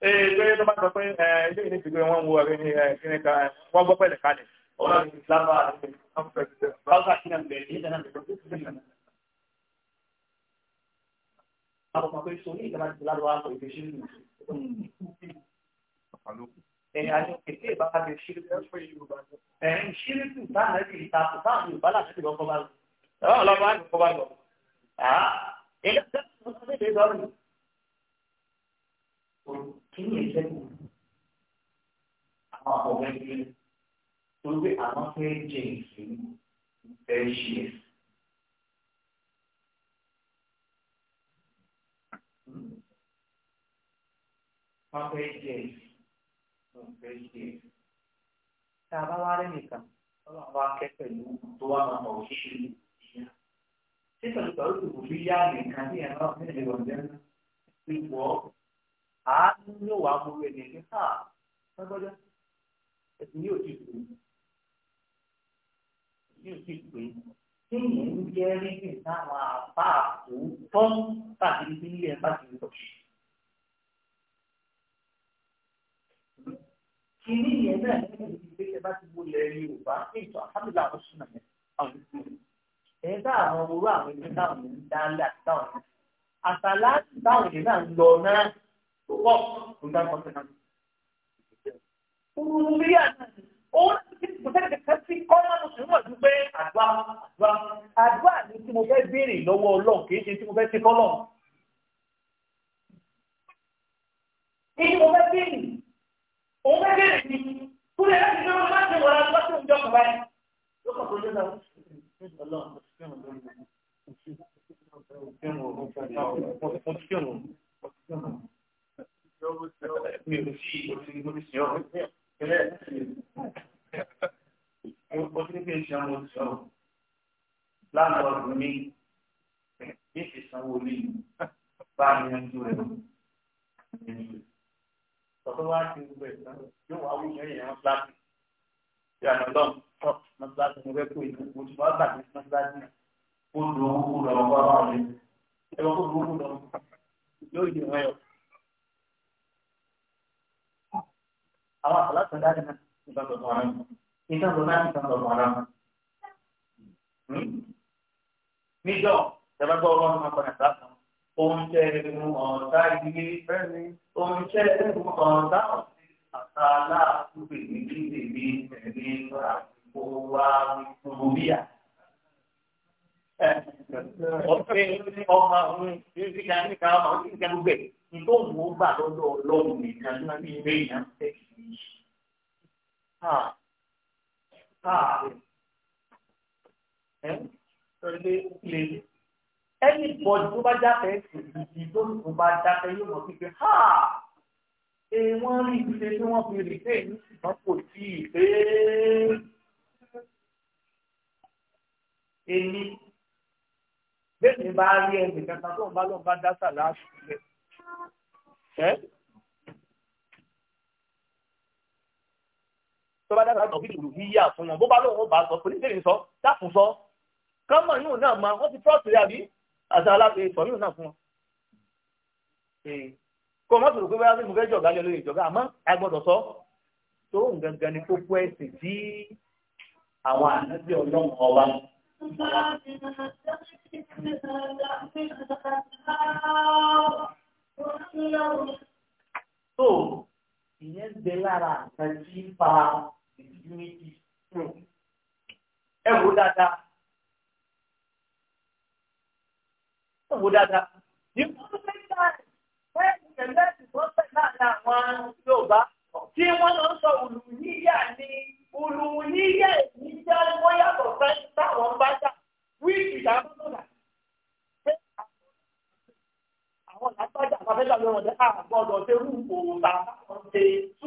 A: Eh, pé tó bá sọ pé eh, ilé ìní ti gbé wọn wo ẹgbẹ́ eh, ní kíní kan wọ́n gbọ́ pẹ̀lẹ́ kalẹ̀. ọlọ́run ti lábà báwùsà kí náà bẹ̀rẹ̀ nígbà náà bẹ̀rẹ̀ tó ti bẹ̀rẹ̀. àwọn ọmọ pé so ní ìgbà láti lábà wà pé ìgbésí nù. ẹ̀yìn àti òkèké ìbára bẹ ṣírí ẹ̀yìn ṣírí tù táà náà kìí ta kò táà ní ìbálà tó ti lọ́kọ́ bá lọ. ọlọ́run á ti kọ́ bá lọ. ilé ìgbà tó ti kíni ìṣẹ́kù àwọn àkọ́gbẹ́ gbé tó gbé àwọn fẹ́ jẹ ìṣẹ́yìn fẹ́ ṣe é. wọ́n fẹ́ jẹ ìṣẹ́yìn fẹ́ ṣe é. tá a bá wá rẹ́ nìkan wọ́n wá kẹ́kẹ́ ló tó wà máa mọ̀ òṣìṣẹ́ ìyá. títọ̀ ìtọ́jú kò fi yá nìkan ní ẹ̀rọ nílẹ̀ ìwọ̀n jẹ́ pípọ̀ ọ́ àánú yóò wá mú ẹni ẹni ká lágbájá ẹsìn yóò ti pè é yóò ti pè é kéèyàn ń jẹ́ rígbìn táwọn àbá àtòótọ́ káàkiri sí ilé ẹ̀ka ti lọ. kìíní yẹn náà ní ìlú ìgbé ẹ̀ka ti wọ ilẹ̀ Yorùbá ní ìtọ́ àkábìlà àwọn sùn náà àwọn ìlú ẹ̀ ń dáhùn ọmọ orú àwọn ẹgbẹ́ táwọn ń dálé àti táwọn àtàlá táwọn náà lọ náà tó pọ̀ tó ń bá wọn sẹ́nà. Olùyà òun ti mo fẹ́ kẹ́kẹ́ sí kọ́nà mo sì ń wọ̀ ju pé àdúrà àdúrà àdúrà ni tí mo fẹ́ béèrè lọ́wọ́ ọlọ́run kì í ṣe tí mo fẹ́ ṣe fọ́lọ́run. Èyí mo fẹ́ béèrè òun fẹ́ béèrè ni kúrẹ́ láti lọ́wọ́ láti wọ̀ láti wọ́n tó ń jọ kọ̀ọ̀bá yẹn. Lọ́kàn tó lé náà ọlọ́run mo ti fẹ́ràn lórí mi. Mo ti fẹ́ràn mo ti fẹ́ràn mo ti fẹ́ràn mi ò sí oṣìṣẹ́ ọ̀hún. Mo ti ní kí n ṣe àwọn oṣìṣẹ́ ọ̀hún. Lánàá ọdún mi, ní ìsanwó mi, bá a yanjú rẹ̀ ọ̀tọ́ wá sí gbogbo ẹ̀sán yóò wá wúyọ èèyàn fúláàtì tí a lọ tọ́ mọ́tíláàtì mo fẹ́ kó ìlú mo ti wá wọ́n yọ. awak telah sudah dengan bukan bermuara. Kita bukan bukan Hmm? Nijo, dapat bawa orang apa nak tak? Once mu ota ini, once mu ota, asala tu bini bini bini buah buah Okey, orang ini kan kau mahu kan ubek ìbò wò ó gbà lọ́dọ̀ ọlọ́run nìkan ní wọ́n fi ilé èèyàn tẹ̀ kì í ṣe. Ah. Ah. ẹni bọ̀dì tó bá jáfẹ́ ìdí tó tó bá jáfẹ́ yóò mọ̀ pípé ha ah! ṣé wọ́n rí ìdílé tí wọ́n fi rí pé èyí ṣùgbọ́n kò tí ì pé èmi bẹ́ẹ̀ ni bá rí ẹnì kankan tó ń bá lóun bá dá sàlá àṣùlẹ̀ ẹ́ tó bá dábàá tọ̀ bí lùlù yíyá fún wọn bó bá lóun ó bá sọ pé níṣẹ́ ìsọ dákun sọ kọ́mọ̀ yóò náà máa wọ́n ti trọ́ọ̀tì rẹ̀ àbí àti aláṣẹ ìsọ̀ yóò náà fún wọn. kó o má sọ̀rọ̀ pé báyá sí mo fẹ́ jọ̀gá lé lórí ìjọba àmọ́ a gbọ́dọ̀ sọ tó ń gangan ni kókó ẹ̀sìn tí àwọn ànábì ọlọ́run ọba Thank you tó ìyẹn ń bẹ lára nǹkan tí ń fa ìdíjú méjì hmm. ẹ wò dáadáa ẹ wò dáadáa tí wọ́n lọ sọ olùníyà ni olùníyà ìníjà wọ́n yàtọ̀ fẹ́ táwọn bá jà wíìsì ìdámọ́tò náà. àwọn ẹ̀yẹ́ máa wò ẹ̀yẹ́ kó o ti tó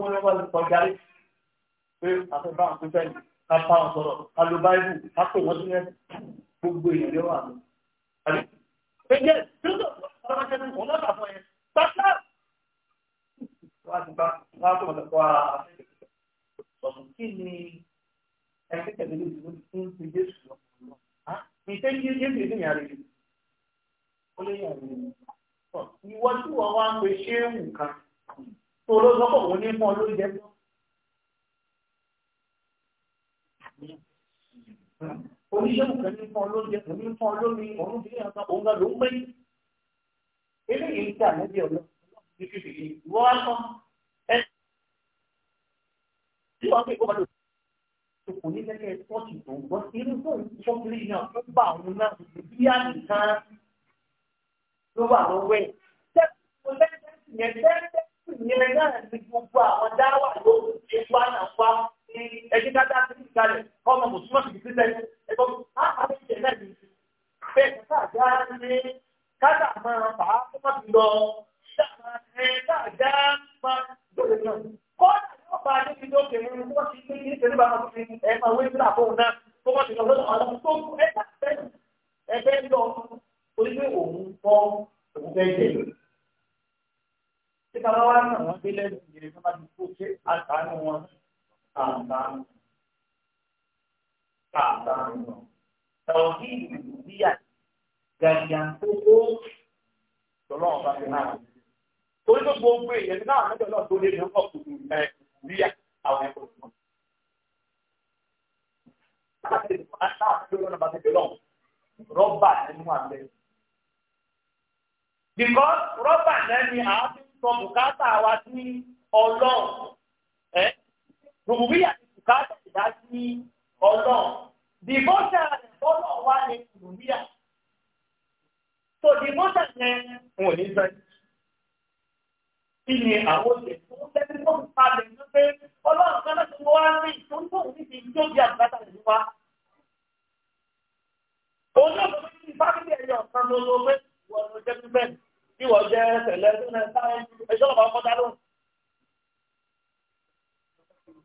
A: wọn lọ́wọ́ ah, kọjá rí pé àfẹ́ bá àwọn kápá wọn sọ̀rọ̀ báyìí kápò wọn sílẹ̀ gbogbo èèyàn lé wà. ẹjẹ tó tó ọlọ́pàá ṣe fún wọn lọ́pàá fún ẹ pátá. wọ́n á ti bá wọ́n á tó wọn lọ́pàá ọ̀sùn kí ni ẹgbẹ́ tẹ̀lé ìlú ń fi Jésù lọ. ìṣe yí Jésù ní ìyá rẹ̀ ó lé ìyá rẹ̀ ìwọ tí wọn wá ń pe ṣéwù kan tó ló sọ òun ní fún ọ lóúnjẹ náà. oníṣẹ́ òkè ní fún olóúnjẹ òní fún olómi òun fi hàn kan òun gan ló ń gbé eléyìí tí àlẹ́bí ọ̀lọ́ ní fífi yìí wọ́n á sọ ẹ tí wọ́n fi kó balùwẹ̀ tó kò ní lẹ́kẹ̀ pọ́ọ̀tì tó ń gbọ́ irú fóun fọ́kìlì náà ó bá òun náà bí àdìkan ló wà lọ́wọ́ ẹ̀ tẹ́kùn lẹ́sẹ̀ yẹn tẹ́kùn yẹn náà ní gbogbo àwọn dáwà ló ti wá náà wá ẹjẹ dáadáa ti ti kalẹ̀ ọmọ mùsùlùmọ́ ti ti lẹ́nu ẹgbọ́n àwọn ìṣẹ̀ náà ní bẹ́ẹ̀ káàdá ní káàdá máa fà á kó má ti lọ káàdá máa lóde náà kọ́ọ̀dà yóò bá adé ti lókè mú wọ́n ti ní ìṣẹ̀lẹ̀ bá wọn fi ẹ̀ máa wé nílà fóun náà kó wọ́n ti lọ lọ́dọ̀ àwọn tó kú ẹ̀ bá ẹgbẹ́ lọ onígbé òun kọ́ òun fẹ́ jẹ Tí kàlá wá náà wọ́n dé lẹ́nu ìrìn tó bá ti kó ṣe àtàánú wọn kàǹtàǹtà kàǹtàǹtà tàwọ̀kì ìdíyà gàdìyàntòkó lọ́nà ọba ti náà torí tó gbogbo èèyàn náà nígbà náà tó lé ní ọkọ̀ kùtù ẹ̀ ìdíyà àwọn ẹ̀kọ́ tó mọ̀. láti lè fún aṣáà tó lọ́nà bá ti bẹ̀ rọ́bà nínú àgbẹ̀. because rọ́bà náà ni àá fi sọ bùkátà wa sí ọlọ́run rògbòmíyà ti bùkátà ìdásí ọlọ́run dìbọ́sà rẹ̀ bọ́lọ̀ wá ní rògbòmíyà tó dìbọ́sà yẹn wọn ò ní sọ kí ni àwọn òṣèlú tó ń tẹ́tí tó ń palẹ̀ ní pé ọlọ́run kan láti wá rí ìtòǹtòǹ níbi tó di àgbàtà ìlú wa. òun náà ló ní fámìlì ẹ̀yọ̀ kan ló lọ pé ìwọ ló jẹ́ pípẹ́ ìwọ jẹ́ ẹsẹ̀ lẹ́sẹ̀ náà sáré ẹjọ́ ọ̀bá ọkọ̀ dá lóhùn.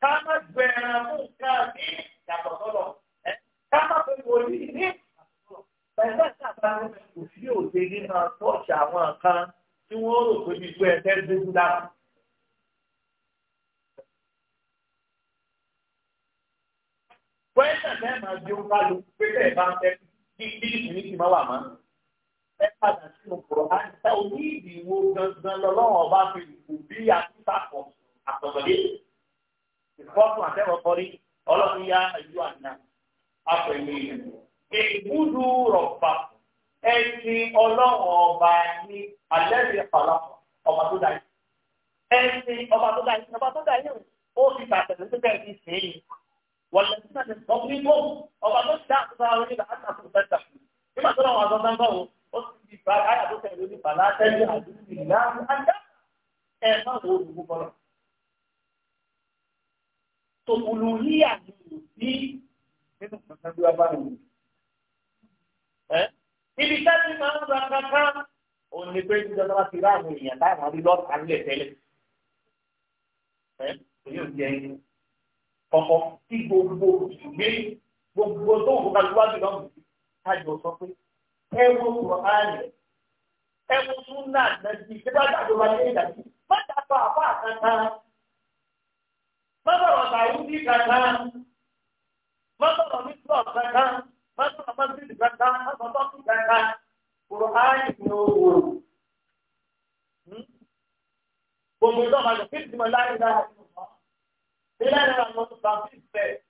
A: ká má gbẹ̀rẹ̀ mú nǹkan ní yàtọ̀ sọ́lọ̀ ẹ ká má fi wòlí ní pẹ̀lú àtàkùn kò sí òde nínú tọ́ọ̀ṣì àwọn kan tí wọ́n rò pé gbígbó ẹgbẹ́ dúdú dáhùn. pẹ́sẹ̀ bẹ́ẹ̀ máa di ohun bálu pẹ́sẹ̀ bá ń tẹ́ kí bílíkì ní kì máa wà mọ́. ẹ padà sínú kùrọ̀ àìsàn onídìí wo gangan lọ́wọ́ ọba fi kù bí àtúntàkọ̀ àtọ̀gbọ̀dé ìfọ́sùn àtẹ́wọ̀kọ́rí ọlọ́run yá ìlú àná àpẹẹrẹ ìlú ìbúdú rọ̀bà ẹni ọlọ́run ọba ní alẹ́ rẹ̀ pàlàpọ̀ ọba tó dáyé ẹni ọba tó dáyé ọba tó dáyé ó fi tàtẹ̀lé tó tẹ̀ fi sèé wọ́n lè tún tàtẹ̀ sọ fún ibò ọba tó dá àtúntà orí ìlà àtàkùn tẹ̀tà nígbà tó lọ́wọ́ àtọ́ńtà ńkọ́ wo ó sì fi bá káyà tó tẹ̀lé ní bàlá tẹ́lẹ̀ àdúgbò ìlà àdá tó olú ní àdúgbò sí nínú kankan tí wọ́n bá wọn. ibi táyì máa ń ra kankan òun ni pé jíjọ náà ti rá àwọn èèyàn táwọn àrí lọ́ta nílẹ̀ tẹ́lẹ̀. èyí ò jẹ́ kọ̀kọ́ tí gbogbo ìgbé gbogbo tó ń kókà lọ́wọ́ jùlọ kájọ sọ pé ẹ wo kùrọ̀ánì ẹ wo súnà nàìjíríà tí wọ́n dàgbà wáyé ìdàgbà má dàgbà àbá àkàntà mọ́tọ̀rọ̀ sàwùdí kankan mọ́tọ̀rọ̀ mísọ̀ kankan mọ́tọ̀rọ̀ mọ́tìrì kankan mọ́tọ̀rọ̀ tọ́kì kankan kúrò áyì ní owó. gbogbo ìjọba àjọ fíìsì mọ láyé láyé lọ́wọ́ ìlànà àwọn tó bá fíìsì bẹ́ẹ̀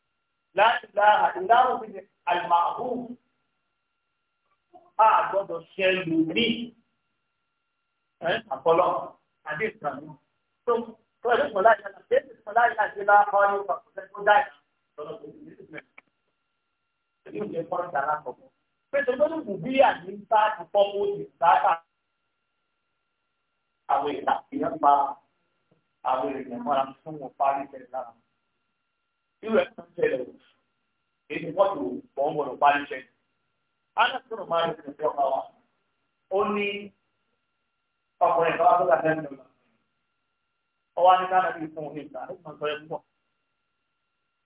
A: láyé láyé ìdáhùn mi ni àlùmáàbù a gbọ́dọ̀ ṣe lù ní àkọlọ́ àdéhùn àná. So it is Malaika. This is Malaika Jila Hayu Bakusen Kudai. So this is Malaika. This is Malaika Jila Hayu Pèsè tó ní bùbí àdínsá ti fọ́mù ìsáàtà àwọn ìlàkìyàn pa àwọn èèyàn mọ́ra fún wọn parí tẹ̀lé lára. Irú ẹ̀ tó ń tẹ̀lé o, èyí wọ́n ti wọ̀ ń gbọ́dọ̀ parí tẹ̀lé. Anásùnù máa ń tẹ̀lé ọkùnrin kan wá tó gbà ọwọ́ ní káàdà bíi fún omi ìta ẹ̀sán sọ ẹ̀kọ́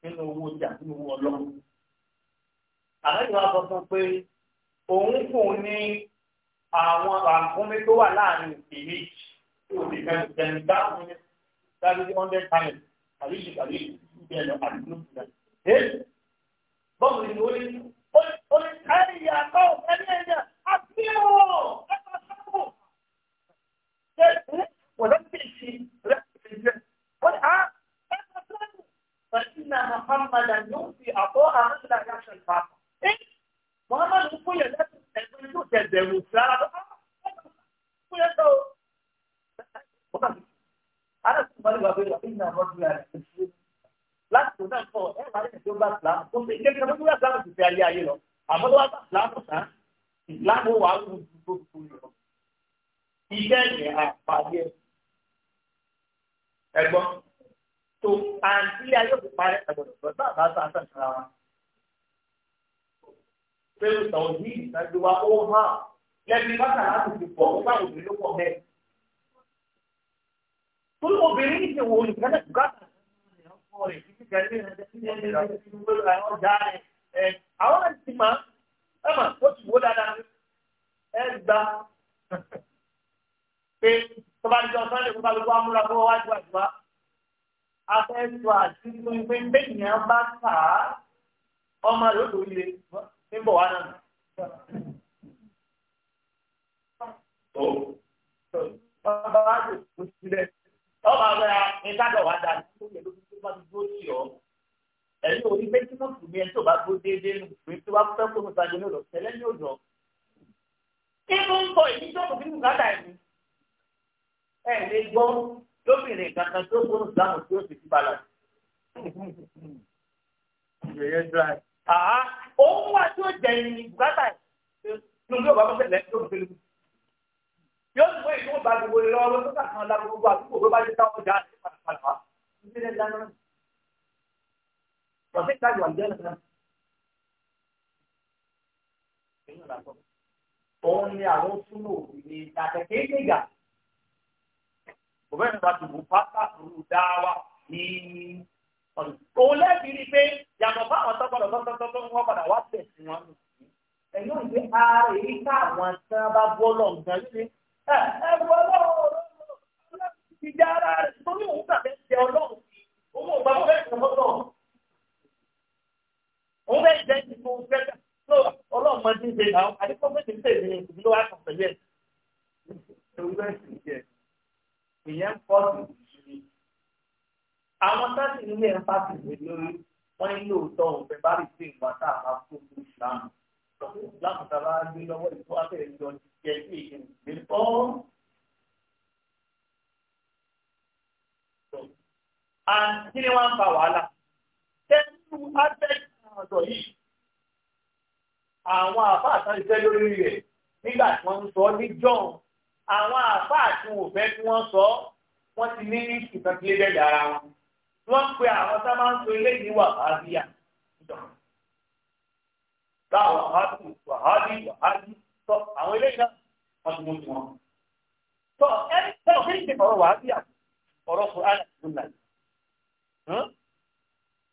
A: nínú owó ọjà nínú owó ọlọ́run. àlejò àbọ̀sán pé òun fún ní àwọn àǹkúnmí tó wà láàrin òkè méjì tí òkè kẹrin jẹun dáhùn ní dájú ní hundred times àríyí àríyí ìdí ẹ̀lọ́ àdúgbò ìgbà. bọ́ọ̀lù ni ó ní ó ní káyọ̀ ìyàtọ̀ ẹni ẹ̀yà àbí ẹ̀wọ̀ ẹ̀ka wọ́n lọ sí ìsìn rẹ̀ jẹ́ ó ní á ẹ sọ sẹ́yìn pẹ̀lú ìlà Muhammadan yóò fi àbọ̀ àwọn ìlà yàtọ̀ ìfà ẹ Muhammad ń fúyẹ̀ lẹ́sìn ẹgbẹ́ yóò tẹ̀sẹ̀ wò sí ara tó ẹ fúyẹ̀ tó o ara sì máa ń gbàgbé wà nínú àwọn ìlà ìṣẹ́ láti tó náà kọ ẹ máa ń tẹ̀sẹ̀ ó bá Islam tó ṣe ilé ìjọba tó bá Islam ti fi ayé ayé lọ àmọ́ tó bá Islam tán Islam ó wà á lù ú gbogbo ìlú ìjẹ́ ìyẹn àpàdé ẹ̀ ẹ̀gbọ́n tó àǹtí ayé òkú parẹ́ ẹgbọ́dọ̀ tó bá bá tó àtàkùnra wa. pé ìtàn yìí ìtàjú wa ó hàn lẹ́bi bákàrà láti fi pọ̀ ó bá obìnrin ló pọ̀ bẹ́ẹ̀. tó ló obìnrin ní ìṣèwò olùkẹ́lẹ̀ tó gàtà ọmọ rẹ̀ títí kẹ́lẹ́ rẹ̀ àwọn àti màá ẹ mà ó ti wó dáadáa ẹ gbà pé tó bá jọ sọ́ọ́lẹ̀ kó kálukú amúra kó wájú àjùmá afẹ́tọ́ àti pínpín bẹ́ẹ̀yàn bá kà á ọmọ rẹ̀ ó lò ilé ń bọ̀ wá náà. Bàbá wa lè kó sílẹ̀. Ọba rẹ̀ ìdájọ́ wa dà ní ìlú ìlú tó bá dúró sí ọ. Ẹ̀yin orí pé tí mọ̀tò mi ẹ̀ tó bá dúró déédéé nù pé tí wàá fẹ́ kó mi sáré ní ọ̀dọ̀ tẹ́lẹ̀ ní ọ̀dọ̀. Kí ló ń bọ̀ ìdíjọ́ kò fi mú kátà ẹ̀mí? ẹ lè gbọ́ lóbìnrin kankan tó kó ìsìlámù tí ó sì ti balà. Ìyẹ̀yẹ́ dra ẹ̀. Àá òun wà tí ó jẹ ìrìn bùkátà ló ń gbé ọ̀bá bọ́sẹ̀ lẹ́yìn tó ń gbélé. Yóò tún wọ́n ìdúró bá gbogbo ìlọ ọwọ́ tó kà kan lábọ́ gbogbo àdúgbò tó bá dé táwọn ọjà àti pàtàkàtà. Ìdílé dáná. Ọ̀sẹ̀ ìtajà wà jẹ́ nìkan. Òun ni àwọn súnmọ́ òbí ni àtẹ̀kẹ́ ìgbéga òfẹ́ni bàtú bùpátà rú dáwà ní ọ̀dùn. òun lẹ́bi rí i pé yàtọ̀ fáwọn tọ́gbọ́dọ̀ tọ́tọ́tọ́ ń wọ́n padà wá tẹ̀ sí wọn. ẹ̀yọ́ ìgbé ara èyí káwọn tí wọ́n bá bọ́ lọ nǹkan sí ẹ ẹ wọ ọlọ́run ti di ara rẹ̀ torí òun kà fẹ́ jẹ ọlọ́run òun ò gbà fẹ́ ìtọ́mọ́tọ̀ òun fẹ́ jẹ́ ìtọ́ ọlọ́run máa ń ṣe àwọn àdìpọ́ fẹ́ fẹ́ èèyàn pọ̀ sí ìṣúni. àwọn táàtì nílé ẹ̀ ń pàṣẹ ìwé lórí wọ́n ní lóòótọ́ òfin bá rí sí ìwà tá a bá kó fún islam. islam tàbá gbé lọ́wọ́ ìfọ́ abẹ́rẹ́ yọ jẹ́ sí ìgbìmọ̀ ìgbìmọ̀ kí ni wọ́n ń fa wàhálà. Tẹ́lú Azẹ́kì ọ̀dọ̀ yìí, àwọn àbá àtàlẹ́sẹ́ lórí rẹ̀ nígbà tí wọ́n ń sọ ní John àwọn àfa àti òfẹ́ tí wọ́n sọ wọ́n ti ní ìtàkìlẹ́dẹ̀ dára wọn wọ́n pe àwọn tá a máa ń sọ eléyìí wà báàbíyà báwọn wàhábì wàhábì wàhábì tọ àwọn eléyìí náà wọ́n ti mú tiwọn. tọ ẹni tẹ́lọ̀ kí ni ọ̀rọ̀ wàhábíyà ọ̀rọ̀ fún àná ìlú náà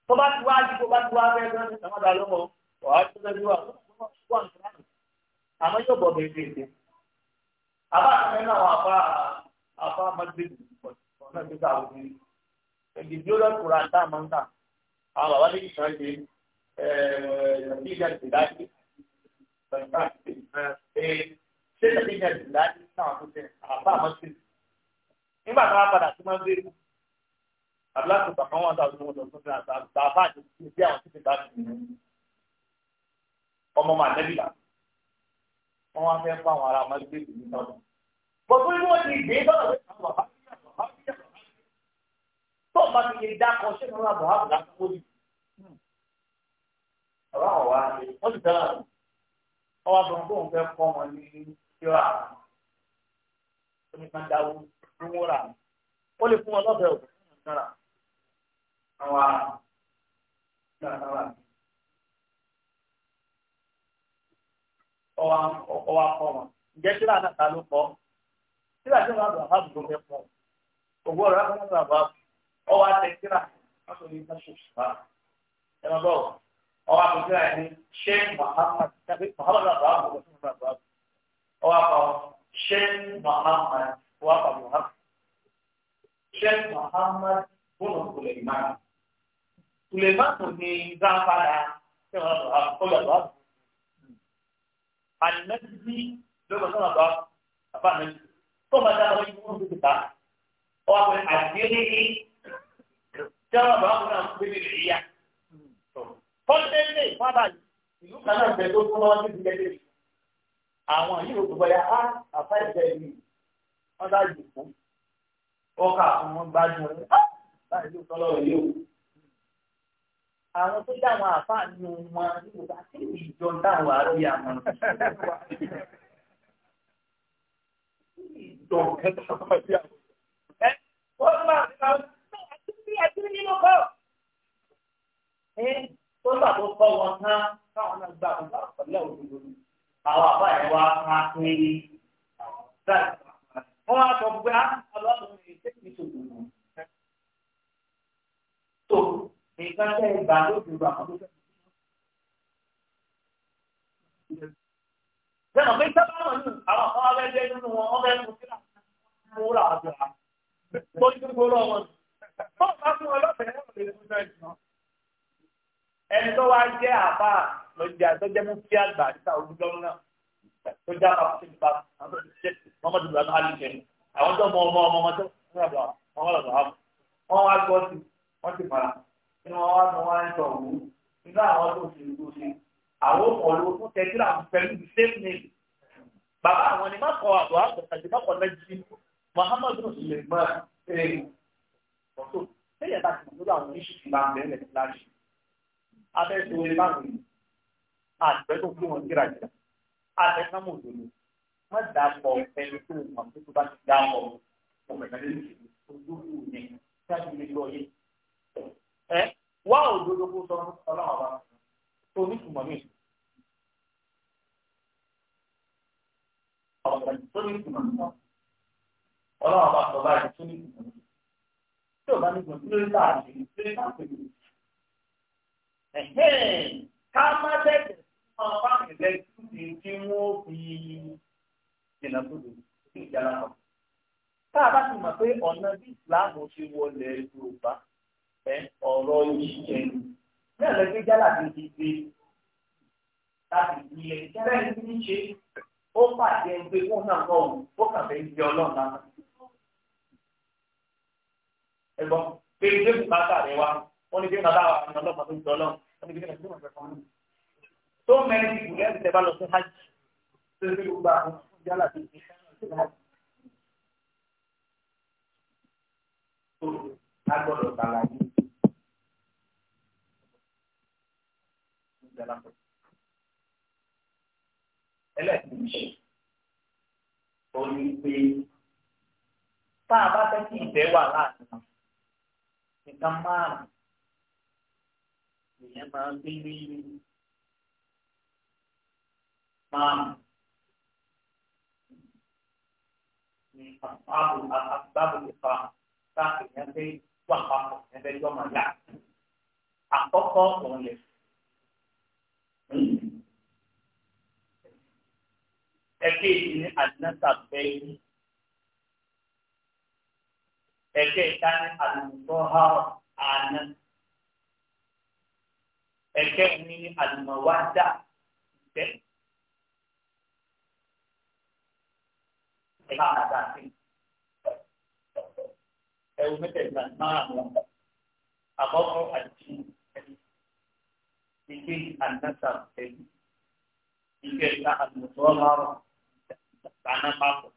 A: tó bá ti wá di tó bá ti wá bẹ́ẹ̀ gan-an ní sàmọ́dà lọ́wọ́ wàhábì tó bẹ́ẹ̀ wà wọ́n wà ní sàmọ́dà àmọ́ yóò bọ̀ bẹ́ẹ̀ bẹ́ẹ̀ bẹ́ẹ̀. àbáàtúmí náà wà fà àfà mọ́tìrì ọ̀nà ìgbésà òbí ẹ̀dì bí ó lọ kúrò àwọn bàbá lè kìí sàn ṣe ẹ̀ẹ́dì ìjà ìdájí ṣé ẹ̀dì ìjà ìdájí náà tó tẹ̀ àfà mọ́tìrì nígbà tó wá padà sí mọ́tìrì àbúlá tó bàbá wọn tà lóun lọ sókè àtà bàbá àti ìdí àwọn títí bá ti ọmọ màdébìlà. wọ́n wá fẹ́ fáwọn ará mágbèsè ní sọ́dọ̀. bọ̀dún ni wọ́n ti dé sọ́dọ̀ pé àwọn bàbá bí àwọn bàbá bí àwọn bàbá tó bá ti lè dákọ̀ ṣé ní wọn bàbá bàbá tó kóyè. bàbá wọn wá wọ́n ti tẹ́lá wọn wá sọ̀rọ̀ bóun fẹ́ kọ́ wọn ní ìrà oníkan dáwó ló ń wúra ó lè fún wọn lọ́bẹ̀ẹ́ òkú àwọn ará. ọwọ́ akọ wọn ǹjẹ́ síra náà ta ló kọ́ síra tí wọ́n àbúrò àbábù ló fẹ́ pọ̀ ògbó ọ̀rọ̀ àbúrò àbúrò àbábù ọwọ́ atẹ síra wọ́n sọ yìí fẹ́ṣọ̀ ṣùgbọ́n ẹ̀rọ bọ̀ ọwọ́ akọ síra yẹn ní muhammad tàbí muhammad àbábù ló fún àbúrò àbábù ọwọ́ akọ sheikh muhammad ọwọ́ akọ muhammad sheikh muhammad bùnà kùlẹ̀mán kùlẹ̀mán tó ní gbàǹfàdà ṣé wọ́n àbúrò àbúrò àbúrò annabi lọ́gbọ̀n sọ́nà bá bàbá annabi tó máa dá àwọn ìwọ̀n tó ti ta ọ wá pé àdéhùn tí wọn bá wọn náà gbé nílé yá kọ́ńtẹ́ńtẹ́ ìfọ́nbà ìlú kan náà bẹ tó fún wọn ní ìdílé àwọn yìí ò gbọ́dọ̀ yá á àfáìsẹ̀ yìí wọ́n dá yìí fún ọkà fún wọn gbájú rẹ̀ báyìí ló tọ́lọ́ yìí o. àwọn tó dáwọn àfáàní ní nígbà tí ìjọ dáwọn àbí àwọn ìjọ ń bí tó gbà tó kọ́ wọn tán káwọn náà gbà wọn òdodo ni àwọn àwọn ah, ọlọ́run ìfẹ́fẹ́ ìgbà ló ti gbà wọn tó fẹ́. Bẹ́ẹ̀ni pé sábà wọn ní àwọn kan wá bẹ́ẹ̀ nínú wọn, wọ́n bẹ́ẹ̀ mú sílá mú wúrà àjọ wa. Mo ti gbogbo lọ wọn. Bọ́ọ̀ bá fún ọlọ́fẹ̀ẹ́ wọn lè fún náà jùlọ. Ẹni tó wá jẹ́ àbá lọ́jà tó jẹ́ mú kí àgbà níta olùdó náà. Tó jẹ́ àbá fún ìgbà Mọ́mọ́dé Bùrọ̀dá Alìkẹ́. Àwọn tó mọ ọmọ ọmọ ọmọ tó ń rà bọ̀ wọ́n wá gbọ́ sí wọ́n ti mọ̀ra inú wọn wá ní wọn ń sọ òwú nínú àwọn tó ṣe tó ṣe àwọn ọ̀lọ́ fún tẹ́tíra pẹ̀lú the same name bàbá àwọn ni má kọ àbọ̀ àgbàtàjì má kọ lẹ́jì Muhammadu Suleiman ṣe eh, ọ̀tọ̀ sẹ́yìn bá ti mọ̀ lórí àwọn oníṣẹ́ ti máa bẹ̀rẹ̀ sí láti abẹ́sẹ̀ orí báwọn yìí àgbẹ̀ tó kí wọn kíra jìlá àgbẹ̀ ká mọ̀ òdòdó wọ́n dà pọ̀ ẹni tó mọ̀ tó bá ti dà pọ̀ ọmọ ìgbàlódé ojú kù ní sáà ẹ wá òdodo kó sọ ọlọ́run ọba tó ní ìtumọ̀ ní ìtumọ̀. tó ní ìtumọ̀ ní ìtumọ̀ ọlọ́run ọba sọ báyìí tó ní ìtumọ̀ ní ìtumọ̀ tí ò bá ní ìtumọ̀ tí ó ń tà àti tí ó ń tà pẹ̀lú. ká má tẹ̀sẹ̀ ọmọ bá mi lẹ tí tí wọ́n fi jìnnà tó dé sí ìjà náà. tá a bá ti mọ̀ pé ọ̀nà bí ìsìláàmù ṣe wọlé Yorùbá ọ̀rọ̀ jíjẹ náà lẹ́gbẹ́ jálà ti ti gbé láti ilé jálà ti ti ṣe ó pàṣẹ pé kó náà kọ́ ọ̀hún ó kàn fẹ́ jẹ ọlọ́run náà. ẹ gbọ́ pé ilé kò bàtà wa wọ́n ní bí bàbá wa ni ọlọ́pàá tó ń jọ ọlọ́run wọ́n ní bí bàbá tó ń jọ ọlọ́run. tó mẹ́rin ti gùn lẹ́sìn tẹ́ bá lọ sí hajj tó ń gbé gbogbo àwọn jálà ti ti ṣe agbọ́dọ̀ balayi ìjà lápò. ẹlẹ́kùnrin ó ní pé tá a bá fẹ́ kí ìfẹ́ wà láàrin wọn nǹkan márùn-ún èèyàn máa ń bí ní márùn-ún. Asbabu asbabu ìfà tá èèyàn fẹ́ wà papọ̀ ẹgbẹ́jọ́ máa yá. Àkọ́kọ́ òun lè fi ẹ̀kẹ́ yìí ní àdínáta bẹ́ẹ̀ yìí ẹ̀kẹ́ ìta ní àdùnsọ́há àná ẹ̀kẹ́ yìí ní àdùnmọ̀wádà bẹ́ẹ̀. Ẹ̀ka àdá sí ẹ̀wù mẹ́tẹ̀ẹ̀ta máa ń lọ àkọ́kọ́ àti إثنين النسب إثنين إثنين المصغر معنى معقول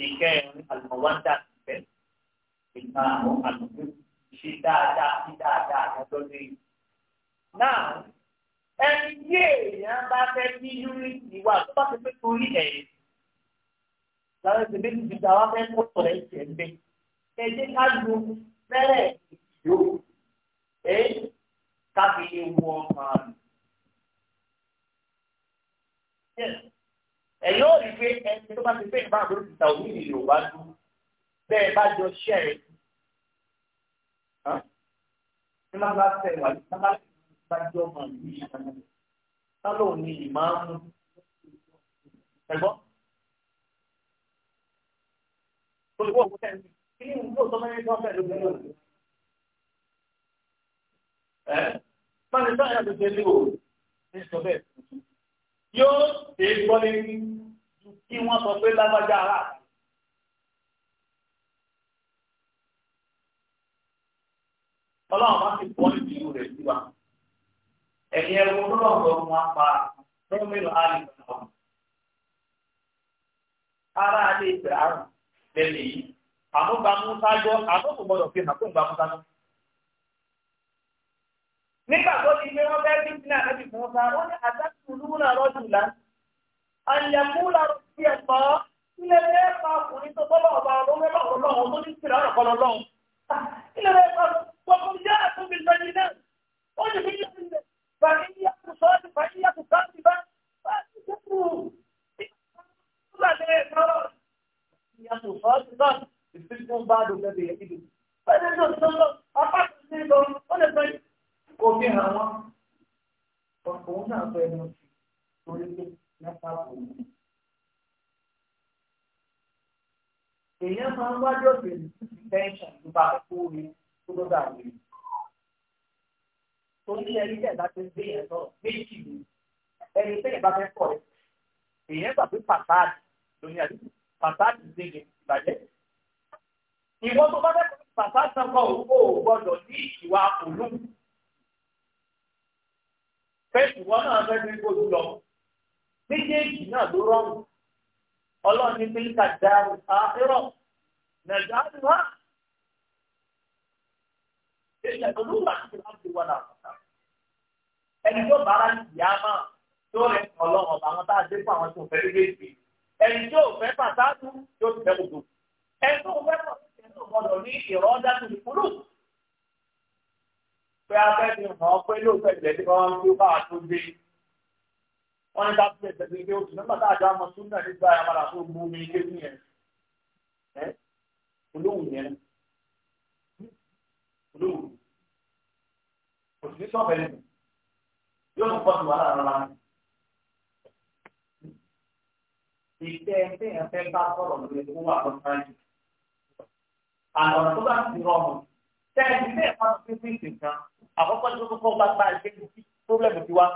A: إثنين المودة إثنين المهم شدة شدة شدة شدة Now, ẹni tí èèyàn bá fẹ́ kí unity wà tó bá ti pé torí ẹ̀ lára ẹsẹ̀ méjì ti ta wá fẹ́ kó ọ̀rẹ́ ìṣẹ̀ ń bẹ. Ẹ ká lu fẹ́rẹ̀ ìṣó. Ẹ káfí lè wọ màálù. ẹ yóò rí pé ẹni tó bá ti fẹ́ ìbá àbúrò ìta òní ni yorùbá dún bẹ́ẹ̀ bá jọ ṣẹ́ ẹ̀ ní máa bá tẹ̀ wà ní sábà bá jọ màálù yìí sálọ̀ ni ìmáàmù ẹ̀gbọ́n. Olùkọ́ òkú tẹ̀ kí ni ìwúlò sọ́mọ́lẹ́ tó ń bẹ̀ lóbi lónìí? Báni sáyà ti ṣe lé o, ní sọ bẹ́ẹ̀ tuntun. Yóò ṣe gbọ́ lé ní ju kí wọ́n sọ pé lágbájá ara. Ọlọ́run bá ti pọ́ ní ìlú rẹ̀ sí wa. Ẹ̀yin ẹ̀rọ olóòrùn ọ̀run wa pa Rómìnà Àlè Bàbá. Ara Àlè Bàbá lẹ́nu yìí. Àmúgbàmú sájọ́, fi hàn fún ìgbàmú nígbà tó ti gbé wọn bẹ́ẹ̀ bíi náà lẹ́bi fún ọba ó ní àtàkùn lúwúrà rọ́jù lá àyẹ̀kúlà ti ẹ̀kọ́ ilé bẹ́ẹ̀ pa ọkùnrin tó bọ́ lọ́wọ́ bá ọlọ́wọ́ lọ́wọ́ lọ́wọ́ tó ní tìrẹ̀ ọ̀rọ̀ kan lọ́wọ́ ilé bẹ́ẹ̀ pa gbogbo ìyá àtúnbí lọ́yìn náà ó ní bí yá ilẹ̀ bàbí yá kù sọ́ọ́dì bàbí yá kù káàdì bá bá ti dé kù ìgbàlẹ̀ ẹ̀kọ́ yá kù bá dùn lẹ́bi fi hàn wọ́n òun náà sọ ẹni oṣù torí pé mẹ́fà kò ní. èèyàn máa ń wájú ọ̀sẹ̀ ìdíjú tẹ́ńṣọ̀n ló bá kú ni kó ló dà wí. torí ẹni tẹ̀ bá ti gbé yẹn sọ méjì ni ẹni tẹ̀ bá fẹ́ pọ̀ ẹ̀ èèyàn gbà pé pàtàkì lóní àdúgbò pàtàkì gbẹ̀gẹ̀ ìbàjẹ́. ìwọ́n tó bá fẹ́ pàtàkì náà kọ́ gbọ́dọ̀ ní ìwà òun fẹ́ẹ̀sì wọn náà fẹ́ẹ́ fi gbójú lọ méjèèjì náà ló rọrùn ọlọ́run ní pílíkà dáàrú àárọ̀ ah, nàìjíríà ti wá èèyàn olúwa ti wá ti wọn àkọsà ẹni tó bára ìyá máa tó rẹ ọlọ́run ọba àwọn tá dé fún àwọn tó fẹ́ méjèèjì ẹni tó fẹ́ pàtàkì tó ti fẹ́ gbogbo ẹni tó fẹ́ pàtàkì tó gbọdọ̀ ní ìrọ̀ dáàbò ìkúrò pé afẹ́ni mọ̀ ọ́ pé lóòótọ́ ìjẹ́ tí wọ́n ń bá a tó dé. wọ́n ní dábò tẹ̀ tẹ̀lé ilé oṣù nígbà tá a jọ àmọ́ sún nígbà yà padà tó mú mi ilé ní yẹn. olóhùn yẹn olóhùn òsì ní sọ́ọ̀bẹ̀ nìyẹn yóò tún pọ̀jù wàhálà rárá ni. ẹgbẹ́ yẹn fẹ́ bá sọ̀rọ̀ lórí owó àkọsáyé. àlọ́ tó bá ti rọrùn tẹ́lifíṣẹ̀ kan àkọ́kọ́ ní kókó bá gbá ṣe kí pírọ́blẹ́mù ti wá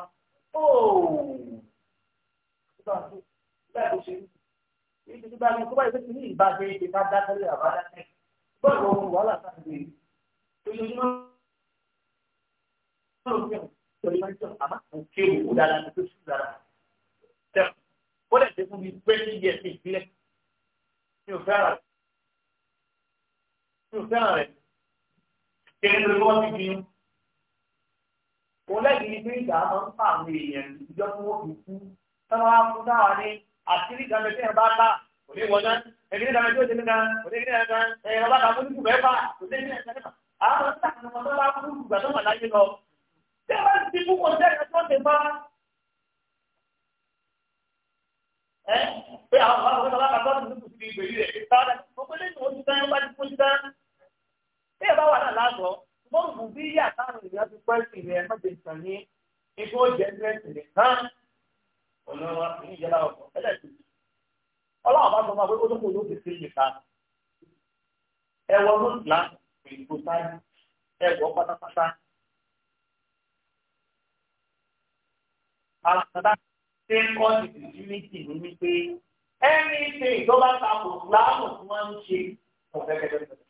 A: ìgbà mi kó báyìí pé ní ìbáṣe ìdè ká dákẹ́lẹ́ àbádákẹ́ bọ́ọ̀lù ohun wàhálà sáàdé ojoojúmọ́ bọ́ọ̀lù fẹ́ pẹ̀lú ẹjọ́ àmọ́ òkè òwò dáadáa ní tó sùn dára tẹ̀ ó lè dé fún mi pé ní yẹ mi ò fẹ́ràn mi ò fẹ́ràn rẹ̀ kí ẹni lórí wọ́n ti gbìyànjú òun lẹ́yìn ní pé ìgbà máa ń fà àwọn èèyàn ìjọ fún wọn kì í kú táwọn á fún táwọn ní àtìrí ìdámẹ́ tí ẹ bá bá kò ní wọná ẹ̀mí ní ìdámẹ́ tí ó ti ní kan kò ní ní ẹ̀ka ẹ̀rọ bá kàmú ní kùbẹ́ bá kò ní ní ẹ̀ka ẹ̀ka àwọn ọ̀sán àti ọmọ tó bá kú ìgbà tó wà láyé lọ. tí ẹ bá ti kú kò sí ẹ̀ka tó ti bá ẹ pé àwọn ọ̀sán àti tó bá kàmú ní kùbẹ́ ìgbèrí rẹ̀ mọ́ọ̀mù bí yà táwọn èèyàn ti pẹ́ sí ilẹ̀ mọ́tò ìtàn ní ikú oúnjẹ ẹgbẹ́sì nìkan ọlọ́wọ́ ìjọba ọ̀pọ̀ ẹlẹ́sìtì ọlọ́wọ́ bá sọ fún wa pé ó tó kó ló fi sí ìka ẹwọ lóògbà ìdìbò sáyé ẹwọ pátápátá àtàtà ṣe ń kọ́ ìdìbò méjì ní wípé ẹni ṣe ìjọba ta kò láàbò tí wọ́n ń ṣe ọ̀fẹ́ kẹ́kẹ́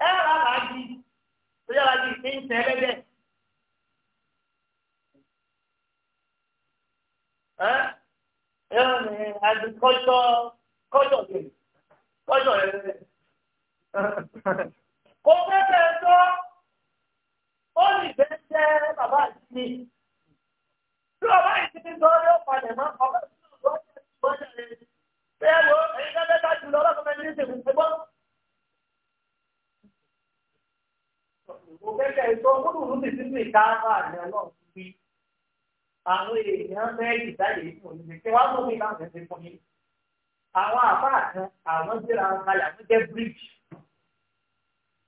A: ẹ rà láàjì tó yára jì ní ń tẹ ẹlẹ́dẹ̀. ẹ ẹ àti kọjọ kọjọ yẹn kọjọ yẹn kò fẹ́ bẹ́ẹ̀ sọ ó lè fẹ́ jẹ́ bàbá àti mi tí ọba ìsinmi sọ yóò palẹ̀ mọ́ ọba ìsinmi sọ yóò palẹ̀ bẹ́ẹ̀ wo èyí ká ká jùlọ ọlọ́kùnrin ní ìṣègùn ṣẹgbọ́n. mo fẹ́kẹ̀ sọ àwọn èèyàn kan àwọn jẹ́ra wọn àwọn jẹ́ bíríkì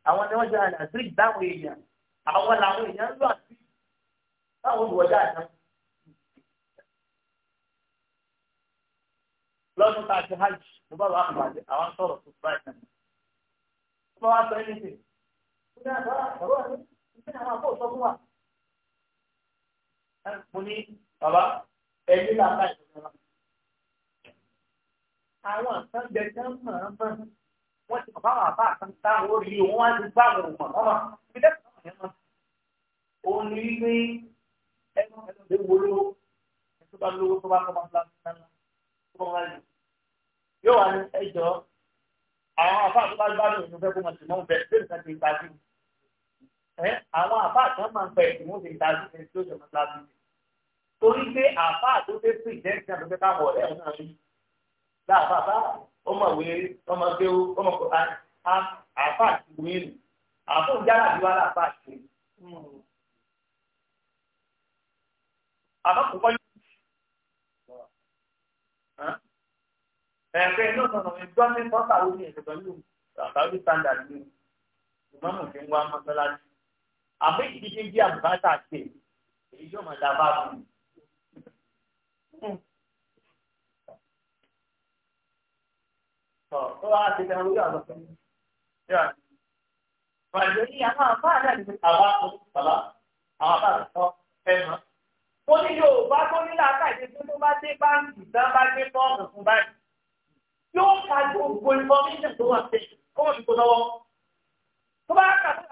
A: àwọn ni wọ́n jẹ́ra ní àbíríkì dáwọn èèyàn àwọn làwọn èèyàn ń lọ àbí táwọn olùwọ́jà àná. lọ́dún tá a ti hajj mo bá wà pàdé àwọn sọ̀rọ̀ tó bá ìtàn. wọ́n wá sọ ẹ́ náà bàbá bàbá mi ìpínlẹ̀ àwọn àbọ̀ sọ fún wa. mo ní bàbá ẹni là ń bá ìṣòro náà. àwọn kan jẹ kí wọn mọ̀ ọ́n mọ̀ wọ́n ti bàbá wà bá àkàn tá àwọn orí wọn wá ti gbà wọn mọ̀ ọ́n mọ̀ ibi dẹ́kun náà yẹn mọ̀. òun ni wípé ẹnu ẹnu lè wo lówó ẹtú bá lówó tó bá kọ́ máa ń lọ sí náà tó bá wà lè. yóò wá ní ẹjọ́ àwọn àfáà tó bá gbádùn ìlú fẹ́ kó máa tì mọ́ bẹ́ẹ̀ bẹ́ẹ̀ àwọn àfáà kan máa ń pẹ ìdìbò ṣe ìta sí ẹni tí ó jọmọ láti ṣe torí pé àfáà tó fẹ́ pè jẹ́ ìjẹun tó fẹ́ káwọn ọ̀rẹ́ ọ̀hún náà rí láàfáà bá ọmọ ìwé ọmọ gbéwó ọmọ kọta àfáà ti wí nù àfóun jára bí wà láàfáà ti wí. àmọ́ kò kọ́
B: yóò
A: ẹ̀fẹ́ inú ọ̀nà ní kọ́sà ló ní ìṣẹ̀tọ́ yìí ràbáwí standard ní ìmọ̀mù tí ń wá àmì ìdíje bí àbùkátà ṣe èyí yóò máa dábàá fún un. Hmm. tó wá ṣe kan lórí àwọn ọ̀sán yóò àti. Pàdé ní àwọn àbáàdà ní àwa ọ̀sọ̀lá àwọn àbáàdà sọ ẹ̀mọ́. Ó ní Yorùbá tó ní làákàyè tó tó bá dé báńkì tán bá dé fọ́ọ̀mù fún báyìí. Yóò ka gbogbo information tó wà sí kọ́mọ̀tì tó lọ́wọ́. Tó bá kà tó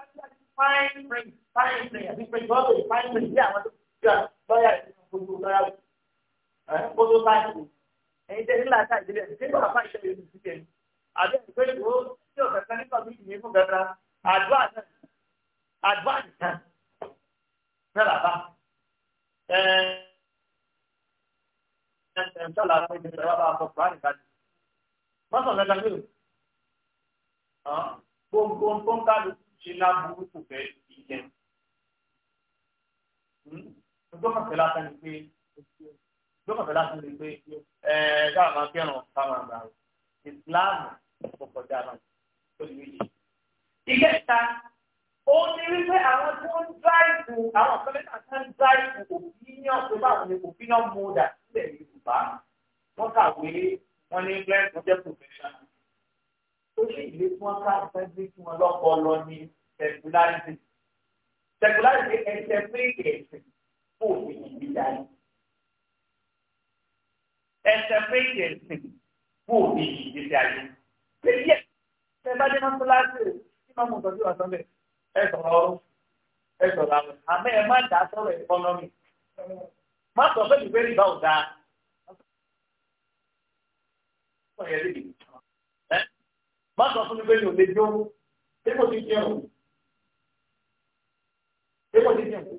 A: fine print fine print àti print wọ́n pè fine print bí àwọn tó ti gbà lọ́yà gbogbo lọ́yà kó tó bá ìlú ẹ̀yin tẹ̀lé láti àìdílé ẹ̀ nígbà bá ìṣẹ̀lẹ̀ ìlú ti tẹ̀lé àbí ẹ̀ pé ìwọ tí ò kẹ̀kẹ́ nípa bí ìyẹn fún kẹta àdúrà náà àdúrà nìkan náà làbá ẹ̀ ẹ̀ ẹ̀ ń sọ̀lá fún ìdílé wa bá a fọ kùránì kájú wọ́n sọ̀rọ̀ kẹta ní o gbogbo nǹkan kálukú ṣe láburú kò fẹ́ ìjẹ. Hmm? Gbọ́kànfẹ́ lásán ni pé gbọ́kànfẹ́ lásán ni pé káà máa fẹ́ràn káwọn àgbà rẹ̀ ìsìláàmù kọkọjá náà tó lè yé. Ìkẹta, ó ní wípé àwọn tó ń dáìbò àwọn kọ́lẹ́tà tó ń dáìbò òfìyàn tó bá wọn ní òfìyàn mọ́dà sílẹ̀ ní Yorùbá. Wọ́n kàwé wọn ní England wọ́n jẹ́ professional ó ní ìlé tí wọ́n ká ìfẹ́ gbé fún wọn lọ́pọ̀lọ́ ní secularity secularity ẹsẹ̀ pé ẹ̀sìn kò fi ìgbé dání ẹsẹ̀ pé ẹ̀sìn kò fi ìgbé dání pé yẹ ẹ bá dé mọ́sálásí kí máa mú ìtọ́jú wà sọ́lẹ̀ ẹ sọ̀rọ̀ ọ̀rọ̀ ẹ sọ̀rọ̀ àwọn àmọ́ ẹ má dà sọ̀rọ̀ ẹ̀kọ́nọ́mì má sọ fẹ́ ìgbé rìbá ọ̀dà má sọ fún mi pé mi ò lè jó ṣé kò ti jẹun ṣé kò ti jẹun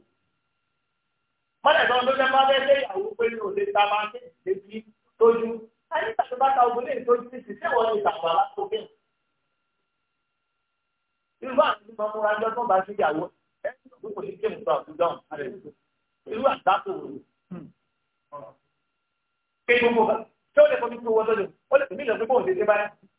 A: má lè sọ ló jẹ bá bẹ ṣe ìyàwó pé mi ò lè ta máa ṣe ìdèkí tójú ayé ìtàkùn bá ta ogun lè tójú sí sí ṣéwọ́n lè tàkùn àlá tó kẹ́ irú àwọn ìgbìmọ̀ múra ẹjọ́ tó bá ṣe ìyàwó ẹ kò ti jẹun tó àkùdá ọ̀hún irú àdáko wò pé gbogbo ṣé ó lè fọ́ mi tó wọ́n lọ́dọ̀ ó lè fi mí lọ sí bóun ṣe ṣe báyìí.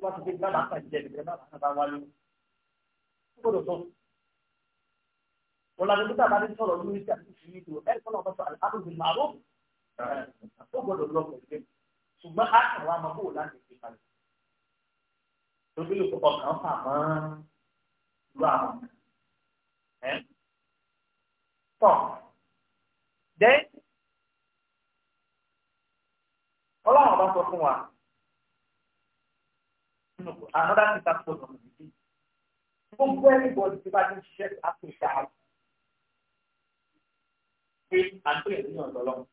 A: tó bá ti dé bá làákà jẹ nìkan náà làákà bá wálé ó gbọ́dọ̀ sọ. wọn làdé nígbà bá ti sọ̀rọ̀ lórí ìṣe àti ìṣe nídìí ẹ kọ́ lọ́kọ́ sọ àlùkò ìgbìmọ̀ àrò ó gbọ́dọ̀ lọ pẹ̀lú ṣùgbọ́n a kàn wá máa bò láti fi kalẹ̀ lórí ìkọ̀kọ̀ kan fà mọ́ ìlú àwọn ẹ̀ dẹ́ ọlọ́run bá sọ fún wa nínú another thing that's going on in the team. gbogbo everybody ti bá ti ń ṣiṣẹ́ láti ìta rẹ̀. pé àǹtí rẹ̀ nínú ọ̀dọ́ lọ́wọ́.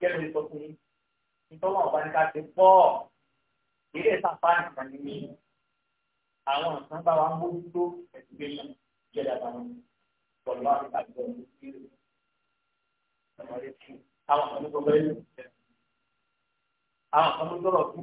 A: kẹ́mi lè sọ fún yín nítorí àwọn ọba ní ká ti pọ̀ ilé ìsàpá nìkan ní mí. àwọn nǹkan bá wa ń bójútó ẹ̀sìn gbé yẹn jẹ́ dàgbà wọn. pọ̀lú àwọn ìta ìjọba ìlú ìlú. àwọn kan gbọ́dọ̀ ìlú. àwọn kan gbọ́dọ̀ ìlú.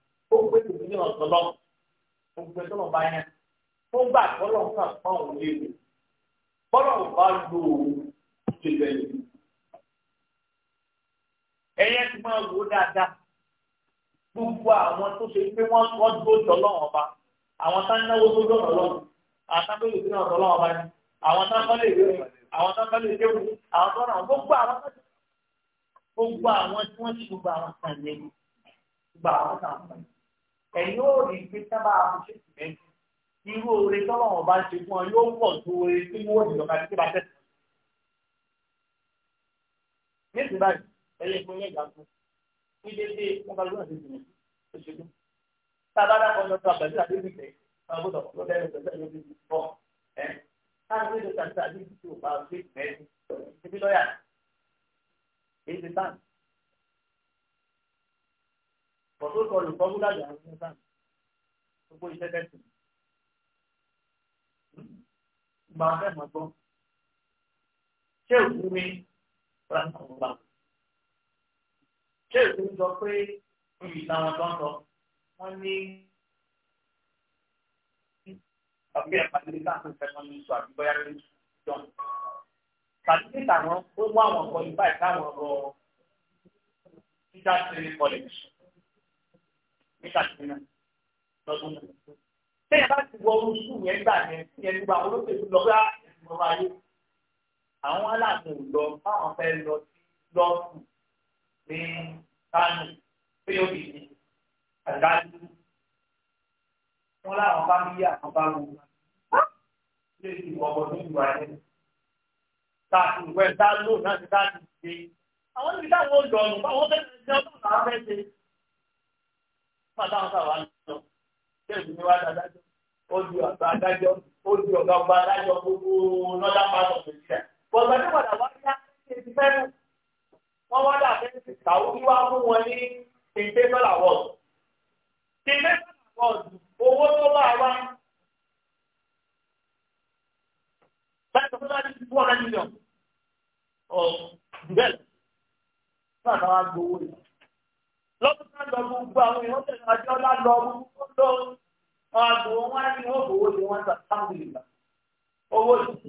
A: ó gbé tòun ní ọ̀sán lọ ó gbé tó lọ bá yẹn tó gbà bọ́lọ̀ nǹkan kan ò lè wò bọ́lọ̀ ò bá lò ó ti lẹ́yìn. ẹyẹ ti máa wò dáadáa gbogbo àwọn tó ṣe pé wọ́n wọ́n dúró jọ ọba àwọn tá ń náwó tó dọ̀nà lọ́wọ́ àtàkùn ìdílé ọ̀dọ́ lọ́wọ́ ọba ni àwọn tá ń bá lè rí àwọn tá ń bá lè rí ewu àwọn tó ń rà gbogbo àwọn gbogbo àwọn tí wọ́n ti gbogbo àwọn kan ní gbogbo àwọn kan ní ẹ̀yin ó rí pé sábà àmúṣe sìmẹ́ntì irú oore tọ́lọ́wọ́n bá ń ṣe fún ọ yóò pọ̀ tó oore tí wọ́n ní lọ́ka tí bá tẹ̀sán. nítorí báyìí ẹlẹ́yìn fún ẹlẹ́gbàá fún ní dédé kọ́kàlù náà ti dùn ó ṣe dùn. sábà dákọ̀ ọ̀nà tó àgbàdo àti ìbìtẹ̀ ọgbọ́dọ̀ lọ́dẹ̀ lọ́dẹ̀ lọ́dẹ̀ bọ̀ ẹ́ káàkiri ló tàbí àdébìtì ò bá ṣe mẹ́rin níbi lọ́yà èyí ti báyìí bọ̀dé kọ olùkọ́ gúdájà àwọn ọmọ sáà gbogbo iṣẹ́ tẹ̀sí. Ìgbà wọn fẹ́ mọ̀ gbọ́. Ṣé òkú mi rà ní ọ̀gbà? Ṣé òkú mi sọ pé oyè ìtàwọn tó ń sọ? Wọ́n ní àbí ẹ̀pàdé káàkiri fẹ́ wọn ní sọ àbí bóyá ní jọ. Pàdé táwọn ó wá àwọn ọkọ̀ ìbáyìí káwọn ọ̀rọ̀ jíjáde kọ́lẹ̀jì ní Àwọn aláàfin lọ báwọn fẹ́ lọ sí lọ́ọ̀tù ní Kánò pé ó bì ní àdájú. Wọ́n láwọn bá bí àwọn bá wù wá. Ilé ìwọ̀ ọmọ ní ìwà yẹn. Táàtì ìwẹ̀ dá lóò náà ti dá ti ṣe. Àwọn níbi táwọn ọ̀nà báwọn fẹ́ ṣe ọdún àwọn fẹ́ ṣe máa dáhùn sáwà ń lọ kéèkì ni wá dájọ́ ó di ọ̀gá adájọ́ ó di ọ̀gá ọba adájọ́ gbogbo lọ́dá pàtó nàìjíríà bọ̀dọ̀ ní padà wá yá kéèkì fẹ́ràn wọ́n wá dà fẹ́ǹsì kàwé kí wá fún wọn ní ìgbésọ̀là wọ́ọ̀dù ìgbésọ̀là wọ́ọ̀dù owó tó bá wá báyìí tó bá ti fún ọ̀rẹ́ mílíọ̀nù ọ̀ bẹ́ẹ̀ náà táwa gbowó yìí lọ́dún náà lọ gbogbo àwọn èèyàn tẹ̀lé àjọ ọlá lọ gbogbo lọ àgbò wọn ní òbò owó ni wọn ta sáńdìlìgbà owó yìí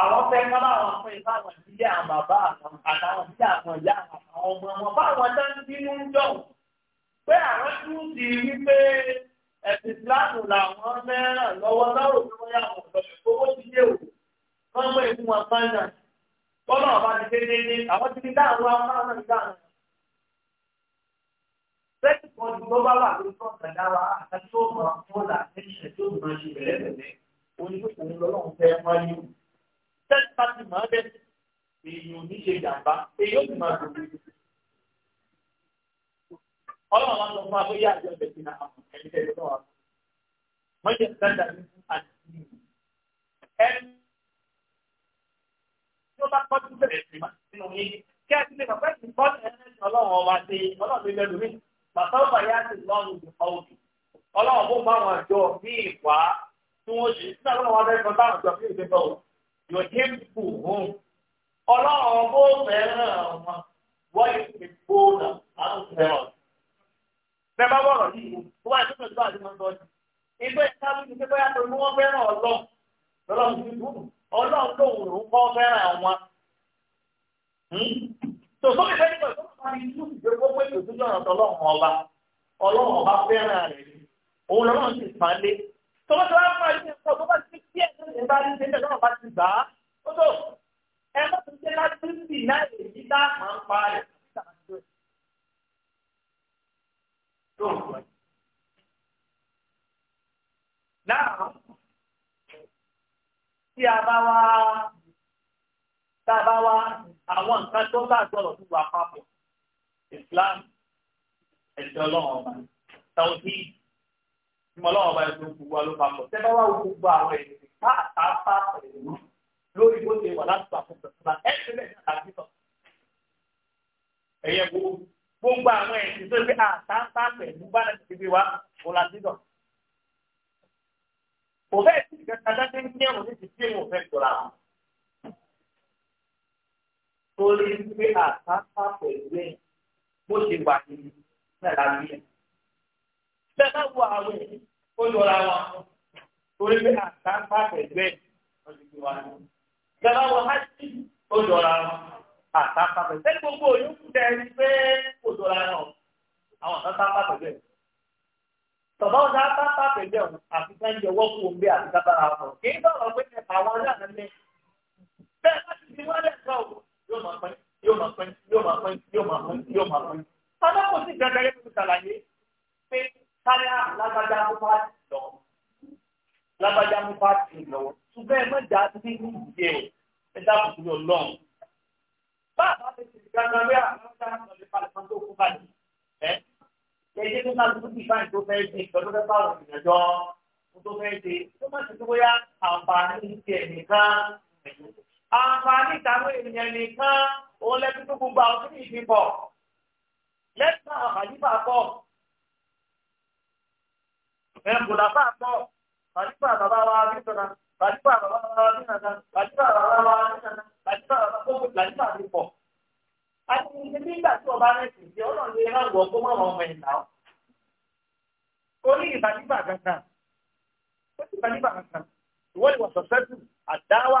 A: àwọn fẹ́ kọ́ láwọn fún ìfá àwọn ìdílé àwọn bàbá àwọn àtàwọn ìdílé àwọn ìyá àwọn ọmọ wọn báwọn lọ́wọ́ tí wọ́n yà wọ́n lọ owó ti dé o wọ́n mú ìfún wọn fáńdà bọ́lá ọba ti dé dé dé àwọn ti ní dáhùn wọn fáwọn náà dáhùn Sẹ́ẹ̀tì kan tó bá wà lórí tọ́ka dára àti tó mọ̀ tó là ní ìṣẹ̀ tó mọ̀ ṣe bẹ̀rẹ̀ oníkókò ń lọ́lọ́run fẹ́ wáyé. Sẹ́ẹ̀tì bá ti máa bẹ̀ èèyàn ò ní ṣe jàmbá èyí ó sì máa dùn. Ọlọ́run wa sọ fún wa bóyá àjọ bẹ̀rẹ̀ sí na àwọn ẹni tẹ̀lé náà wà. Wọ́n yẹ sẹ́ńdà ní àti ẹni tó bá kọ́ sí bẹ̀rẹ̀ sí nínú yín. Kẹ́ẹ̀sì ni bàbá ìsìn bọ́ọ̀lù ẹ̀rẹ́ ọlọ́run ọba bàbá ọba yá ti lọ́rùn ní ọ̀dù ọlọ́run fún bá wọn jọ ní ìwà tí wọ́n ṣe sí àwọn ọmọ abẹ́rẹ́ kan táwọn jọ fún ìgbésẹ̀ wọn yóò dé kù hùn ọlọ́run bó fẹ́ràn wọn wọ́n yóò fi gbóná àwọn fẹ́ràn. bẹ́ẹ̀ bá wọ̀rọ̀ yìí tó wà nínú ìgbà àti mọ́tò ọ̀dù ìgbẹ́ ìsáàbù ti pé bóyá tó wọ́n fẹ́ràn ọlọ́run lọ́lọ́run ti dùn ọlọ́run kọ́ fẹ́ràn wọn. Hmm? tòṣó òun lọ́wọ́ sì lé ẹ̀kọ́ tó bá ti fi ní bá ti gbà á ó tó a a bá wá tá Islam ẹ̀sìn ọlọ́run ọba tàwọ́tì ìmọ̀ ọlọ́run ọba ẹ̀sìn gbogbo wa ló papọ̀ tẹ́ bá wà wọ gbogbo àwọn ẹ̀sìn pátápá pẹ̀lú lórí bó ṣe wà láti pàfọ́ pẹ̀lú ẹ̀sìn lẹ́yìn àti sọ. ẹ̀yẹ gbogbo àwọn ẹ̀sìn tó ṣe àtàtà pẹ̀lú bá láti fi wá òun láti sọ. kò bẹ́ẹ̀ sì kẹta dájú ní ẹ̀wọ̀n ní ti tí fẹ́ jọra wọn torí pé àtàtà pẹ̀lú ẹ̀yìn bó ṣe wà ní náà la rí ẹ̀. bẹ́ẹ̀ náà wọ àwọn ẹ̀ ó yọra wọn torí pé àtà ń bá pẹ̀gbẹ́ ọ̀dùnkù wa ni. bẹ́ẹ̀ náà wọ hajj ó yọra wọn àtà ń bá pẹ̀gbẹ́. sẹ́ni gbogbo yòókù tẹ̀ ẹ́ pé ó yọra wọn àwọn àtà ń bá pẹ̀gbẹ́. tọ̀bá ọ̀dà bá bá pẹ̀gbẹ́ ọ̀hún àti ká ń yọ wọ́pù omi àti kábàrà ọ̀hún. kì í sọ̀rọ̀ pé ẹ̀ka àwọn yóò máa pín yóò máa pín yóò máa pín. Sábà kò sí dandan yóò fi ṣàlàyé pé táyà lágbájá mú bá ti lọ. Lágbájá mú bá ti lọ. Ṣùgbọ́n ẹ mọ̀jà ní ìdíje o, ẹ dákun sí ọlọ́run. Báàbá ti ti dandan bí àwọn ọ̀gá ọ̀gá ọ̀gá ọ̀gá tó kú báyìí. Ẹ jẹ́ kí ká lóko kí báyìí tó fẹ́ di ìtọ́jú fẹ́ bá òun ìrìnàjò tó fẹ́ di. Tó má ti tó bóyá àǹfààní ti ẹ̀ nìkan ẹ̀yìn àǹfààní ìtàwé ènìyàn nìkan òun lẹ́tí tó gbogbo àwọn tó ní ìfipọ̀ lẹ́tà àlífà pọ̀ ẹ̀ǹbùlàfà pọ̀ àlífà bàbá wa bísọ̀nà àlífà bàbá wa bínàdà àlífà bàbá wa bínàdà àlífà bàbá wa àlífà ti pọ̀. àti nígbà tí ọba rẹ̀ sì ṣe ọ̀nà lè rán wọ̀ kó mọ̀ ọmọ ẹ̀ náà. orí ìbàdíbà kankan ó ti ìbàdíbà kankan ìwọ́n ìwọ̀sọ̀sẹ́tù àdáwà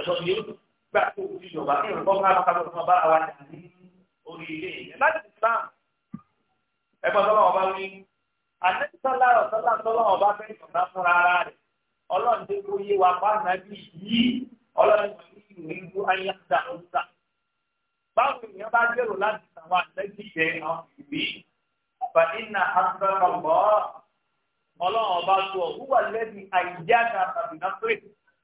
A: ẹ̀sọ́ ti yẹn gbà tó ti jọba kí nǹkan ká lọ́ka lọ́ka máa bára wa jà ní orí ilé yẹn láti Islam ẹgbẹ́ ọ̀sán ọba wí anẹ́sọ́lá ọ̀sọ́lá ọ̀sọ́lá ọba fẹ́ẹ́ sọ̀tà fúnra ara rẹ̀ ọlọ́run tó kó yé wa bá nàbí yìí ọlọ́run tó yí ìwé ń kó ayé àti àwùjá báwo èèyàn bá gbèrò láti àwọn àtẹ́jú jẹ àwọn ìwé fàdínà àtúntàkọ̀ọ́ ọlọ́run ọba tó ọ̀ lẹ́bi àìjáde àtàbí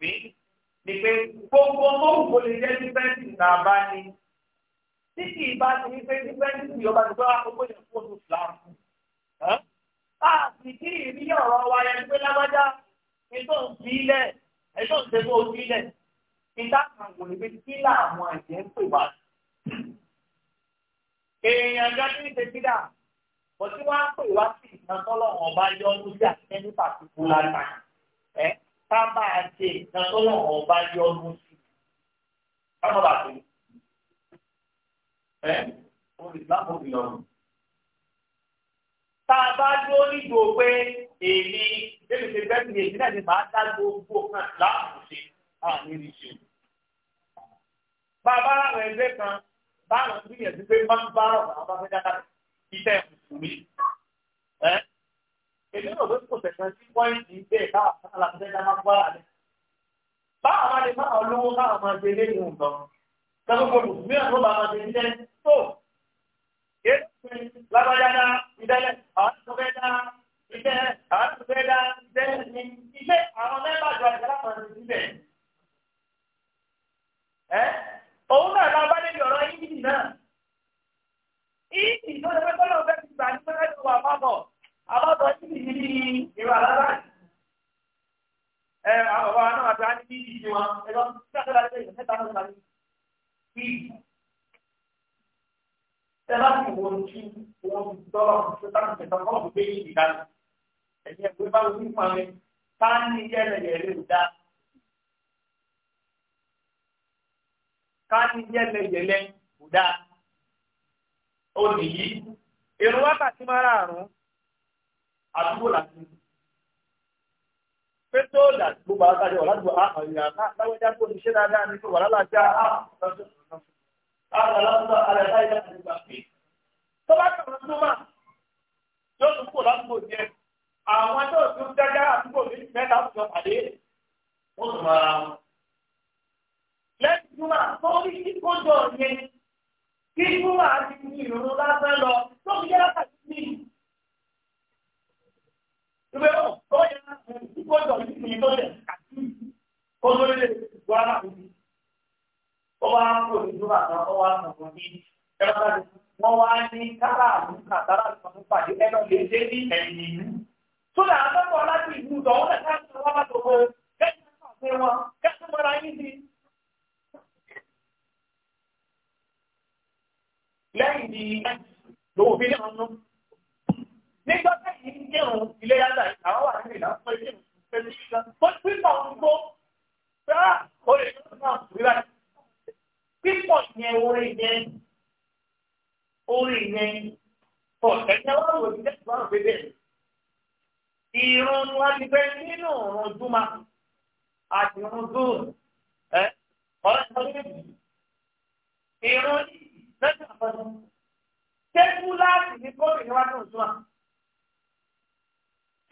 A: mí ni pé gbogbo mọ́wùkọ́ lè jẹ́ dífẹ́ǹsì náà bá ní. títí ìbá ti ní pé dífẹ́ǹsì ti ọba tó bá gbogbo yẹn fún oṣù fúlàmù. káàkiri ìrí ọ̀rọ̀ wa yẹn pé lágbájá ètò ìbílẹ̀ ètò ìṣètò ìbílẹ̀ ìta kan wò ní pé kí làwọn ẹ̀jẹ̀ ń pè wá. èèyàn jáde ní tẹ̀sídà bọ̀tí wọ́n á pè wá sí ìtàn tọ́lọ́wọ́n ọba yọ ọdún sí àtẹ́ní pàtó ká máa ṣe nǹkan tó lọ́wọ́ ọba yọ ọdún sí i. ká má bàa tẹ̀lé. ẹ olùdámọ̀ ìlọrin. tá a bá dúró nígbò pé èmi bébí ṣe bẹ́ẹ̀ ni èmi náà ni màá dá gbogbo kan láàbò ṣe àmì ìṣe. bàbá àwọn ẹgbẹ́ kan báwọn gbìyànjú pé máa ń bá ọ̀rọ̀ àwọn bá fẹ́ dáadáa iṣẹ́ ìfúnmi èmi náà ló kò tẹ̀sán sí pọ́ìntì bẹ́ẹ̀ bá àlàfẹ́ dá máa wà lálẹ́. báwa máa lè máa olówó báwa máa ṣe lé ìhùn gan. sọ́kòkò mùsùlùmí àwọn bá máa ṣe ní jẹ́ tó. èsì lágbájá dá ìdẹ́lẹ̀ àwọn tó fẹ́ dá ìdẹ́ àwọn tó fẹ́ dá ìdẹ́lẹ̀ ní ilé àwọn mẹ́fà jọ àjẹlá máa ṣe síbẹ̀. ẹ òun náà la bá débi ọ̀rọ̀ yíyí náà. ìyí ìjọba tó alábọ̀ sí ti di ìwà lára ẹ àwọn àwọn àti àti bí ìdí wọn ẹ lọ sí àgbàlá ṣe ìwé mẹ́ta náà sáré bí ẹ bá ti wọ ojú wọn dọ́là tó tá nìkan tó kọ́ gbé yìí dání ẹ̀yìn ẹ̀gbẹ́ bá wọn nípa mi tá ní yẹ́lẹ̀yẹ̀lẹ̀ ò dá ká ní yẹ́lẹ̀yẹ̀lẹ̀ èrò wákàtí máa rà àrùn àdúgbò láti ní. Pétó dà gbogbo àwọn àtàjọ wà ládùúgbò àwọn ìyá láwẹ́jà kò ní ṣe dáadáa ní pé wà lálàájá àwọn àlàlá àlàlá ìyá àdúgbà pé. Tó bá kàwọn tó mà yóò tún kò ládùúgbò jẹ. Àwọn ẹjọ́ tó dájá àdúgbò mi mẹ́ta tó jọ pàdé. Wọ́n tún mara wọn. Lẹ́yìn tó mà tó ní kíkójọ yẹn. Kíkú àti ìrònú lásán lọ tó fi yẹ látàkì ìgbẹ́ náà ó yẹ kó jọ ní ìyí tó yẹ kàtí kó tó lè wá náà fún mi. ó wá kó ní ìlú àná ó wá nà fún mi. ẹ̀rọ bá wọn wá ní kára àlù kàtàrà àlù kan pàdé ẹ̀rọ lè dé ní ẹ̀yìn ìlú. sódà àtọ́kọ̀ láti ìlú tọ̀hún ẹ̀ká ìlú wa bá tó kó kẹ́kẹ́ pàṣẹ wọn kẹ́kẹ́ mọ́ra yín sí. lẹ́yìn di lòun fi ní àwọn nígbà tí ń kírun ilé yàrá àwọn wà nínú ìlànà pé kí n fẹ́ mi ṣíṣe ó ti pín àwọn gbó pé á ah, o lè tún náà wíwá pípọ̀ yẹn orin yẹn orin yẹn pọ̀ ẹ̀jẹ̀ wà lòdì lẹ́sìn wà lòdì bẹ́ẹ̀ ìrun wa ti fẹ́ nínú ìrun júmọ́ àti ìrun dùn ẹ̀ ọ̀rẹ́ ìrun ìrun lẹ́sìn àfọ̀dún tẹ́kù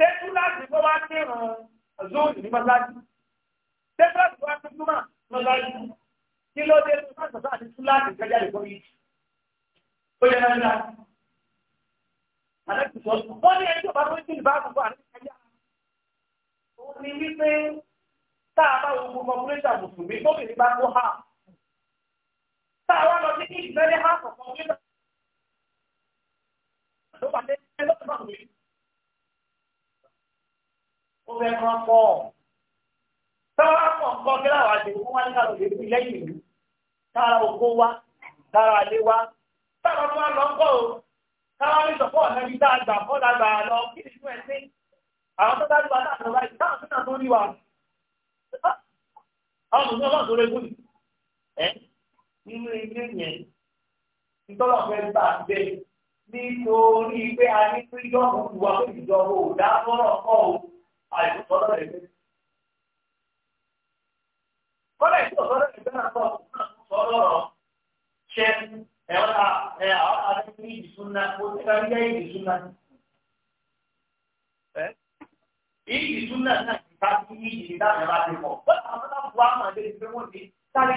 A: tẹ́tù láti tó wá ní ìràn zóòlù ní mọ́sáàjì tẹ́tù láti tó wá ní túmọ̀ mọ́sáàjì kí ló dé tó sàtọ̀ sáà ní tú láti kẹjá lè kórìí ó yẹ náà náà àlẹ́kùsọ wọ́n ní ẹjọ́ bá tó ń tìlú bá gbogbo àlẹ́ kẹjá òun ni wípé tá a bá wo gbogbo ọkùnrin ṣàmùsùnmí gómìnir bá tó hà tá a wá lọ sí ìgbẹ́lẹ́ hà kọ̀ọ̀kan wípé ló wà lẹ́yìn lọ́sọ̀rọ̀ ó fẹ́ kán pọ̀ táwa pọ̀ nǹkan kí láwa ṣe fún wọn nígbà tó lè fi lẹ́yìn ìlú tára oko wa tára alé wa táwa tó wá lọ ń bọ̀ o táwa ní sọ̀pọ̀ ọ̀nà ibi tá a gbà fọ́ la gbà lọ kí ni fún ẹsẹ̀ àwọn tó dájú wa náà lọ báyìí táwọn tó náà tó rí wa àwọn mùsùlùmí ọlọ́run tó rẹ́gùn ẹ̀ nínú ilé yẹn nítorí ọ̀fẹ́ bá bẹ́ẹ̀ nítorí pé a ní pé yọ̀ọ̀mù wa pé ìjọba ò dá fọ́rọ̀ kọ́ o àìsàn lọ́dọ̀ ni sáré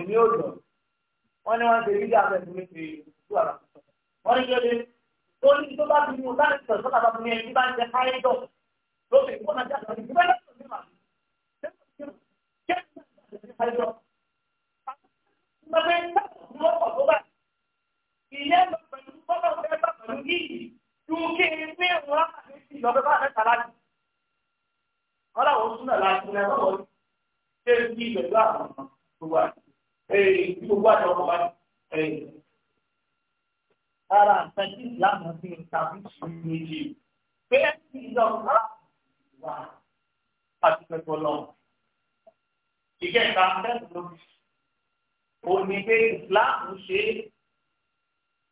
A: èmi ò dùn wọ́n ní wọ́n ṣe bídà bẹ́ẹ̀ fún mi fi tú ara wọ́n ní kéde tó ní tó bá fi mú láti sọ̀rọ̀ sọ́kà bá fi mú ẹni bá ń jẹ káyédọ̀ lóbi kó máa jáde lọ́dún ìgbẹ́ lọ́dún mi mà ìyẹn lọ pẹ̀lú bọ́lá ọ̀rẹ́ bá pẹ̀lú yìí ju kí n fi wọn àti ìjọba bá mẹ́ta láti. wọ́n láwọn wọn ṣé ń bí ìgbẹ̀lú àwọn Eh, tí gbogbo àjọ ọkọ̀ wáyé. Eh, ara nǹkan tí ìlànà ti ń tàbí ṣe méjì. Bẹ́ẹ̀ ni ìjọba wà àti pẹ̀pọ̀ lọ. Ìkẹta fẹ́ẹ̀ ló òní pé ìsìláàmù ṣe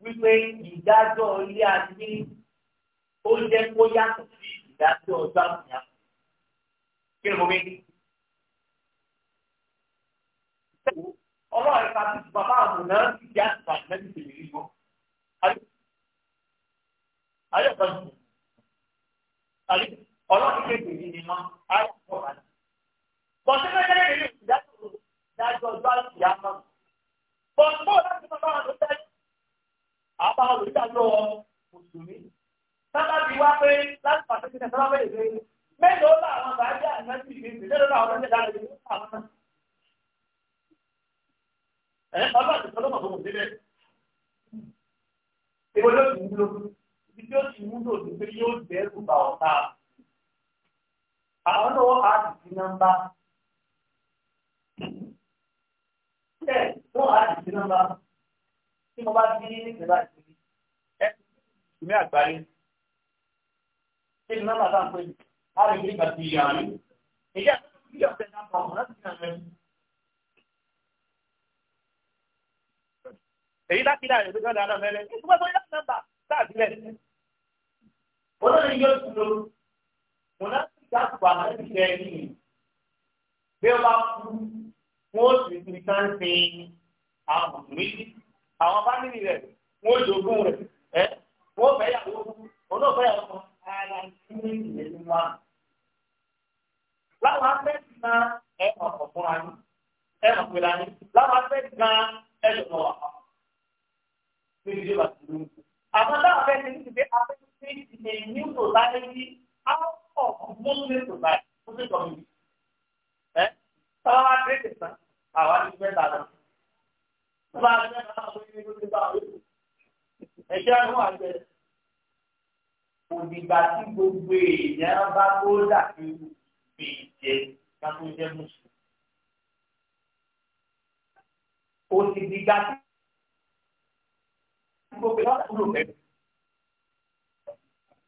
A: wípé ìdájọ́ ilé ayé ó jẹ́ kó yàtọ̀ sí ìdájọ́ ọjọ́ àmì àmì. Kí ni mo bí? ọlọ́run ká ti bàbá àmùná ti di àtìgbà mẹ́rin tèmi rí gbọ́. ayé ọ̀gá ju àlè ọlọ́run ké tèmi ni mọ́ ayé ọ̀gá bá ní. bọ̀dé mẹ́tẹ́lẹ́ lè lè ti dájọ́ dájọ́ ọjọ́ àti ìyá náà. bọ̀dé bọ́ọ̀ láti bàbá àwọn ọ̀dọ́ tẹ́lẹ̀. àbá olùdájọ́ mùsùlùmí. sábà ti wá pé láti pàṣẹ ẹ ọlọ́run ti sọ́dọ̀ mọ̀tò níbẹ̀. ìwọ yóò ti wúlò ibi tí yóò ti wúlò ní pé yóò dẹ́rù bá ọ̀tá. àwọn náà wọ́n á ti fi nọ́mbà. ẹ wọ́n á ti fi nọ́mbà. tí mo bá bí ni nọ́mbà tá à ń pè ní? a lè gbé ìgbà tí ìyá mi. èyí àti ìyá ọ̀sẹ̀ náà bọ̀ ọ̀rọ̀ láti fi hàn mẹ́rin. èyí láti dá ìrètí ọ̀dà náà mẹ́rin ní tó yẹ nọ́mbà sáàbílẹ̀. olórí yóò tún lo monastic dàpọ̀ àwọn ìṣe yìí bí ó bá kú wọn ó sì fi kan ṣe àwọn mùsùlùmí àwọn fámìlì rẹ̀ wọn ó jogún rẹ̀ ẹ́ wọn ó fẹ́ yàwó olóòfẹ́ yàwó kan ara ní ìyẹn ní wọn. láwọn afẹ́sì náà ẹ̀ ọ̀pọ̀ fúnra ní ẹ̀ ọ̀pẹ̀lá ní láwọn afẹ́sì náà ẹ̀ lọ́wọ́ àwọn níbi tí wàá ti lóyún. Àmọ́ táwọn fẹ́ ṣe níbi pé afẹ́fẹ́ ṣe ìdílé new society out of Muslim society Muslim community. Ẹ táwọn wá dé tẹ̀sán àwa ní mẹ́ta lọ. Bá a jẹ́ àwọn ọmọ ìlú ti bá àwọn èlò. Ẹ̀jẹ̀ àwọn àgbẹ̀ òdìgbà tí gbogbo èèyàn bá tó dàbí bí jẹ ká tó jẹ mùsùlùmí. Òdìgbà tí gbogbo ìlú àkúrò rẹ̀.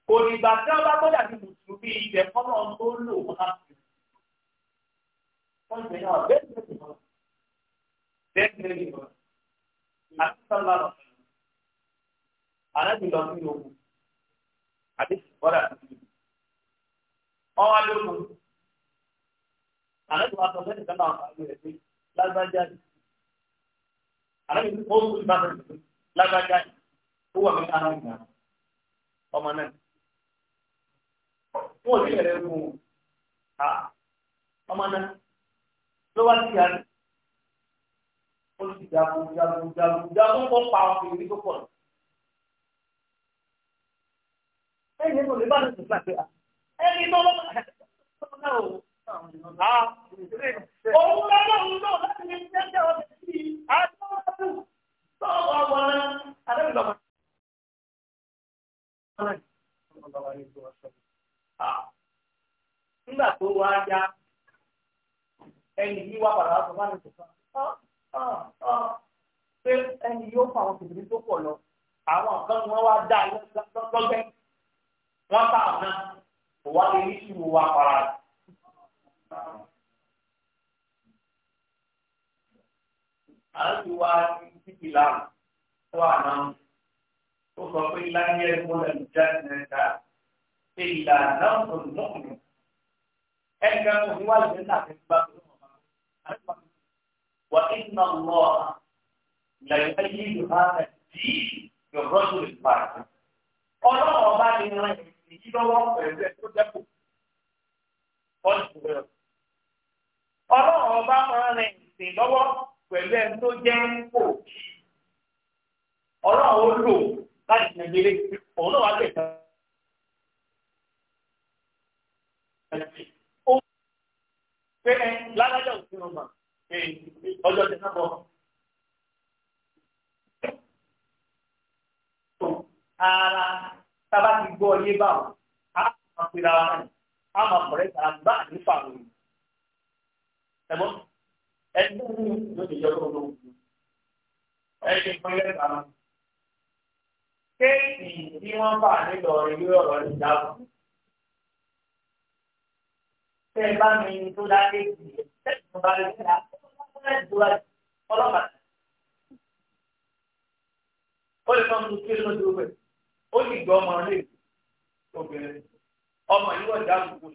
A: Kò ní ìgbà tí wọ́n bá gbọ́dọ̀ àti mùsùlùmí ilẹ̀ fọ́nà tó lò wọ́n á fi. Wọ́n ń bẹ̀rẹ̀ ọ̀gbẹ́ ìgbẹ́ ìgbà. Bẹ́ẹ̀ ni ìgbà. Àti sọ́lá lọ. Àlájú lọ sí ogun. Àti ìgbọ́dọ̀ àti ìgbà. Wọ́n wá lóko. Àlájú wa sọ fẹ́ẹ̀ sọ́lá àǹfààní rẹ̀ pé lágbájá. Àlájú ó ń kú ìbátan lágbájá yìí ó wà mí ara ìgbà ọmọ náà wọn ò ní ẹ̀rẹ́ mú un ọmọ náà ló wá sí àná ó sì jagun jagun jagun jagun kó pa ọkùnrin ní tó pọ̀ lọ. ẹ̀yìn ló lè bá ní sùn láti ẹ̀yìn tó lọ́wọ́ náà o. Òun lọ́wọ́ òun náà láti ní jẹ́jẹ́ ọ̀sẹ̀ sí i. Àti wọ́n wá sí i.
B: Sọ́wọ́ ọmọ náà, àdébìlọ́mọ.
A: Ah. nígbà tó wá yá ẹni yìí wá padà sọ fún àlùfáà ah, ah, pé ẹni yóò fún àwọn kìnìún tó pọ̀ lọ àwọn kan wọn wá dá lọ́gbẹ́ wọn bá àwọn náà kò wá lè ní ìṣòro wa para rẹ̀. àlùfáà wá ní títí láàmú wà náà ó sọ pé láyé ẹ̀gbọ́n ẹ̀ jáde ẹ̀dá pé ìlànà ọ̀rọ̀ lọ́kùnrin ẹ̀ka òní wà lóde náà fi gbà tó lọ́wọ́ bá àti wà. wà ìnà lọ lẹ́yìn ayé yorùbá rẹ̀ tí yorùbá tó lè pa àti. ọlọ́wọ́ bá lè ràn èyí lọ́wọ́ pẹ̀lú ẹ̀ tó dẹ́kun. ọlọ́wọ́ bá máa rìn lọ́wọ́ pẹ̀lú ẹ̀ tó jẹ́ kò kí. ọlọ́wọ́ lò ó láti nàgbélé òun náà wá lè tán. ó pé lálájà òfin ọmọ ọjọ́ ti náà bọ̀. ara tábà ti gbọ́ ọ yé báwọn a máa pera wa náà a máa kọ̀rẹ́ tara gbá nípa àwọn èèyàn. ẹ̀gbọ́n ẹ̀gbọ́n mi ló ti yọ lọ́wọ́ lọ́wọ́ ẹ̀gbọ́n mi ló ti yọ kéèkì tí wọ́n fà nílò ìlú ọ̀rọ̀ ìdáàbò. Ṣé ẹ bá mi tó dá kéèkì yẹn? Ṣé ìtumọ̀ bá lè fi dá? Ọlọ́pàá. Ó lè fọ́n mu kí ló dúró bẹ̀. Ó sì gbọ́ ọmọ rẹ̀ obìnrin. Ọmọ yìí wọ̀ dáàbò kò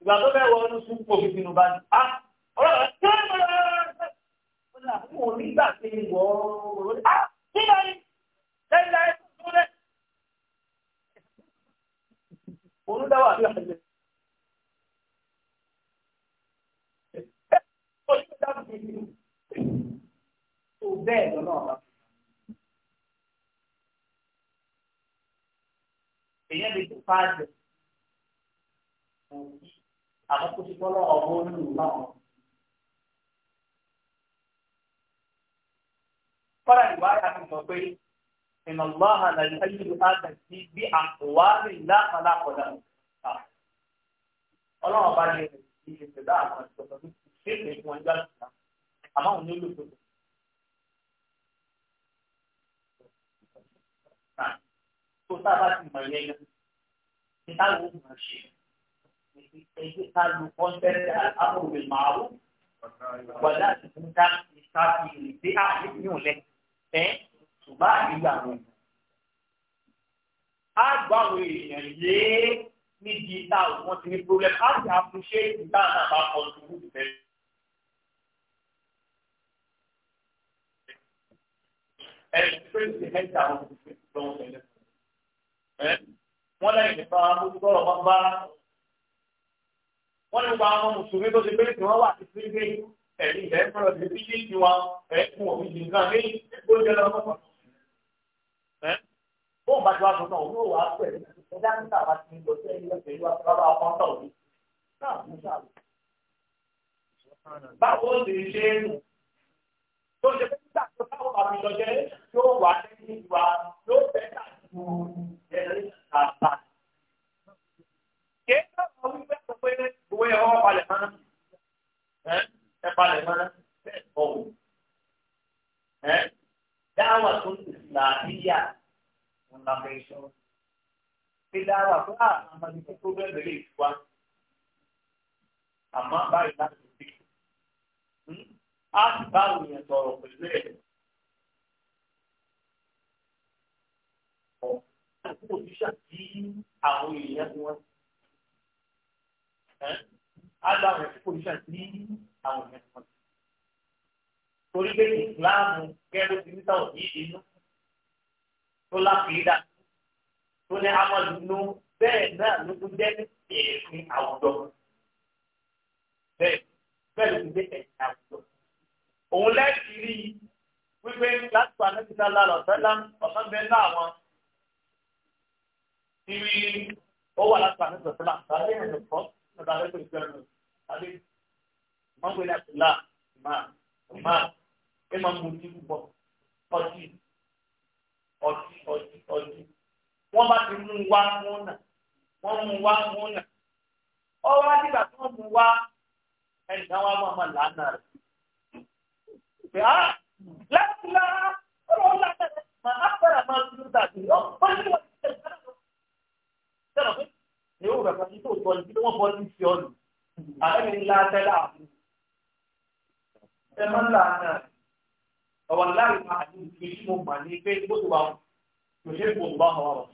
A: Ìgbà tó bẹ́ẹ̀ wọ ọdún sún kò sínú bá ní. Ah! Ọlọ́pàá Ṣé ìgbà tó ń bọ̀ ọ́? lẹ́yìn láyé tó lẹ́. òun dá wà láàyè. tó bẹ́ẹ̀ lọ́nà ọ̀la. èèyàn lè tún fáàjẹ àwọn tó ti gbọ́dọ̀ ìwádìí àti ìmọ̀ pé إن الله لا يؤيد هذا الشيء بأقوال لا خلاق له ọlọ́run ọba lè rìn sí ìṣẹ̀dá àwọn ìṣọ̀tọ̀ tó ti ṣe é fún ẹgbẹ́ àṣìṣà àmọ́ òun nílò tó. tó tá a bá ti mọ̀ ẹ̀yẹ́ yẹn ní táwọn ò mọ̀ ṣe ẹgbẹ́ ká lu kọ́ńtẹ́ẹ̀tì àbúrò màálù wàdà ìfúnká ìṣàfihàn ìdí àbí ìyọ̀lẹ́ ẹ̀ ṣùgbọ́n àdìgbà wọn. a gbọ́ àwọn èèyàn lé níbi ìta wọn ti ní problem a ti àfúnṣe ìta náà bá kọ ìdúró ìfẹ́. ẹ̀rọ ìfẹ́ mẹ́ta wọn ti fi lọ́wọ́ tẹ̀lé. wọ́n lẹ́yìn nípa amójútó ọ̀rọ̀ bá bá wọ́n ní gba àwọn mùsùlùmí tó ṣe pélé tí wọ́n wà sí sílé ẹ̀rí ìdẹ́gbẹ̀rọ̀ ti fi ṣe ìwà ẹ̀kún òfin jìnnà lẹ́yìn gbọ́dọ̀ lọ́wọ́ tóun bá ti wá sọ́tàn òun yóò wá pẹ̀lú ẹ̀dá níta bá ti lọ sí ẹ̀yìn lẹ́sẹ̀ ìlú àtàwọn akọ́ńtà òní náà ní sáà. báwo lè ṣe é nù tó ṣe fẹ́ nígbà tó táwọn àmì lọ jẹ́ yóò wá lẹ́yìn ìwà yóò fẹ́ kà ju ẹ̀rí àbá. kìí sọ̀rọ̀ wípé sọ pé ìwé ẹ̀họ́ palẹ̀ mọ́ ẹ palẹ̀ mọ́ bẹ́ẹ̀ bọ̀ wò. dáwà tó ti là un la pensión. Si la da plata, la magnitud del delito, àmọ́ báyìí láti fi á hmm? sì báwo yẹn sọ̀rọ̀ pẹ̀lú ẹ̀. Àti pòtíṣà tí àwọn èèyàn ti wọ́n. Á gba àwọn ẹ̀sìn àwọn èèyàn Torí pé ìsìláàmù kẹ́rù ti ní sáwọ̀ yìí inú tó lápìlídà tó ní amọ̀lùnú bẹ́ẹ̀ náà ló tún jẹ́ ẹ̀sìn àwùjọ bẹ́ẹ̀ bẹ́ẹ̀ ló tún jẹ́ ẹ̀sìn àwùjọ. òun lẹ́ẹ̀kì rí wípé láti pa ní títà lára ọ̀sán lánà ọ̀sán bẹ́ẹ̀ náà wọn ti rí ó wà láti pa ní títà lára ọ̀sán lẹ́yìn ẹ̀dọ̀kọ́ nígbà tó ń gbẹ̀rù tàbí wọ́n gbé láti láà máa máa ẹ mú ojú púpọ̀ ọtí ọtí ọtí ọtí wọ́n bá ti mú wá mú nà wọ́n mú wá mú nà ọwọ́ àdìgbà tó mú wá ẹnì kan wá máa lànà rẹ̀ pé ah, á láti lára ọ̀rọ̀ láti rẹ̀ mà á fẹ́ràn máa dúró dàbí ọ́ wọ́n ní wọ́n ti tẹ̀lé sára lọ. sọ̀rọ̀ pé ní òwúrọ̀ bàbá yìí tó tọ́ ibi tí bọ́ ní ti ọ̀nà àbẹ́mi ńlá tẹ́lá àbúrò ẹ máa ń lànà rẹ̀ ọwọ́ láì máa àti ìgbé tí mo mà ní pé bó ti wà kò ṣe é kò bá ọwọ́ rọ̀.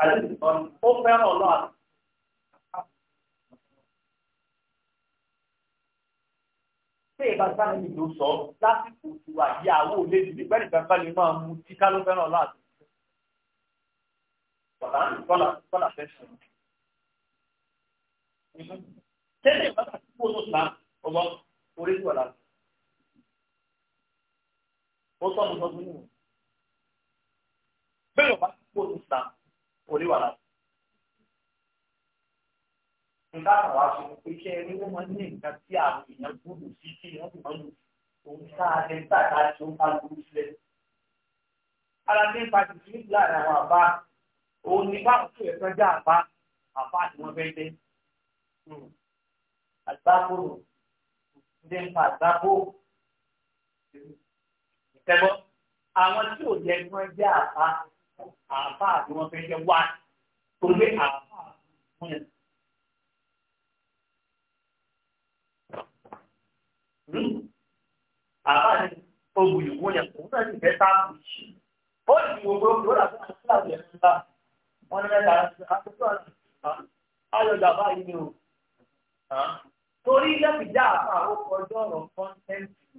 A: Àdéhùn ọ̀nà ó fẹ́ràn ọlọ́ àti. Ṣé ìbá sáré mi ló sọ lásìkò ìwà ìyàwó lébi nígbà nìkan bá lè máa mu tí ká ló fẹ́ràn ọlọ́ àti. Bàbá mi kọ́là kọ́là fẹ́ sùn. Tẹ́lẹ̀ ìbá sáré mi tó sàn ọmọ orí ìwà láti ó tọ́ mi lọ́dún nù. bẹ́ẹ̀ ọba ti kó ní sàn orí wà láti. nígbà tó wàá ṣe pé iṣẹ́ eré wọ́n máa ń ní nǹkan tí àwọn èèyàn gbọ́dọ̀ sí kí wọ́n sì máa ń lò òun sáà lè tà ká tí ó bá lórí sílẹ̀. ara ní ipa tìtì ní láàrin àwọn àbá òun ní báwọn tó yẹ kí jẹ́ àbá àbá tí wọ́n fẹ́ dé. àgbákòrò ní nípa àgbákò tẹ́gbọ́ àwọn tí ò jẹ́ kí wọ́n jẹ́ àbá àbá àti wọ́n fẹ́ jẹ́ wá tó gbé àbá fún yẹn. àbá ni ogun ìwò yẹn kò náà ti fẹ́ táàbù sí i. ó ní gbogbo ogun ó dàbí àwọn fúlàbù yẹn nígbà wọn ní mẹ́ta àkókò àná ayọ̀dà báyìí ni o. torí lẹ́bi já àbá ó ọ̀rọ̀ kọ́ńtẹ́ǹtì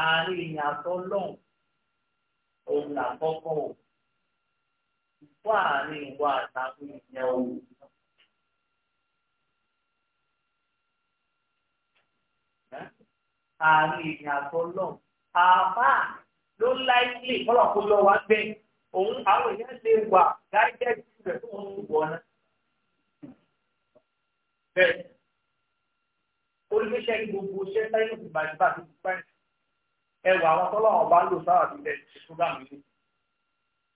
A: àárín ìyìn àtọ́lọ́hùn òun làkọ́kọ́ o fún àárín ìwà àtàkùn ìyẹn o. àárín ìyìn àtọ́lọ́hùn àbá ló láìpẹ́ ìfọlọ́kọ́ lọ wá gbé òun àwọn èèyàn lè wà gáídẹ́ẹ̀dì rẹ̀ tó ń wọ̀ náà olùgbéṣẹ́ ní gbogbo iṣẹ́ táyé ti bàjẹ́ bàjẹ́ pẹ́ ẹwà àwọn tọ́lọ́wọ́n bá ń lò sáwà sílẹ̀ ìṣúgbàmù ilé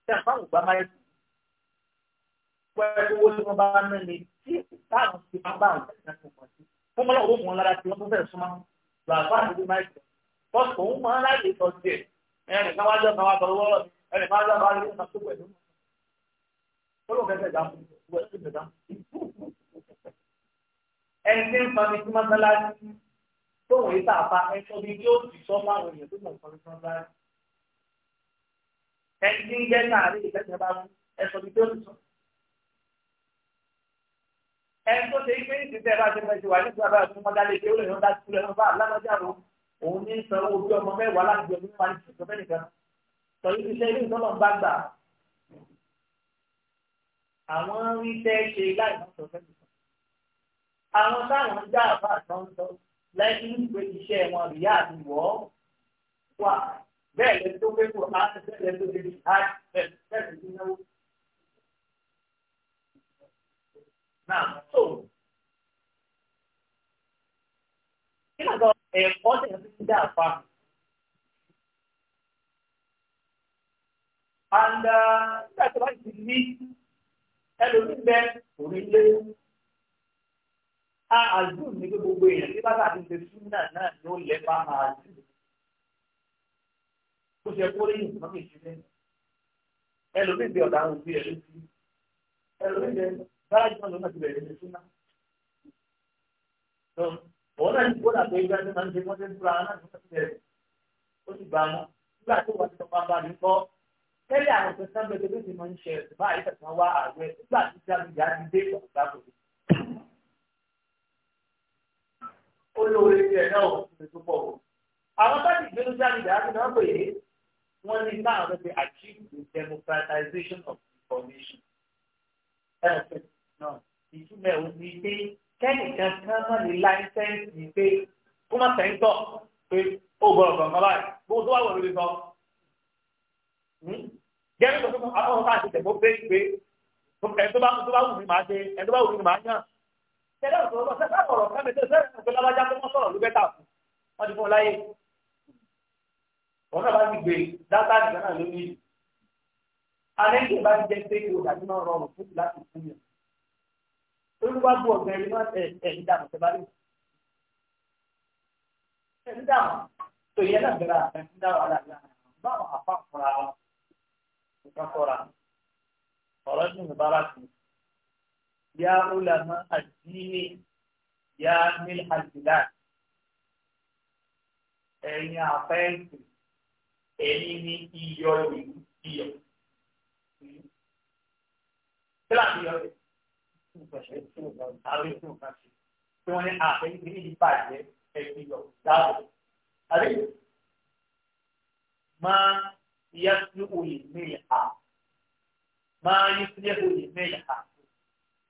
A: ṣe àfáàmù gbá máa ẹ̀sìn pẹ́ẹ́kú owó tí wọ́n bá ná ni tí táwọn ti máa bá àwọn ẹ̀sìn ẹ̀sìn pọ̀ sí fún mọ́lá owó fún lára tí wọ́n tó fẹ́ súnmọ́ lọ àgbà àdúgbò máa ẹ̀sìn bọ́sù òun máa láyè sọ sí ẹ̀ ẹnì kan wájú ẹni tí ń fami sí mọ́sálásí tóun yìí tàpá ẹ̀sọ́ bíi yóò ti sọ fáwọn èèyàn tó mọ̀ nǹkan sí mọ́sálásí. ẹni tí ń jẹ́ káàárẹ̀ ìfẹsẹ̀ bá fún ẹ̀sọ́ bíi yóò ti sọ. ẹni tó ṣe pé ìṣiṣẹ́ bá ṣe fẹ́ ṣe wà ní ìṣúra bá ṣe mọ́dá lé kéwòn ìrọ̀dá sílẹ̀ ọ̀rọ̀ bá alágbájá rò òun rí tẹ́ ṣe láì má sọ fẹ́ nìkan àwọn táwọn já àbá àtọ́ńtọ́ lẹ́yìn ìwé iṣẹ́ wọn rí àti wọ́ wà bẹ́ẹ̀ lẹ́yìn tó fẹ́ kó àti bẹ́ẹ̀ lẹ́yìn tó fẹ́ kó àti bẹ́ẹ̀ lẹ́yìn tó náwó. Náà tó kí nàgọ́ ẹ̀kọ́ tẹ̀ fi dá àpá. And nígbà tí wọ́n ti ní ẹlòmíì bẹ́ẹ̀ kò ní lé a azul ní pé gbogbo èèyàn tí bàtà ti ṣe súnà náà ni ó lẹ́bàá máa azul ó ṣe kó lẹ́yìn ìgbọ́n mi sílẹ̀ ẹlòmíì bí ọ̀dà àwọn òbí ẹ̀ ló ti ẹlòmíì bẹ báyìí náà ló máa ti bẹ̀rẹ̀ ní súnà òun náà ti kó dàgbé ibẹ̀ tó máa ń ṣe wọ́n ti ń tura náà ló ti bẹ̀rẹ̀ ó ti gbà wọn nígbà tó wọ́n ti sọ pàápàá ní kọ́ tẹ́lẹ̀ àwọn tó sábẹ́ tó ti máa ń ṣe báyìí tẹ̀sán wá ààrẹ nígbà tó jáde jáde dé ìgbà ó lóore tí ẹ̀ náà ti tó pọ̀ o. àwọn táàbì ìgbéru jáde ìdá àti náà pè é wọ́n ní táwọn fẹ́ fi achieve the democratization of information. ẹ ẹ fẹ́ náà ìtumọ̀ ẹ̀ wọ́n ti dé kẹ́nìkan kan má ní láńsẹ́ǹsì pé kó má tẹ̀ ń tọ̀ pé ó gbọ́dọ̀ kàn kán báyìí bó tó wà wọ̀ lórí sọ. jẹ́rìí hmm? tó fún àwọn ọ̀sán àti tẹ̀gbọ́n pé pé ẹ̀ tó bá wù mí màá ṣe ẹ̀ tó bá wù mí màá yàn tẹ́lẹ̀ ọ̀tọ̀ ọ̀rọ̀ sẹ́fẹ́ ọ̀rọ̀ kẹ́mẹ́tẹ́ sẹ́fẹ́ ọ̀gbẹ́ lábájá tó wọ́n sọ̀rọ̀ ló bẹ́tà fún wọ́n ti fún un láyé wọn náà bá ti gbé dátà nìkan náà ló ní ìlú alẹ́ ìgbà bá ti jẹ́ pé o dàbí náà rọrùn fún ìlú láti fún yàn olúwa bu ọ̀gbẹ́ ẹni máa ẹ̀ ẹ̀ يا علماء الدين يا ملح البلاد ẹ̀yin àfẹ́ǹsì ẹ̀yin ní iyọ̀ ìlú iyọ̀. kíláàsì yọ ẹ̀ àwọn ètò kan ṣe tí wọ́n ní àfẹ́ǹsì ní ìbàjẹ́ ẹ̀sìn iyọ̀ dáàbò. àbí máa yẹ sí òye mẹ́lẹ̀ máa yẹ sí òye mẹ́lẹ̀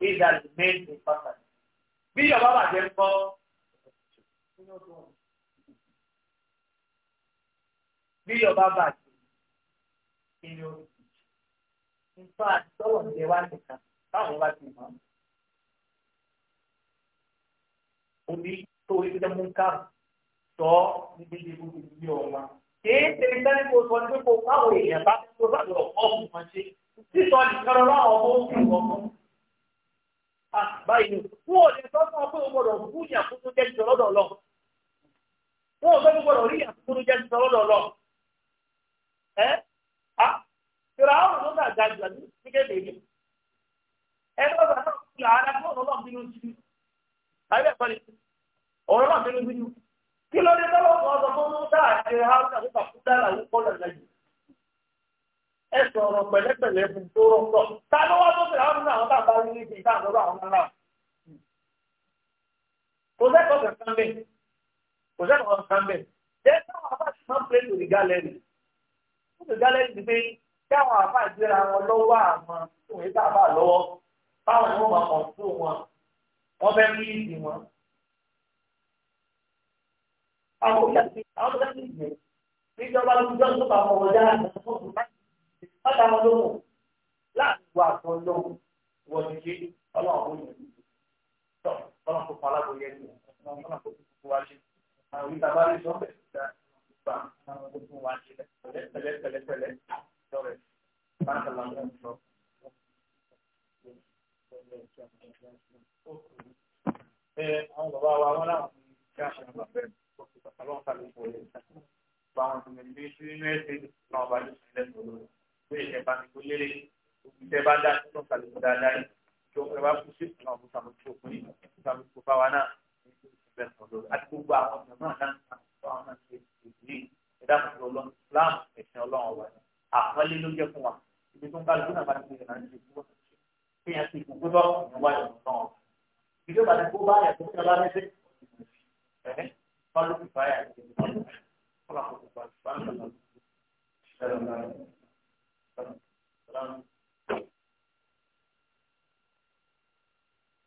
A: is as the main important.
B: Bí ìjọba bàjẹ́ ń
A: kọ́, bí ìjọba bàjẹ́, ìlú nípa àtọ́wọ̀ ǹjẹ́ wá nìkan táwọn bá ti mọ̀. Omi tó orí tẹ́ mú ká tọ́ níbi ìdìbò ìdílé ọ̀ma. Kìí ṣe sẹ́ni kò sọ pé kò káwọn èèyàn bá tó bá lọ ọ̀pọ̀ ọ̀hún kan ṣe. Títọ́ nìkan lọ́wọ́ àwọn ọmọ òkú ọ̀gbọ́n. Ah, báyìí ni wọn ò lè sọ fún ọ pé o gbọ́dọ̀ fún ìyà fún tó jẹ jùlọ lọ́dọ̀ lọ wọn ò sọ fún gbọ́dọ̀ rí ìyà fún tó jẹ jùlọ lọ́dọ̀ lọ ẹ a tẹ̀rọ àwọn ọ̀rọ̀ náà ga jù àti kékeré yìí ẹ lọ bá náà fi ara fún ọ̀rọ̀ náà bínú sí i àyè ẹ̀kọ́ ni ọ̀rọ̀ náà bínú sí i kí ló dé tọ́lọ́ fún ọ ẹ sọ̀rọ̀ pẹ̀lẹ́pẹ̀lẹ́ fún tó rọ́pọ̀ ta ló wá tó tẹ̀lé àwọn àwọn bàbá rí níbi ìta àtọ́rọ̀ àwọn ará kò sẹ́kọ̀ọ́ kankan bẹ́ẹ̀ kò sẹ́kọ̀ọ́ kankan bẹ́ẹ̀ jẹ́ káwọn àbá ti máa ń pè lórí gálẹ́rì lórí gálẹ́rì ti pé káwọn àbá ìgbéra wọn lọ́wọ́ àwọn tó ń ta àbá lọ́wọ́ báwọn ni wọ́n máa kàn tó wọn wọ́n fẹ́ kí ìdì wọn. àwọn òbí àti àwọn tó fẹ́ kí ìdì níjọba ọ̀dà wọn lóhùn láti wà fún lóhùn wọ́n ti ṣe ọlọ́run ó yẹn tọ́ ọlọ́run kò fọlá kò yẹ kí ọlọ́run kò fún wa ṣe àwọn ìta bá rí sọ́ọ̀bẹ̀ síta gbà ọlọ́run kò fún wa ṣe pẹ̀lẹ́pẹ̀lẹ́pẹ̀lẹ́ lọ́rẹ̀ bá ń tẹ̀lé ọlọ́run sọ. Ẹ àwọn bàbá wa wọn náà kí a ṣe àwọn bẹ́ẹ̀ ọlọ́run kàlẹ́ ìfọ̀lẹ́ bá wọn tún lè gbé sí pé ẹ̀bá mi kò lérè òbí tẹ́ bá dá sí tó ń kalẹ̀ kó dáadáa yìí tó ẹ bá kú sí ìpínlẹ̀ ọ̀hún sàmójútó fún yìí sàmójútó bá wa náà bẹ́ẹ̀ sọ lórí àti gbogbo àwọn ọ̀nà náà náà sàmójútó àwọn náà ṣe ìdílé ẹ̀dá kòtò ọlọ́run Islam ẹ̀sìn ọlọ́run ọ̀wà ni àpọ́nlé ló jẹ́ fún wa ibi tó ń ká lóògùn àbá nígbè náà ṣe fún wa ṣe yẹn ti kú gbọ́dọ̀ ìwà ìwọ̀n
B: ìjọba ti kó bá ẹ̀kọ́ sí ọlá mẹ́sẹ̀ Salam.